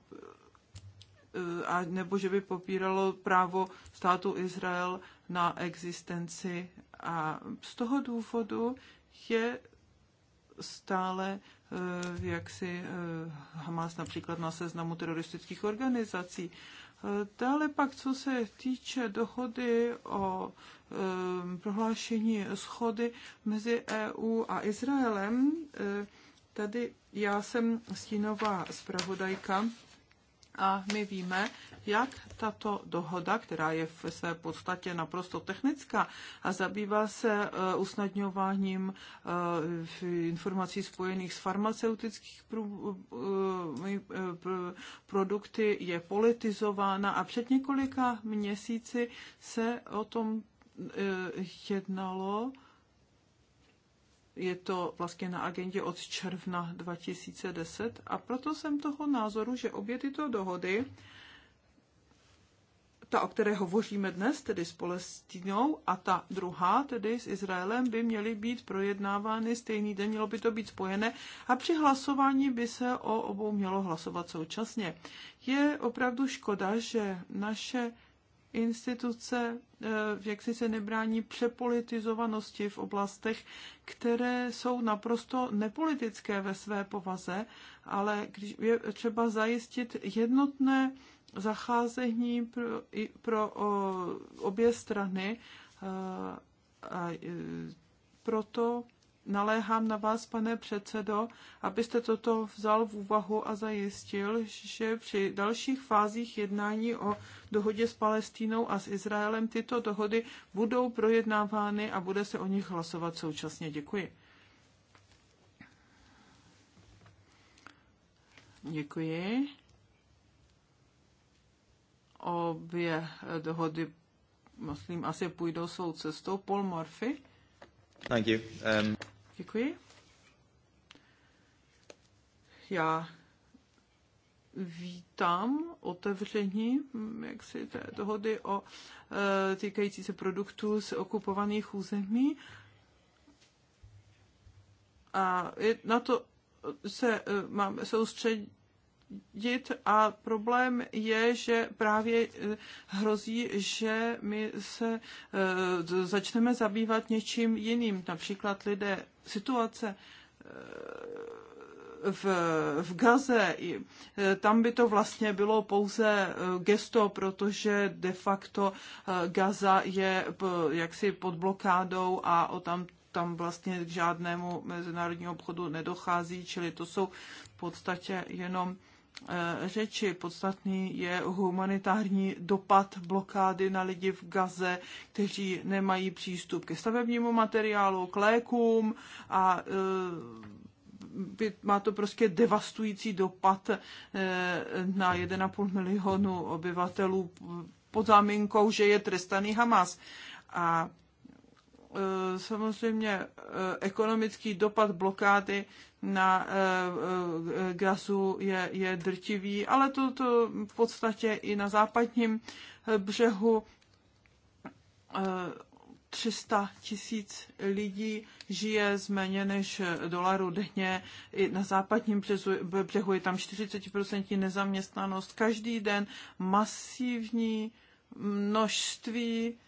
a nebo že by popíralo právo státu Izrael na existenci a z toho důvodu je stále eh, jak si eh, Hamas například na seznamu teroristických organizací. Eh, dále pak, co se týče dohody o prohlášení schody mezi EU a Izraelem, tady já jsem stínová zpravodajka a my víme, jak tato dohoda, která je v své podstatě naprosto technická a zabývá se e, usnadňováním e, informací spojených s farmaceutickými e, produkty, je politizována a před několika měsíci se o tom jednalo je to vlastně na agendě od června 2010 a proto jsem toho názoru, že obě tyto dohody, ta, o které hovoříme dnes, tedy s Palestinou, a ta druhá, tedy s Izraelem, by měly být projednávány stejný den, mělo by to být spojené a při hlasování by se o obou mělo hlasovat současně. Je opravdu škoda, že naše instituce eh, jak si se nebrání přepolitizovanosti v oblastech, které jsou naprosto nepolitické ve své povaze, ale když je třeba zajistit jednotné zacházení pro, i pro o, obě strany eh, a, a eh, proto naléhám na vás, pane předsedo, abyste toto vzal v úvahu a zajistil, že při dalších fázích jednání o dohodě s Palestínou a s Izraelem tyto dohody budou projednávány a bude se o nich hlasovat současně. Děkuji. Děkuji. Obě dohody, myslím, asi půjdou svou cestou. Paul Murphy. Thank you. Um... Děkuji. Já vítám otevření hm, jaksi té dohody o e, týkající se produktů z okupovaných území. A je, na to se e, máme soustředit řídit a problém je, že právě eh, hrozí, že my se eh, začneme zabývat něčím jiným. Například lidé, situace eh, v, v Gaze, tam by to vlastně bylo pouze gesto, protože de facto Gaza je jaksi pod blokádou a o tam tam vlastně k žádnému mezinárodnímu obchodu nedochází, čili to jsou v podstatě jenom Eh, řeči. Podstatný je humanitární dopad blokády na lidi v Gaze, kteří nemají přístup ke stavebnímu materiálu, k lékům a eh, má to prostě devastující dopad eh, na 1,5 milionu obyvatelů pod záminkou, že je trestaný Hamas. A Eh, samozřejmě eh, ekonomický dopad blokády na eh, gazu je, je drtivý, ale to, to v podstatě i na západním břehu 300 tisíc lidí žije z méně než dolaru denně. I na západním břehu je tam 40% nezaměstnanost. Každý den masivní množství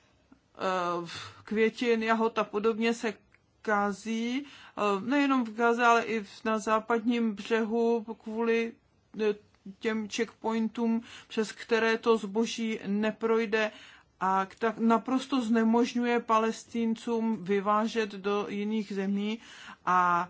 Eh, květin, jahod a podobně se kází eh, nejenom v Gaze, ale i na západním břehu kvůli eh, těm checkpointům, přes které to zboží neprojde a tak naprosto znemožňuje palestíncům vyvážet do jiných zemí a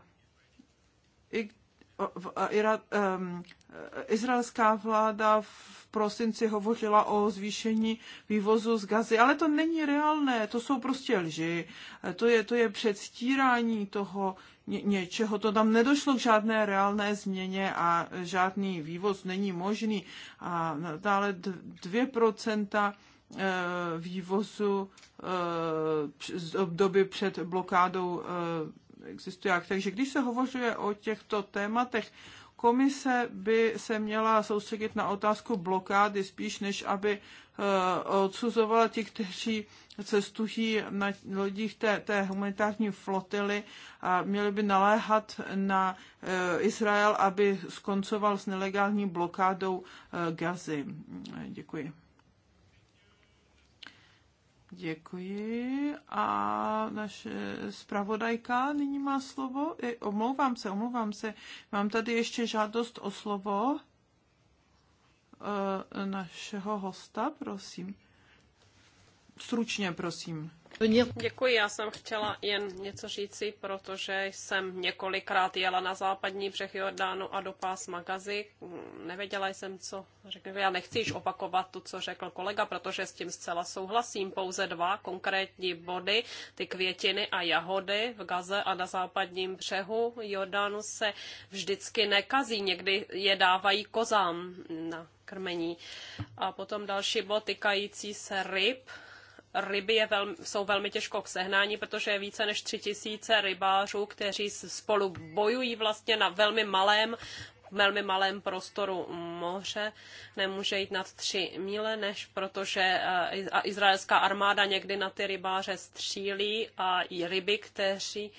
i Eh, ehm, eh, izraelská vláda v prosinci hovořila o zvýšení vývozu z gazy, ale to není reálné, to jsou prostě lži, eh, to je, to je předstírání toho ně, něčeho, to tam nedošlo k žádné reálné změně a žádný vývoz není možný a dále 2% vývozu z doby před blokádou existuje. Takže když se hovořuje o těchto tématech, komise by se měla soustředit na otázku blokády spíš, než aby eh, odsuzovala ti, kteří cestují na lodích té, té humanitární flotily a měli by naléhat na eh, Izrael, aby skoncoval s nelegální blokádou eh, Gazy. Děkuji. Děkuji. A naše zpravodajka nyní má slovo. Omlouvám se, omlouvám se. Mám tady ještě žádost o slovo eh, našeho hosta, prosím. Stručně, prosím. Děkuji, já jsem chtěla jen něco říci, protože jsem několikrát jela na západní břeh Jordánu a do pás Magazy. Nevěděla jsem, co řekl. Já nechci již opakovat to, co řekl kolega, protože s tím zcela souhlasím. Pouze dva konkrétní body, ty květiny a jahody v Gaze a na západním břehu Jordánu se vždycky nekazí. Někdy je dávají kozám na krmení. A potom další bod týkající se ryb ryby je velmi, jsou velmi těžko k sehnání, protože je více než tři tisíce rybářů, kteří spolu bojují vlastně na velmi malém velmi malém prostoru moře nemůže jít nad tři míle, než protože eh, izraelská armáda někdy na ty rybáře střílí a i ryby, kteří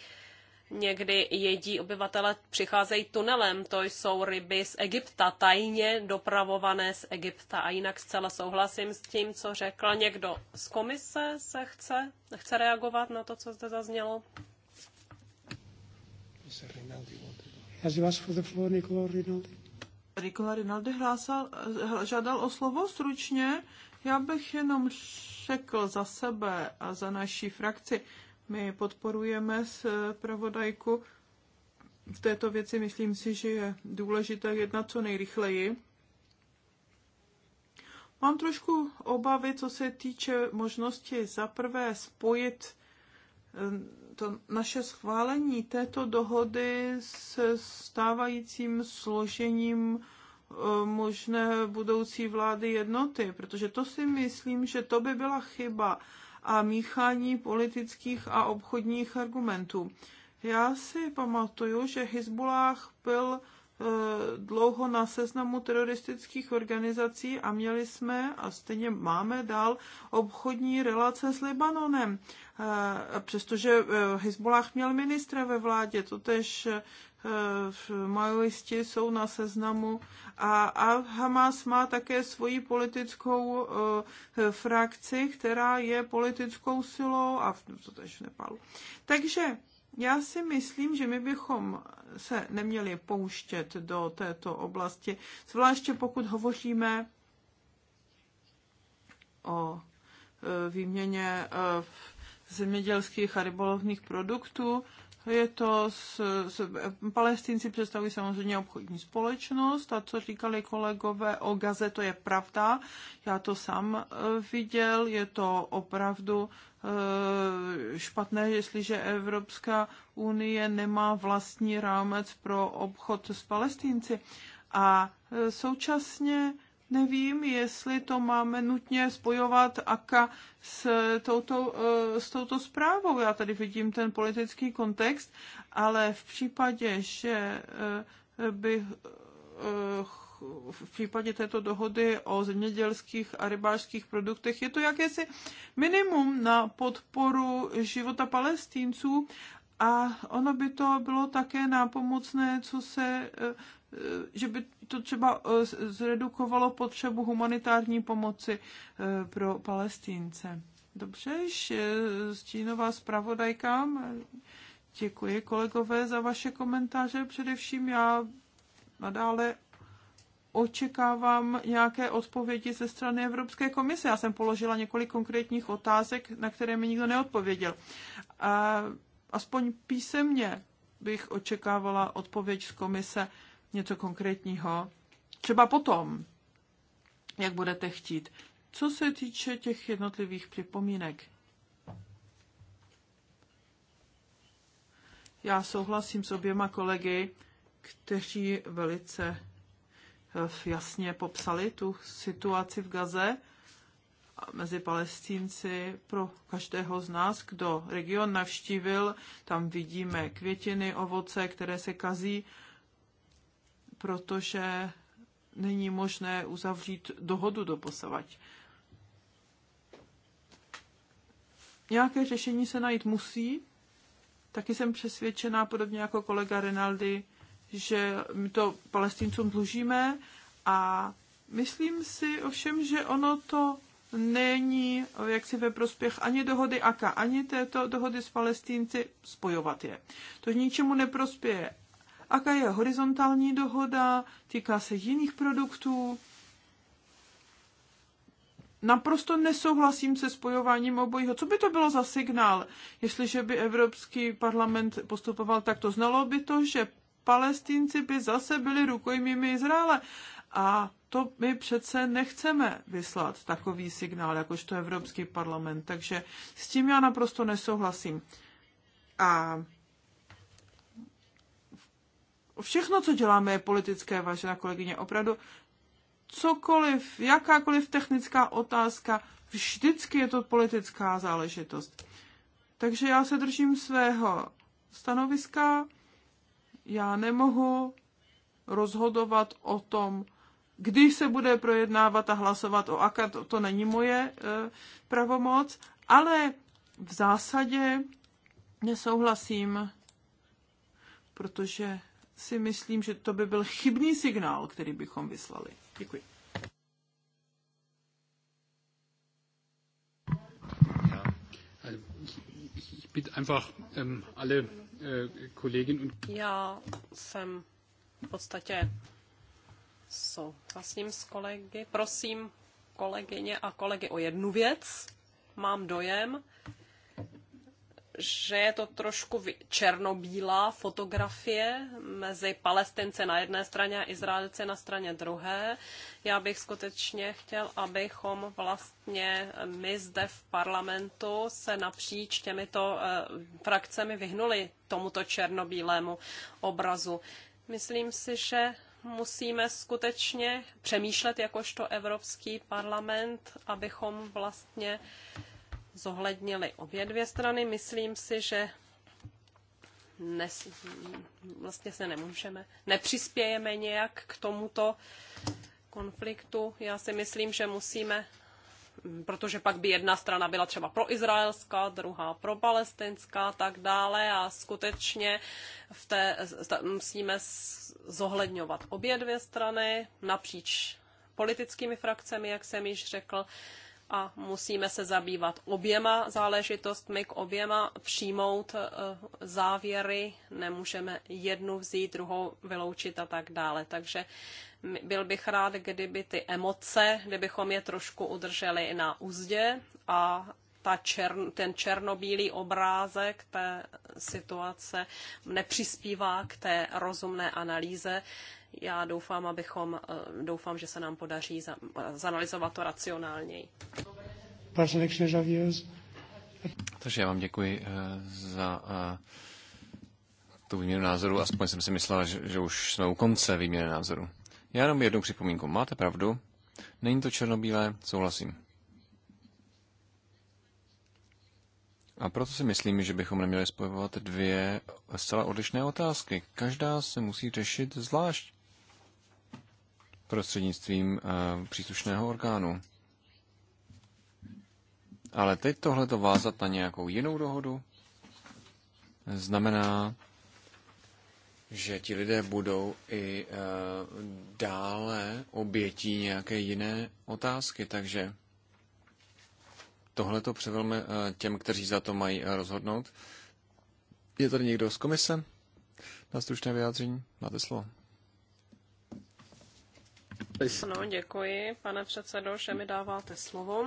Někdy jedí obyvatele přicházejí tunelem, to jsou ryby z Egypta, tajně dopravované z Egypta. A jinak zcela souhlasím s tím, co řekl někdo z komise, se chce, chce reagovat na to, co zde zaznělo. Rinaldi? Nikola Rinaldi hlásal, eh, žádal o slovo stručně. Já bych jenom řekl za sebe a za naší frakci, my podporujeme s eh, pravodajku. v této věci. Myslím si, že je důležité jednat co nejrychleji. Mám trošku obavy, co se týče možnosti zaprvé spojit eh, to naše schválení této dohody se stávajícím složením eh, možné budoucí vlády jednoty, protože to si myslím, že to by byla chyba a míchání politických a obchodních argumentů. Já si pamatuju, že Hezbollah byl e, dlouho na seznamu teroristických organizací a měli jsme a stejně máme dál obchodní relace s Libanonem. E, přestože e, Hezbollah měl ministra ve vládě, totež maoisti jsou na seznamu a, a Hamas má také svoji politickou uh, frakci, která je politickou silou a v, to tež v Nepalu. Takže já si myslím, že my bychom se neměli pouštět do této oblasti, zvláště pokud hovoříme o eh, výměně eh, zemědělských a rybolovných produktů je to, s, s, palestinci představují samozřejmě obchodní společnost a co říkali kolegové o Gaze, to je pravda. Já to sám e, viděl, je to opravdu e, špatné, jestliže Evropská unie nemá vlastní rámec pro obchod s palestinci. A e, současně nevím, jestli to máme nutně spojovat AKA s touto, eh, s touto zprávou. Já tady vidím ten politický kontext, ale v případě, že eh, by eh, v případě této dohody o zemědělských a rybářských produktech je to jakési minimum na podporu života palestínců a ono by to bylo také nápomocné, co se Eh, že by to třeba eh, zredukovalo potřebu humanitární pomoci eh, pro Palestínce. Dobře, stínová zpravodajka, děkuji kolegové za vaše komentáře. Především já nadále očekávám nějaké odpovědi ze strany Evropské komise. Já jsem položila několik konkrétních otázek, na které mi nikdo neodpověděl. A aspoň písemně bych očekávala odpověď z komise něco konkrétního, třeba potom, jak budete chtít. Co se týče těch jednotlivých připomínek, já souhlasím s oběma kolegy, kteří velice eh, jasně popsali tu situaci v Gaze mezi Palestínci. Pro každého z nás, kdo region navštívil, tam vidíme květiny, ovoce, které se kazí protože není možné uzavřít dohodu do posavať. Nějaké řešení se najít musí. Taky jsem přesvědčená, podobně jako kolega Renaldi, že my to palestincům dlužíme a myslím si ovšem, že ono to není jaksi ve prospěch ani dohody AKA, ani této dohody s Palestínci spojovat je. To ničemu neprospěje Aká je horizontální dohoda, týká se jiných produktů. Naprosto nesouhlasím se spojováním obojího. Co by to bylo za signál, jestliže by Evropský parlament postupoval takto? Znalo by to, že Palestinci by zase byli rukojmími Izraele. A to my přece nechceme vyslat takový signál, jakožto Evropský parlament. Takže s tím já naprosto nesouhlasím. A všechno, co děláme, je politické, vážená kolegyně. Opravdu cokoliv, jakákoliv technická otázka, vždycky je to politická záležitost. Takže já se držím svého stanoviska. Já nemohu rozhodovat o tom, když se bude projednávat a hlasovat o AKA, to, to není moje e, pravomoc, ale v zásadě nesouhlasím, protože si myslím, že to by byl chybný signál, který bychom vyslali. Děkuji. Ähm, äh, Já jsem v podstatě souhlasím s kolegy. Prosím kolegyně a kolegy o jednu věc. Mám dojem, že je to trošku černobílá fotografie mezi Palestince na jedné straně a Izraelce na straně druhé. Já bych skutečně chtěl, abychom vlastně eh, my zde v parlamentu se napříč těmito eh, frakcemi vyhnuli tomuto černobílému obrazu. Myslím si, že musíme skutečně přemýšlet jakožto Evropský parlament, abychom vlastně uh, zohlednili obě dvě strany. Myslím si, že nes, vlastně se nemůžeme, nepřispějeme nějak k tomuto konfliktu. Já si myslím, že musíme, protože pak by jedna strana byla třeba proizraelská, druhá propalestinská a tak dále a skutečně v té, musíme zohledňovat obě dvě strany napříč politickými frakcemi, jak jsem již řekl, a musíme se zabývat oběma záležitostmi, k oběma přijmout eh, závěry, nemůžeme jednu vzít, druhou vyloučit a tak dále. Takže byl bych rád, kdyby ty emoce, kdybychom je trošku udrželi na úzdě a ta čern, ten černobílý obrázek té situace nepřispívá k té rozumné analýze, já doufám, abychom, eh, doufám, že se nám podaří zanalizovat to racionálněji. Takže já vám děkuji eh, za eh, tu výměnu názoru. Aspoň jsem si myslela, že, že už jsme u konce výměny názoru. Já jenom jednu připomínku. Máte pravdu, není to černobílé, souhlasím. A proto si myslím, že bychom neměli spojovat dvě zcela odlišné otázky. Každá se musí řešit zvlášť prostřednictvím eh, příslušného orgánu. Ale teď tohle to vázat na nějakou jinou dohodu znamená, že ti lidé budou i eh, dále obětí nějaké jiné otázky. Takže tohle to převelme eh, těm, kteří za to mají rozhodnout. Je tady někdo z komise na stručné vyjádření? Máte slovo. Ano, děkuji, pane předsedo, že mi dáváte slovo.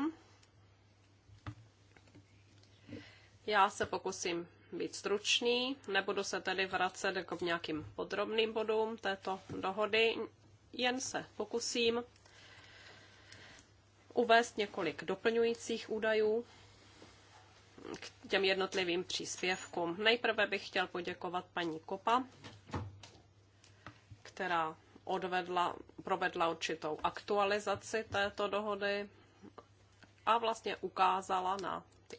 Já se pokusím být stručný, nebudu se tedy vracet jako k nějakým podrobným bodům této dohody, jen se pokusím uvést několik doplňujících údajů k těm jednotlivým příspěvkům. Nejprve bych chtěl poděkovat paní Kopa, která odvedla, provedla určitou aktualizaci této dohody a vlastně ukázala na ty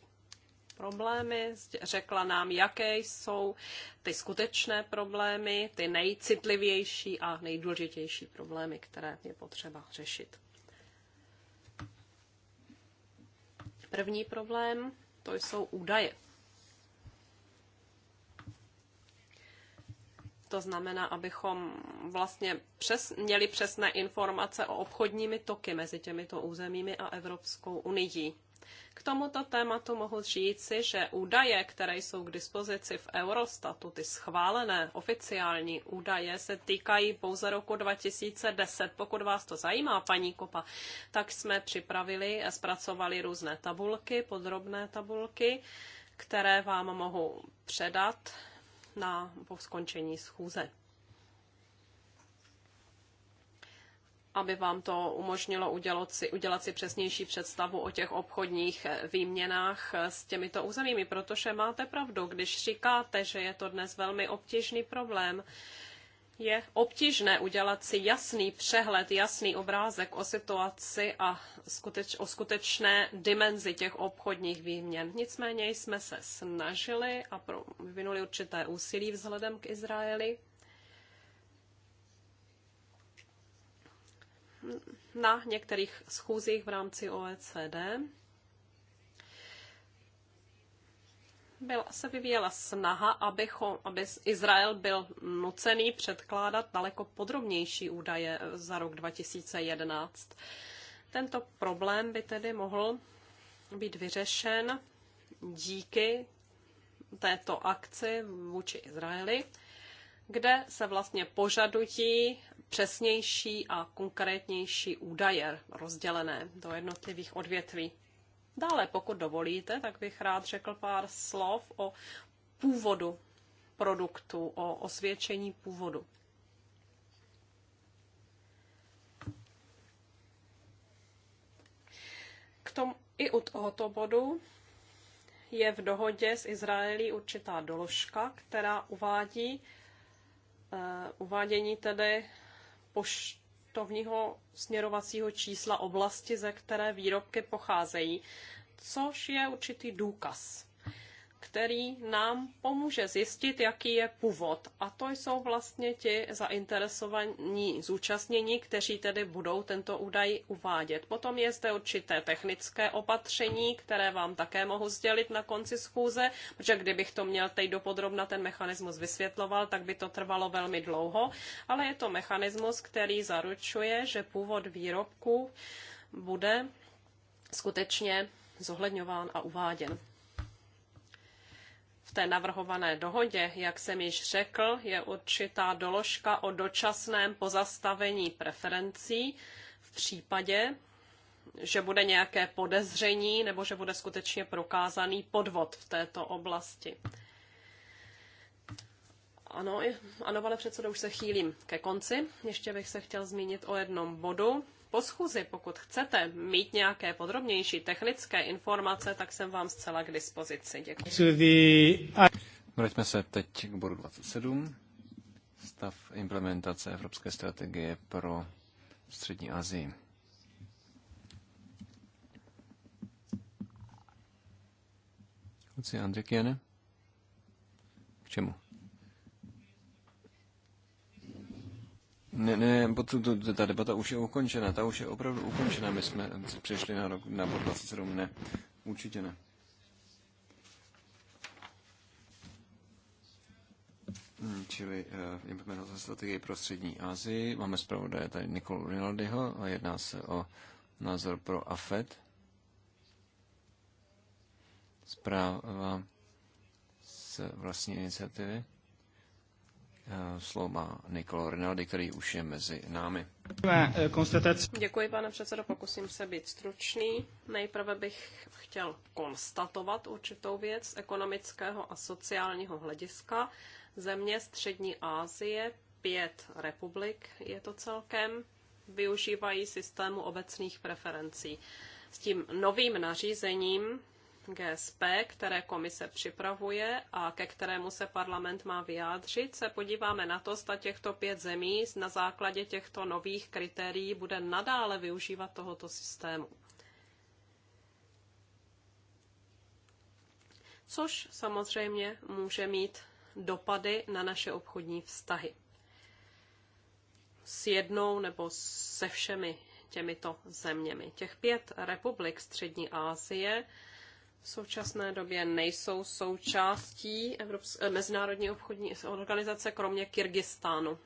problémy, řekla nám, jaké jsou ty skutečné problémy, ty nejcitlivější a nejdůležitější problémy, které je potřeba řešit. První problém to jsou údaje. To znamená, abychom vlastně přes, měli přesné informace o obchodními toky mezi těmito územími a Evropskou unii. K tomuto tématu mohu říci, že údaje, které jsou k dispozici v Eurostatu, ty schválené oficiální údaje, se týkají pouze roku 2010. Pokud vás to zajímá, paní Kopa, tak jsme připravili a zpracovali různé tabulky, podrobné tabulky, které vám mohu předat na, po skončení schůze. aby vám to umožnilo udělat si, udělat si přesnější představu o těch obchodních eh, výměnách eh, s těmito územími, protože máte pravdu, když říkáte, že je to dnes velmi obtížný problém, je obtížné udělat si jasný přehled, jasný obrázek o situaci a skuteč, o skutečné dimenzi těch obchodních výměn. Nicméně jsme se snažili a pro, vyvinuli určité úsilí vzhledem k Izraeli na některých schůzích v rámci OECD byla, se vyvíjela snaha, abychom, aby Izrael byl nucený předkládat daleko podrobnější údaje za rok 2011. Tento problém by tedy mohl být vyřešen díky této akci vůči Izraeli, kde se vlastně požadují přesnější a konkrétnější údaje rozdělené do jednotlivých odvětví. Dále, pokud dovolíte, tak bych rád řekl pár slov o původu produktu, o osvědčení původu. K tomu i u tohoto bodu je v dohodě s Izraelí určitá doložka, která uvádí eh, uvádění tedy poštovního směrovacího čísla oblasti, ze které výrobky pocházejí, což je určitý důkaz který nám pomůže zjistit, jaký je původ. A to jsou vlastně ti zainteresovaní zúčastnění, kteří tedy budou tento údaj uvádět. Potom je zde určité technické opatření, které vám také mohu sdělit na konci schůze, protože kdybych to měl teď dopodrobna ten mechanismus vysvětloval, tak by to trvalo velmi dlouho, ale je to mechanismus, který zaručuje, že původ výrobku bude skutečně zohledňován a uváděn té navrhované dohodě, jak jsem již řekl, je určitá doložka o dočasném pozastavení preferencí v případě, že bude nějaké podezření nebo že bude skutečně prokázaný podvod v této oblasti. Ano, ano, pane předsedo, už se chýlím ke konci. Ještě bych se chtěl zmínit o jednom bodu, po schůzi, pokud chcete mít nějaké podrobnější technické informace, tak jsem vám zcela k dispozici. Děkuji. Vraťme se teď k bodu 27. Stav implementace Evropské strategie pro střední Asii. Lucie Andrikiene? K čemu? Ne, ne, tu, to, ta debata už je ukončena, ta už je opravdu ukončena. My jsme přešli na, rok, na bod 27, ne, určitě ne. Hmm, čili uh, implementace strategie pro střední Asii. Máme zpravodaje tady Nikolu Rinaldiho a jedná se o názor pro AFED. Zpráva z vlastní iniciativy. Eh, slovo má Nicolo Rinaldi, který už je mezi námi. Děkuji, pane předsedo, pokusím se být stručný. Nejprve bych chtěl konstatovat určitou věc z ekonomického a sociálního hlediska. Země Střední Asie, pět republik je to celkem, využívají systému obecných preferencí. S tím novým nařízením GSP, které komise připravuje a ke kterému se parlament má vyjádřit, se podíváme na to, zda těchto pět zemí na základě těchto nových kritérií bude nadále využívat tohoto systému. Což samozřejmě může mít dopady na naše obchodní vztahy. S jednou nebo se všemi těmito zeměmi. Těch pět republik Střední Asie v současné době nejsou součástí Evrops- eh, Mezinárodní obchodní organizace, kromě Kyrgyzstánu.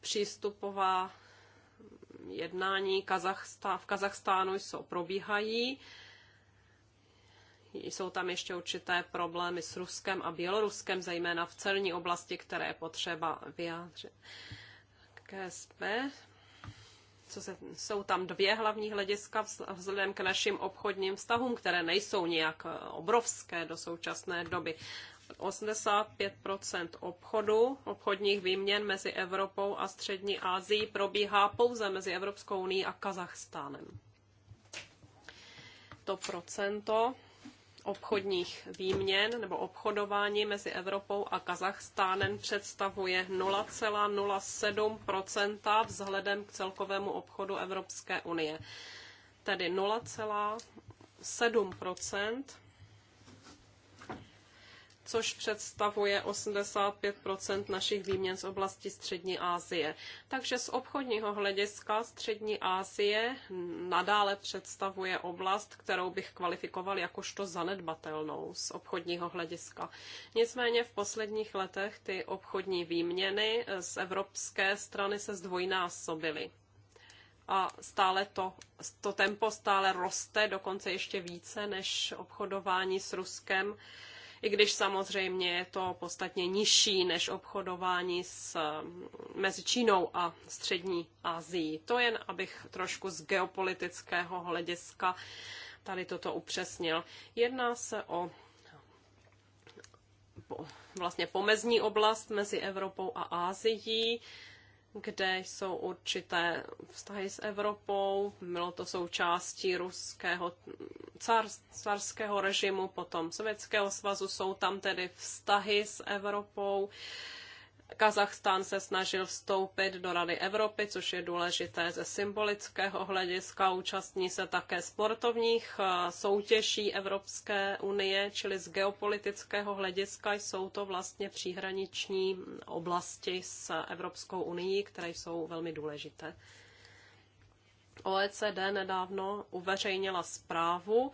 Přístupová jednání Kazachstá, v Kazachstánu jsou, probíhají. Jsou tam ještě určité problémy s Ruskem a Běloruskem, zejména v celní oblasti, které je potřeba vyjádřit. KSP co se, jsou tam dvě hlavní hlediska vzhledem k našim obchodním vztahům, které nejsou nějak eh, obrovské do současné doby. 85 obchodu, obchodních výměn mezi Evropou a Střední Asií probíhá pouze mezi Evropskou unii a Kazachstánem. To procento obchodních výměn nebo obchodování mezi Evropou a Kazachstánem představuje 0,07 vzhledem k celkovému obchodu Evropské unie. Tedy 0,7 což představuje 85 našich výměn z oblasti Střední Asie. Takže z obchodního hlediska Střední Asie nadále představuje oblast, kterou bych kvalifikoval jakožto zanedbatelnou z obchodního hlediska. Nicméně v posledních letech ty obchodní výměny z evropské strany se zdvojnásobily a stále to, to tempo stále roste, dokonce ještě více než obchodování s Ruskem i když samozřejmě je to podstatně nižší než obchodování s, mm, mezi Čínou a Střední Asií. To jen, abych trošku z geopolitického hlediska tady toto upřesnil. Jedná se o vlastně pomezní oblast mezi Evropou a Ázií kde jsou určité vztahy s Evropou, bylo to součástí ruského car, carského režimu, potom Sovětského svazu, jsou tam tedy vztahy s Evropou. Uh, Kazachstán se snažil vstoupit do Rady Evropy, což je důležité ze symbolického hlediska. Účastní se také sportovních eh, soutěží Evropské unie, čili z geopolitického hlediska jsou to vlastně příhraniční oblasti s Evropskou unii, které jsou velmi důležité. OECD nedávno uveřejnila zprávu,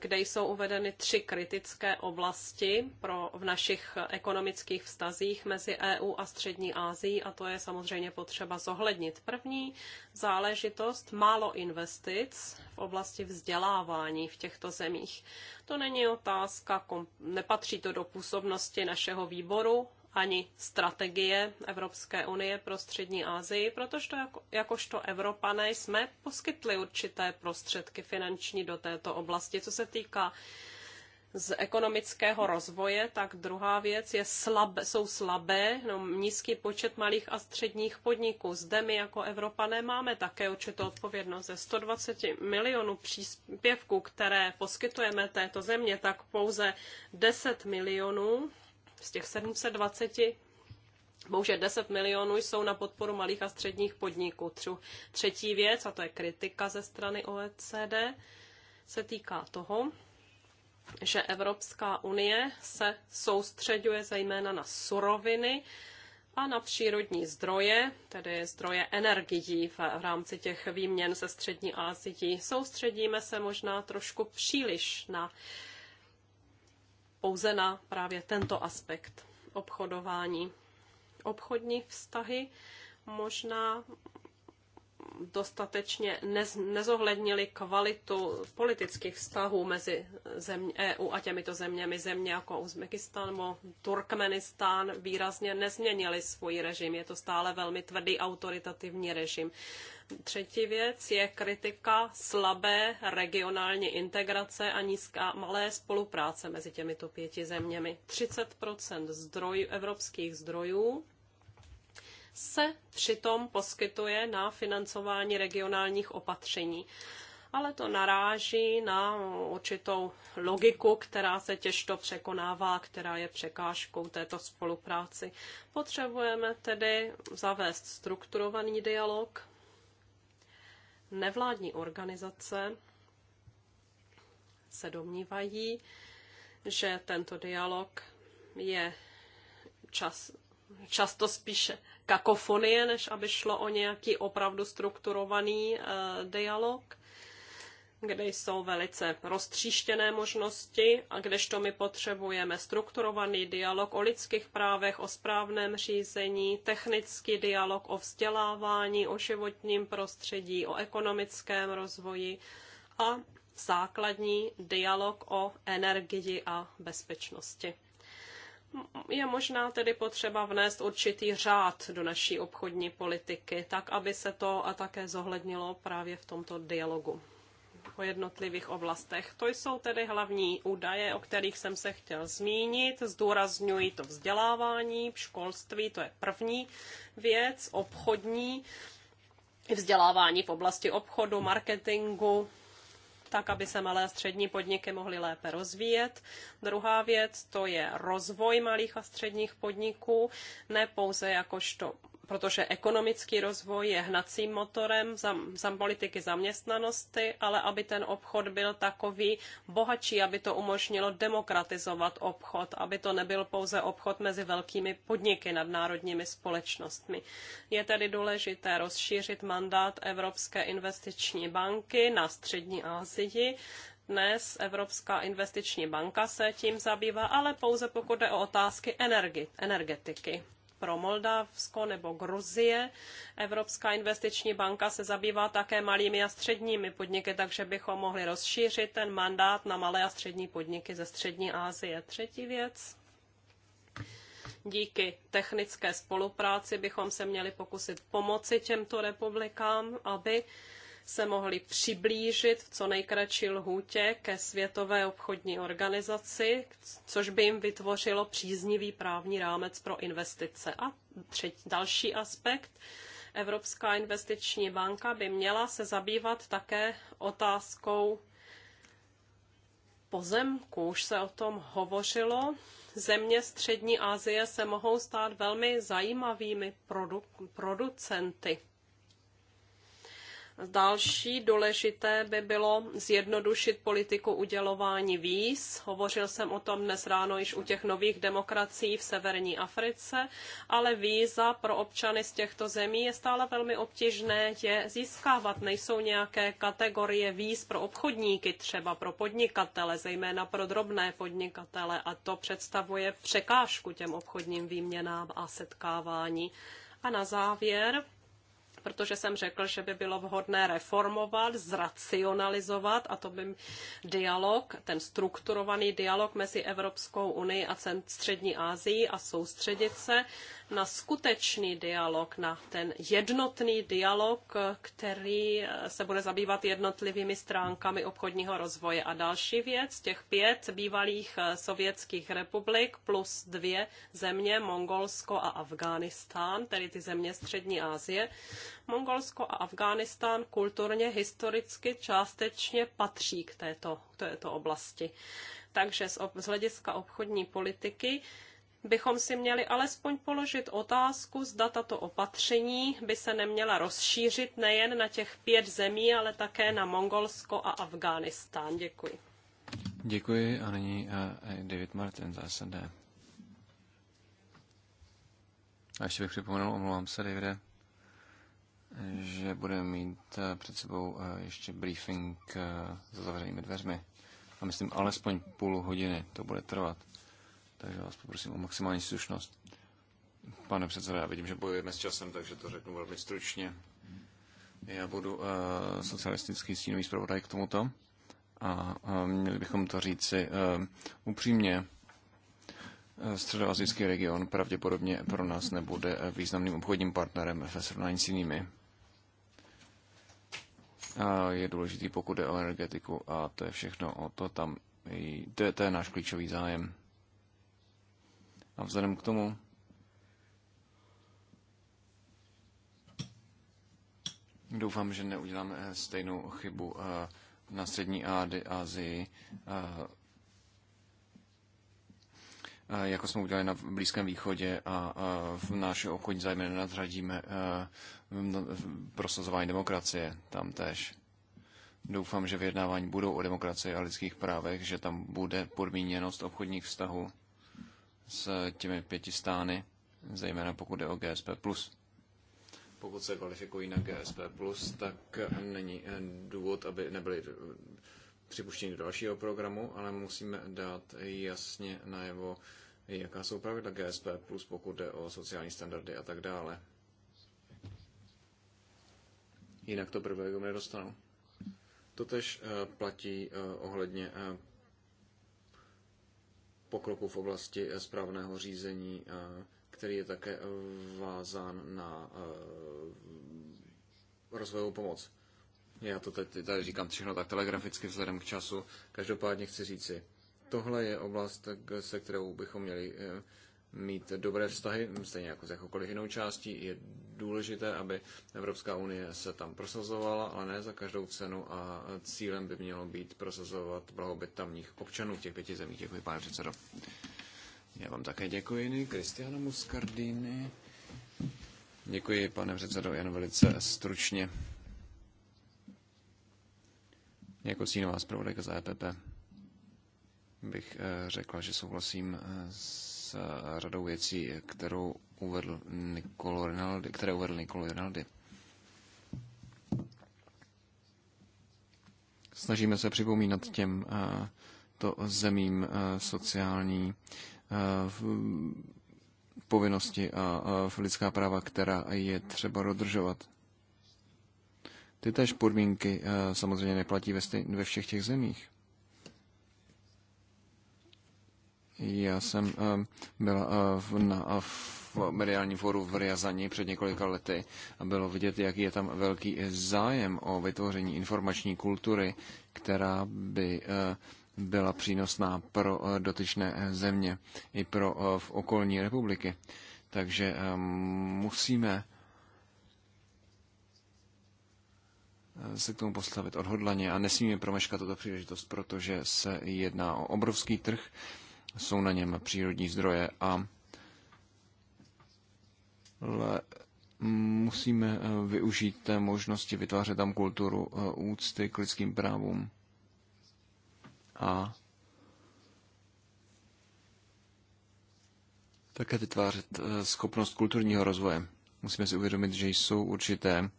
kde jsou uvedeny tři kritické oblasti pro, v našich ekonomických vztazích mezi EU a Střední Asií a to je samozřejmě potřeba zohlednit. První záležitost málo investic v oblasti vzdělávání v těchto zemích. To není otázka, nepatří to do působnosti našeho výboru, ani strategie Evropské unie pro střední Asii, protože to jako, jakožto Evropané jsme poskytli určité prostředky finanční do této oblasti. Co se týká z ekonomického rozvoje, tak druhá věc je slab, jsou slabé, no, nízký počet malých a středních podniků. Zde my jako Evropané máme také určitou odpovědnost. Ze 120 milionů příspěvků, které poskytujeme této země, tak pouze 10 milionů z těch 720 Bohužel 10 milionů jsou na podporu malých a středních podniků. Třetí věc, a to je kritika ze strany OECD, se týká toho, že Evropská unie se soustředuje zejména na suroviny a na přírodní zdroje, tedy zdroje energií v rámci těch výměn se střední Asií. Soustředíme se možná trošku příliš na uh, pouze na právě tento aspekt obchodování. Obchodní vztahy možná dostatečně nez, nezohlednili kvalitu politických vztahů mezi země, EU a těmito zeměmi. Země jako Uzbekistán nebo Turkmenistán výrazně nezměnili svůj režim. Je to stále velmi tvrdý autoritativní režim. Třetí věc je kritika slabé regionální integrace a nízká malé spolupráce mezi těmito pěti zeměmi. 30 zdrojů, evropských zdrojů se přitom poskytuje na financování regionálních opatření. Ale to naráží na určitou logiku, která se těžko překonává, která je překážkou této spolupráci. Potřebujeme tedy zavést strukturovaný dialog. Nevládní organizace se domnívají, že tento dialog je čas, často spíše kakofonie, než aby šlo o nějaký opravdu strukturovaný eh, dialog kde jsou velice roztříštěné možnosti a kdežto my potřebujeme strukturovaný dialog o lidských právech, o správném řízení, technický dialog o vzdělávání, o životním prostředí, o ekonomickém rozvoji a základní dialog o energii a bezpečnosti je možná tedy potřeba vnést určitý řád do naší obchodní politiky, tak aby se to a také zohlednilo právě v tomto dialogu o jednotlivých oblastech. To jsou tedy hlavní údaje, o kterých jsem se chtěl zmínit. Zdůrazňuji to vzdělávání, školství, to je první věc, obchodní, vzdělávání v oblasti obchodu, marketingu, tak aby se malé a střední podniky mohly lépe rozvíjet. Druhá věc, to je rozvoj malých a středních podniků, ne pouze jakožto protože ekonomický rozvoj je hnacím motorem za, za politiky zaměstnanosti, ale aby ten obchod byl takový bohatší, aby to umožnilo demokratizovat obchod, aby to nebyl pouze obchod mezi velkými podniky nadnárodními společnostmi. Je tedy důležité rozšířit mandát Evropské investiční banky na střední Asii, dnes Evropská investiční banka se tím zabývá, ale pouze pokud jde o otázky energi, energetiky pro Moldavsko nebo Gruzie. Evropská investiční banka se zabývá také malými a středními podniky, takže bychom mohli rozšířit ten mandát na malé a střední podniky ze střední Asie. Třetí věc. Díky technické spolupráci bychom se měli pokusit pomoci těmto republikám, aby se mohli přiblížit v co nejkratší lhůtě ke Světové obchodní organizaci, což by jim vytvořilo příznivý právní rámec pro investice. A třetí, další aspekt, Evropská investiční banka by měla se zabývat také otázkou pozemku, už se o tom hovořilo. Země střední Asie se mohou stát velmi zajímavými produ- producenty Další důležité by bylo zjednodušit politiku udělování víz. Hovořil jsem o tom dnes ráno již u těch nových demokracií v severní Africe, ale víza pro občany z těchto zemí je stále velmi obtížné je získávat. Nejsou nějaké kategorie víz pro obchodníky, třeba pro podnikatele, zejména pro drobné podnikatele a to představuje překážku těm obchodním výměnám a setkávání. A na závěr protože jsem řekl, že by bylo vhodné reformovat, zracionalizovat a to by dialog, ten strukturovaný dialog mezi Evropskou unii a střední Asií a soustředit se na skutečný dialog, na ten jednotný dialog, který eh, se bude zabývat jednotlivými stránkami obchodního rozvoje. A další věc, těch pět bývalých eh, sovětských republik plus dvě země, Mongolsko a Afghánistán, tedy ty země Střední Asie. Mongolsko a Afghánistán kulturně, historicky částečně patří k této, k této oblasti. Takže z, z hlediska obchodní politiky bychom si měli alespoň položit otázku, zda tato opatření by se neměla rozšířit nejen na těch pět zemí, ale také na Mongolsko a Afghánistán. Děkuji. Děkuji a nyní eh, eh, David Martin z SND. A ještě bych připomenul, omlouvám se, Davide, že budeme mít eh, před sebou ještě briefing za zavřenými dveřmi. A myslím, alespoň půl hodiny to bude trvat. Takže vás poprosím o maximální slušnost. Pane předsedo, já vidím, že bojujeme s časem, takže to řeknu velmi stručně. Já budu uh, socialistický stínový zpravodaj k tomuto a uh, měli bychom to říci uh, upřímně. Středoazijský region pravděpodobně pro nás nebude významným obchodním partnerem ve srovnání s jinými. A je důležitý, pokud jde o energetiku a to je všechno. O to tam, to je, to je náš klíčový zájem. A vzhledem k tomu, doufám, že neuděláme eh, stejnou chybu eh, na střední Asii, eh, jako jsme udělali na Blízkém východě a v naše okolí zájmy nenadřadíme prosazování demokracie tam tež. Doufám, že vyjednávání budou o demokracii a lidských právech, že tam bude podmíněnost obchodních vztahů s těmi pěti stány, zejména pokud jde o GSP+. Pokud se kvalifikují na GSP+, tak není eh, důvod, aby nebyli eh, připuštěni do dalšího programu, ale musíme dát jasně najevo, jaká jsou pravidla GSP+, pokud jde o sociální standardy a tak dále. Jinak to privilegium nedostanou. Totež eh, platí ohledně pokroku v oblasti eh, správného řízení, eh, který je také eh, vázán na rozvojovou pomoc. Já to teď tady říkám všechno tak telegraficky vzhledem k času. Každopádně chci říci, tohle je oblast, se kterou bychom měli mít dobré vztahy, stejně jako s jakoukoliv jinou částí. Je důležité, aby Evropská unie se tam prosazovala, ale ne za každou cenu a cílem by mělo být prosazovat blahobyt tamních občanů v těch pěti zemích. Děkuji, pane předsedo. Já vám také děkuji, Kristiana Muscardini. Děkuji, pane předsedo, jen velice stručně. Jako cínová zpravodajka za EPP bych eh, řekla, že souhlasím eh, s Eh, řadou věcí, kterou uvedl Nicolo Rinaldi, které uvedl Nicolo Rinaldi. Snažíme se připomínat těm eh, to zemím eh, sociální povinnosti a lidská práva, která je třeba dodržovat. Ty též podmínky samozřejmě neplatí ve, všech těch zemích. Já jsem eh, byla eh, na eh, v mediálním fóru v Riazani před několika lety a bylo vidět, jaký je tam velký zájem o vytvoření informační kultury, která by byla přínosná pro dotyčné země i pro v okolní republiky. Takže musíme se k tomu postavit odhodlaně a nesmíme promeškat tuto příležitost, protože se jedná o obrovský trh, jsou na něm přírodní zdroje a le, musíme eh, využít té možnosti vytvářet tam kulturu eh, úcty k lidským právům a také vytvářet eh, schopnost kulturního rozvoje. Musíme si uvědomit, že jsou určité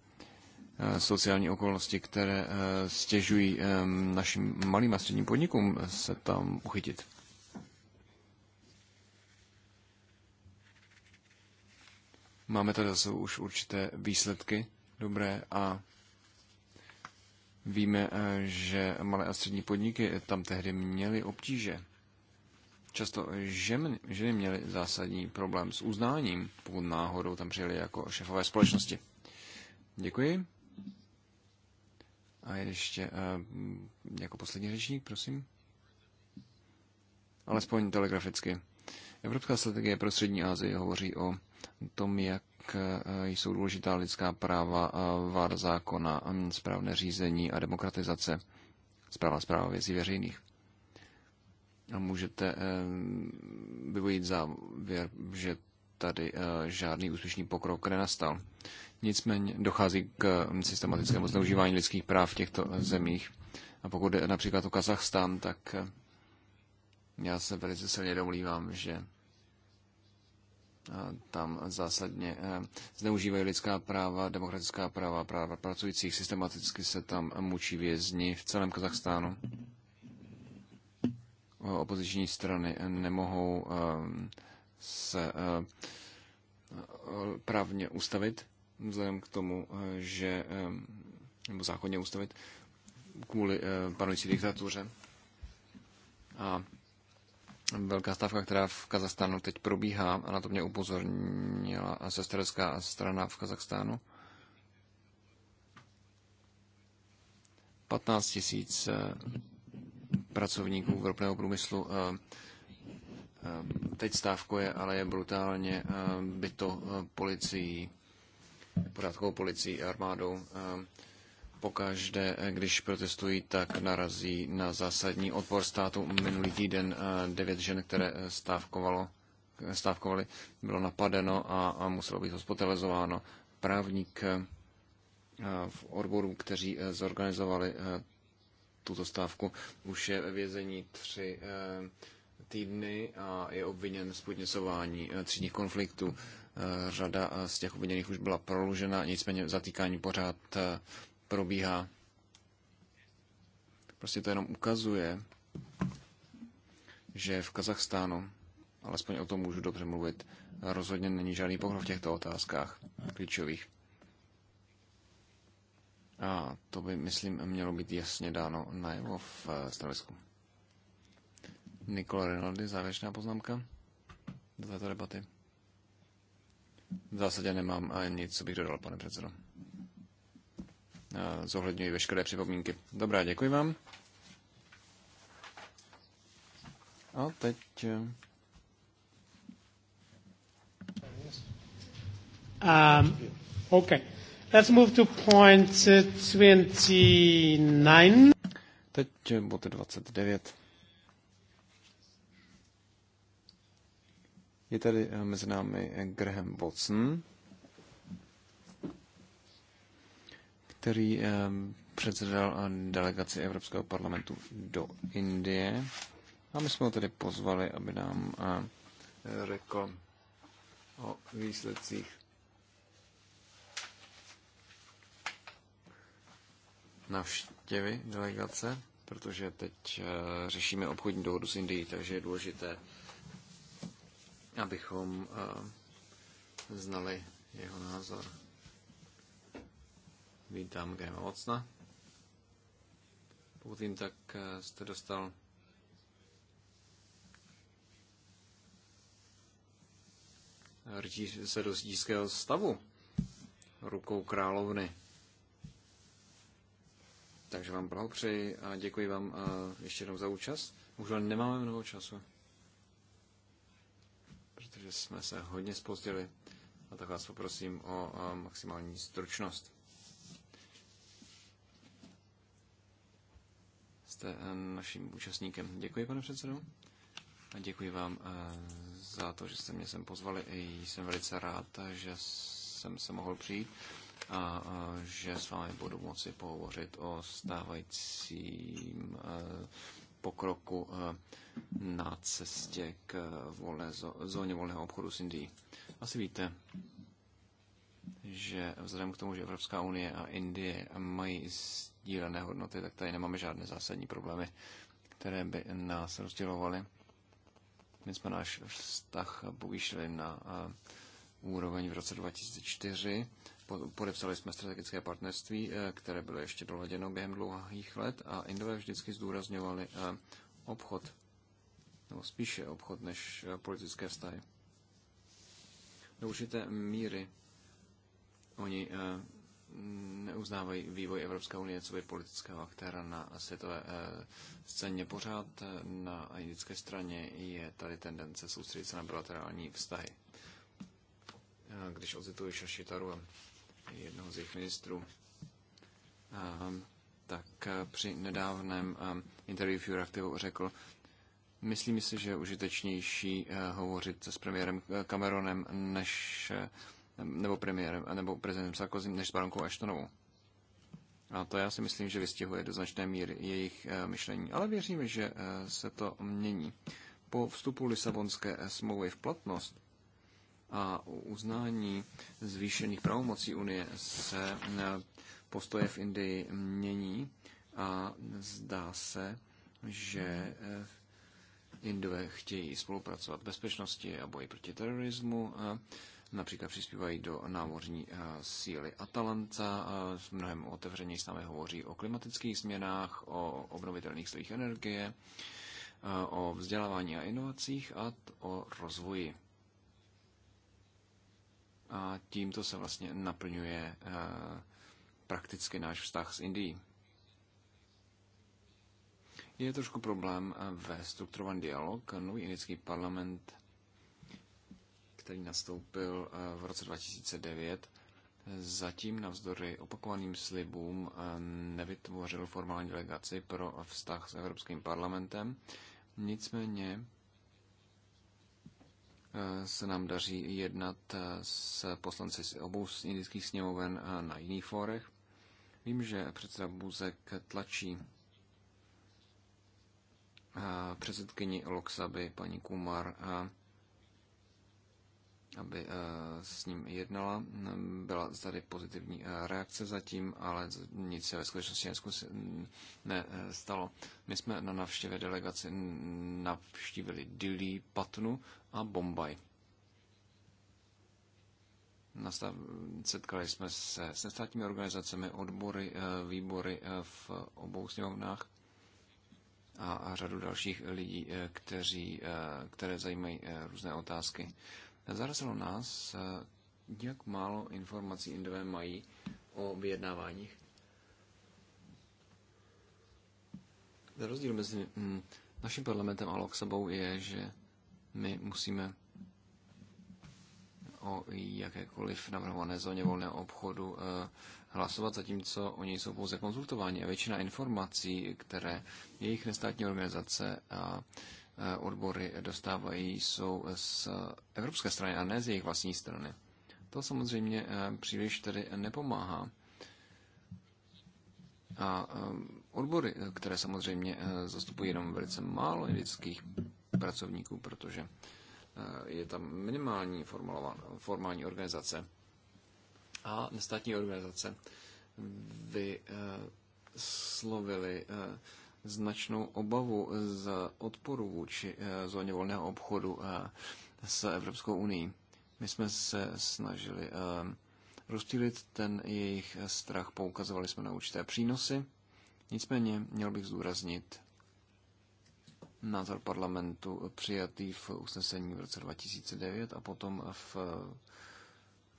sociální okolnosti, které stěžují našim malým a středním podnikům se tam uchytit. Máme tady zase už určité výsledky dobré a víme, eh, že malé a střední podniky tam tehdy měly obtíže. Často ženy, ženy měly zásadní problém s uznáním, pokud náhodou tam přijeli jako šefové společnosti. Děkuji. A ještě eh, jako poslední řečník, prosím. Alespoň telegraficky. Evropská strategie pro střední Asii hovoří o tom, jak eh, jsou důležitá lidská práva, vláda zákona, správné řízení a demokratizace, správa zpráva věcí veřejných. A můžete eh, vyvojit závěr, že tady eh, žádný úspěšný pokrok nenastal. Nicméně dochází k hm, systematickému zneužívání lidských práv v těchto zemích. A pokud jde například o Kazachstán, tak já se velice silně domlívám, že tam zásadně eh, zneužívají lidská práva, demokratická práva, práva pracujících, systematicky se tam mučí vězni v celém Kazachstánu. Opoziční strany nemohou eh, se eh, právně ustavit, vzhledem k tomu, že nebo zákonně ustavit kvůli panující diktatuře. A velká stavka, která v Kazachstánu teď probíhá, a na to mě upozornila sesterská strana v Kazachstánu. 15 tisíc eh, pracovníků ropného průmyslu eh, eh, teď stávkuje, ale je brutálně byto policií, pořádkovou policií a armádou pokaždé, když protestují, tak narazí na zásadní odpor státu. Minulý týden eh, devět žen, které eh, stávkovalo, eh, stávkovali, bylo napadeno a, a muselo být hospitalizováno. Právník v odboru, kteří zorganizovali tuto stávku, už je ve vězení tři týdny a je obviněn z podněcování třídních konfliktů. Řada z těch obviněných už byla prolužena, nicméně zatýkání pořád probíhá. Prostě to jenom ukazuje, že v Kazachstánu, alespoň o tom můžu dobře mluvit, rozhodně není žádný pokrok v těchto otázkách klíčových. A to by, myslím, mělo být jasně dáno najevo v eh, stanovisku. Nikola Rinaldi, závěrečná poznámka do této debaty. V zásadě nemám a nic, co bych dodal, pane předsedo zohledňují veškeré připomínky. Dobrá, děkuji vám. A teď... Eh, um, okay. Let's move to point 29. Uh, teď eh, bod 29. Je tady eh, mezi námi Graham Watson. který ehm, předsedal eh, delegaci Evropského parlamentu do Indie. A my jsme ho tedy pozvali, aby nám eh, řekl o výsledcích navštěvy delegace, protože teď eh, řešíme obchodní dohodu s Indií, takže je důležité, abychom znali jeho názor. Vítám Gema Vocna. Pokud vím, tak eh, jste dostal se do zdíského stavu rukou královny. Takže vám blahopřeji a děkuji vám eh, ještě jednou za účast. Už ale nemáme mnoho času, protože jsme se hodně spozdili a tak vás poprosím o eh, maximální stručnost. jste eh, naším účastníkem. Děkuji, pane předsedo. A děkuji vám eh, za to, že jste mě sem pozvali. Jsem velice rád, že jsem se mohl přijít a eh, že s vámi budu moci pohovořit o stávajícím pokroku na cestě k volné zóně volného obchodu s Indií. Asi víte, že vzhledem k tomu, že Evropská unie a Indie mají sdílené hodnoty, tak tady nemáme žádné zásadní problémy, které by nás rozdělovaly. My jsme náš vztah povýšili na eh, úroveň v roce 2004. Podepsali jsme strategické partnerství, eh, které bylo ještě doladěno během dlouhých let a Indové vždycky zdůrazňovali eh, obchod, nebo spíše obchod než politické vztahy. Do určité míry oni neuznávají vývoj Evropské unie co by politického aktéra na světové eh, scéně. Pořád eh, na indické straně je tady tendence soustředit se na bilaterální vztahy. Když ocituji Taru, jednoho z jejich ministrů, eh, tak při nedávném interview Future aktivu řekl, myslím si, že je užitečnější hovořit s premiérem Cameronem, než nebo premiérem, nebo prezidentem Sarkozy, než s baronkou Ashtonovou. A to já si myslím, že vystihuje do značné míry jejich eh, myšlení. Ale věřím, že eh, se to mění. Po vstupu Lisabonské smlouvy v platnost a uznání zvýšených pravomocí Unie se eh, postoje v Indii mění a zdá se, že Indové chtějí spolupracovat v bezpečnosti a boji proti terorismu. A Například přispívají do námořní eh, síly Atalanta, eh, mnohem otevřeněji s námi hovoří o klimatických změnách, o obnovitelných zdrojích energie, eh, o vzdělávání a inovacích a o rozvoji. A tímto se vlastně naplňuje prakticky náš vztah s Indií. Je trošku problém ve strukturovaný dialog. Nový indický parlament který nastoupil eh, v roce 2009, zatím navzdory opakovaným slibům eh, nevytvořil formální delegaci pro vztah s Evropským parlamentem. Nicméně eh, se nám daří jednat s poslanci z obou indických sněmoven na jiných fórech. Vím, že předseda Buzek tlačí předsedkyni Loksaby, paní Kumar, aby eh, s ním jednala. Byla tady pozitivní eh, reakce zatím, ale nic se ve skutečnosti nestalo. Eh, My jsme na navštěvě delegace navštívili Dili, Patnu a Bombaj. Nastav, setkali jsme se s nestátními organizacemi, odbory, výbory v obou sněmovnách a, a řadu dalších lidí, kteří, které zajímají různé otázky. Zarazilo nás, eh, jak málo informací Indové mají o vyjednáváních. Ten rozdíl mezi mm, naším parlamentem a Loxabou je, že my musíme o jakékoliv navrhované zóně volného obchodu eh, hlasovat, zatímco oni jsou pouze konzultováni a většina informací, které jejich nestátní organizace a Eh, odbory dostávají, jsou z evropské strany a ne z jejich vlastní strany. To samozřejmě eh, příliš tedy nepomáhá. A eh, odbory, které samozřejmě zastupují jenom velice málo lidských pracovníků, protože je tam minimální formální organizace a nestátní organizace, vyslovili uh, značnou obavu z odporu vůči eh, zóně volného obchodu eh, s Evropskou unii. My jsme se snažili eh, rozptýlit ten jejich strach, poukazovali jsme na určité přínosy. Nicméně měl bych zdůraznit názor parlamentu přijatý v usnesení v roce 2009 a potom v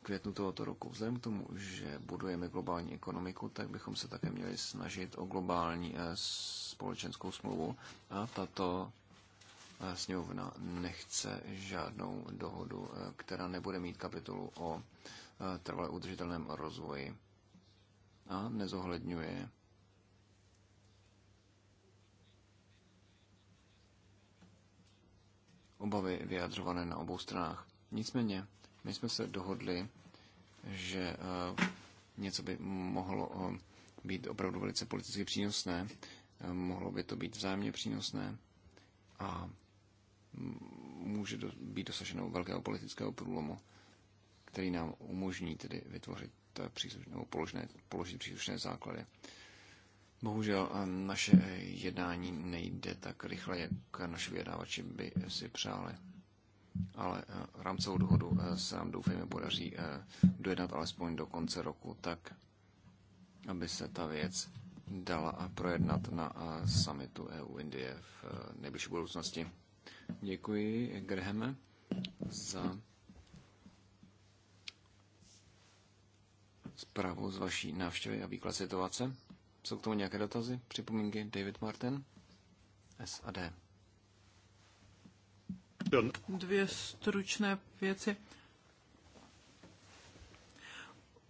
květnu tohoto roku. Vzhledem k tomu, že budujeme globální ekonomiku, tak bychom se také měli snažit o globální eh, společenskou smlouvu a tato eh, sněmovna nechce žádnou dohodu, eh, která nebude mít kapitolu o trvalé udržitelném rozvoji a nezohledňuje obavy vyjadřované na obou stranách. Nicméně my jsme se dohodli, že eh, něco by mohlo eh, být opravdu velice politicky přínosné, eh, mohlo by to být vzájemně přínosné a může být dosaženo velkého politického průlomu, který nám umožní tedy vytvořit příslušné, položné, položit příslušné základy. Bohužel naše jednání nejde tak rychle, jak naši vyjednávači by si přáli ale eh, rámcovou dohodu eh, se nám doufejme podaří eh, dojednat alespoň do konce roku, tak aby se ta věc dala a projednat na summitu EU-Indie v nejbližší budoucnosti. Děkuji, Grahame, za zprávu z vaší návštěvy a výklad situace. Jsou k tomu nějaké dotazy, připomínky? David Martin, SAD. Dvě stručné věci.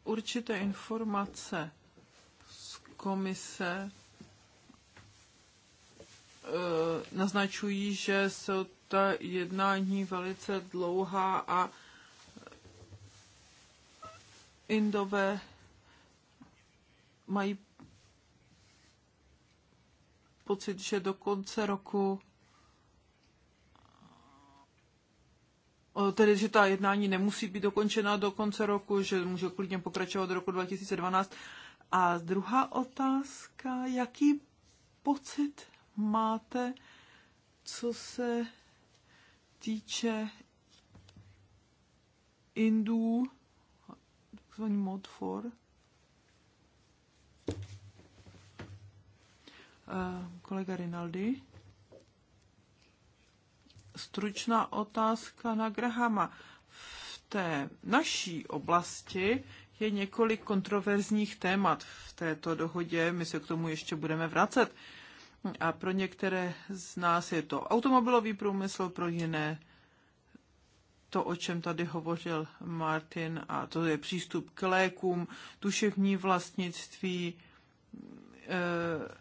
Určité informace z komise eh, naznačují, že jsou ta jednání velice dlouhá a Indové mají pocit, že do konce roku tedy že ta jednání nemusí být dokončena do konce roku, že může klidně pokračovat do roku 2012. A druhá otázka, jaký pocit máte, co se týče Indů, takzvaný mod 4, eh, kolega Rinaldi stručná otázka na Grahama. V té naší oblasti je několik kontroverzních témat v této dohodě. My se k tomu ještě budeme vracet. A pro některé z nás je to automobilový průmysl, pro jiné to, o čem tady hovořil Martin, a to je přístup k lékům, duševní vlastnictví, e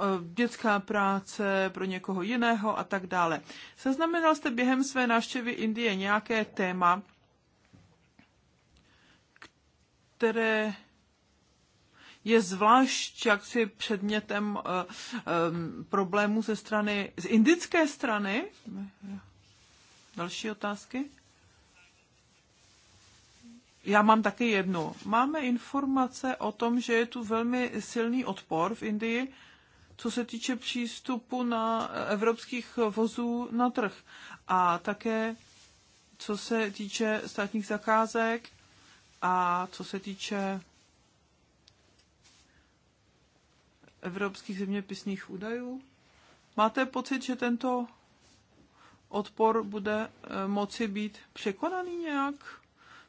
Eh, dětská práce pro někoho jiného a tak dále. Seznamenal jste během své návštěvy Indie nějaké téma, které je zvlášť jaksi předmětem um, eh, eh, problémů ze strany, z indické strany? Další otázky? Já mám taky jednu. Máme informace o tom, že je tu velmi silný odpor v Indii co se týče přístupu na eh, evropských vozů na trh a také co se týče státních zakázek a co se týče evropských zeměpisných údajů. Máte pocit, že tento odpor bude eh, moci být překonaný nějak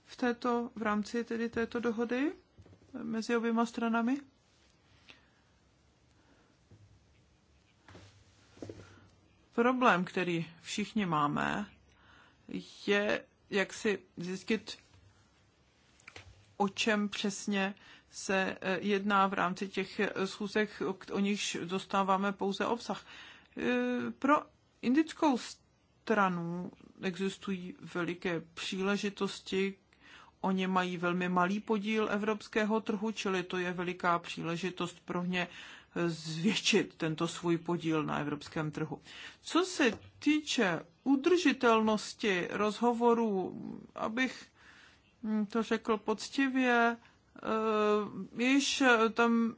v, této, v rámci tedy této dohody mezi oběma stranami? problém, který všichni máme, je jak si zjistit, o čem přesně se eh, jedná v rámci těch eh, schůzek, o nichž dostáváme pouze obsah. Eh, pro indickou stranu existují veliké příležitosti, Oni mají velmi malý podíl evropského trhu, čili to je veliká příležitost pro ně zvětšit tento svůj podíl na evropském trhu. Co se týče udržitelnosti rozhovorů, abych hm, to řekl poctivě, eh, již eh, tam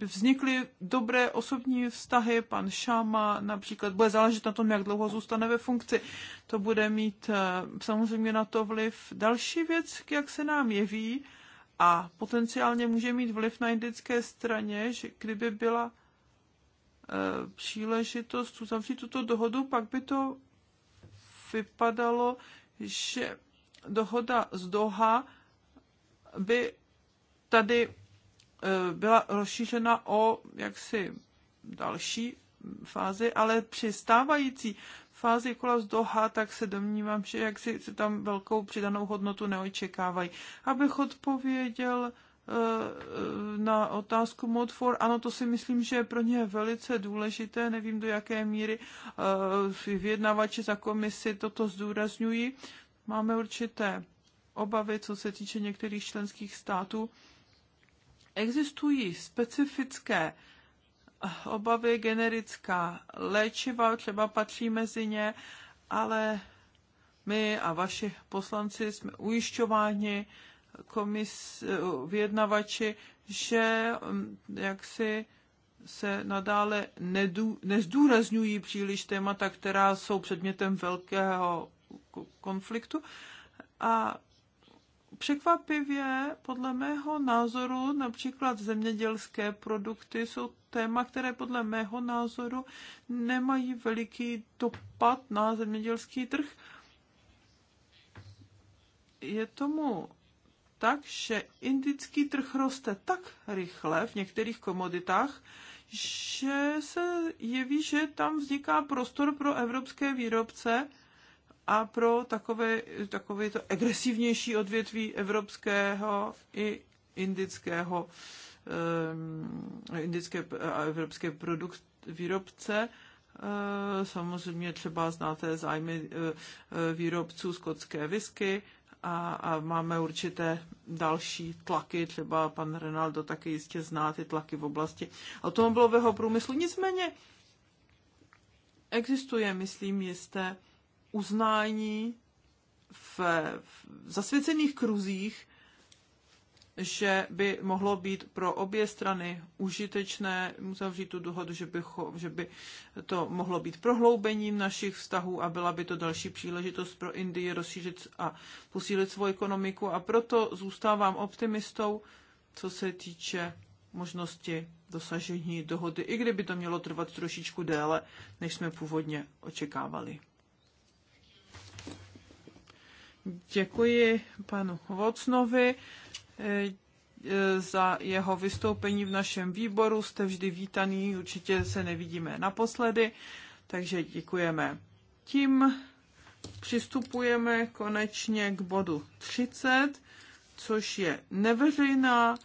vznikly dobré osobní vztahy. Pan Šáma například bude záležet na tom, jak dlouho zůstane ve funkci. To bude mít eh, samozřejmě na to vliv. Další věc, jak se nám jeví, a potenciálně může mít vliv na indické straně, že kdyby byla e, příležitost uzavřít tuto dohodu, pak by to vypadalo, že dohoda z Doha by tady e, byla rozšířena o jaksi další fázi, ale při stávající fázi kola z Doha, tak se domnívám, že jak si, si tam velkou přidanou hodnotu neočekávají. Abych odpověděl eh, eh, na otázku Mod Ano, to si myslím, že je pro ně velice důležité. Nevím, do jaké míry eh, vyjednavači za komisi toto zdůrazňují. Máme určité obavy, co se týče některých členských států. Existují specifické obavy generická léčiva, třeba patří mezi ně, ale my a vaši poslanci jsme ujišťováni komis, vyjednavači, že mm, jaksi se nadále nedů, nezdůrazňují příliš témata, která jsou předmětem velkého konfliktu. A Překvapivě, podle mého názoru, například zemědělské produkty jsou téma, které podle mého názoru nemají veliký dopad na zemědělský trh. Je tomu tak, že indický trh roste tak rychle v některých komoditách, že se jeví, že tam vzniká prostor pro evropské výrobce, a pro takové, takové to agresivnější odvětví evropského i indického, eh, indické a evropské produkt, výrobce. Eh, samozřejmě třeba znáte zájmy eh, výrobců skotské whisky, a, a máme určité další tlaky, třeba pan Renaldo taky jistě zná ty tlaky v oblasti automobilového průmyslu. Nicméně existuje, myslím, jisté uznání v, v zasvěcených kruzích, že by mohlo být pro obě strany užitečné uzavřít tu dohodu, že, bycho, že by to mohlo být prohloubením našich vztahů a byla by to další příležitost pro Indii rozšířit a posílit svou ekonomiku. A proto zůstávám optimistou, co se týče možnosti dosažení dohody, i kdyby to mělo trvat trošičku déle, než jsme původně očekávali. Děkuji panu Vocnovi eh, za jeho vystoupení v našem výboru. Jste vždy vítaný, určitě se nevidíme naposledy, takže děkujeme. Tím přistupujeme konečně k bodu 30, což je neveřejná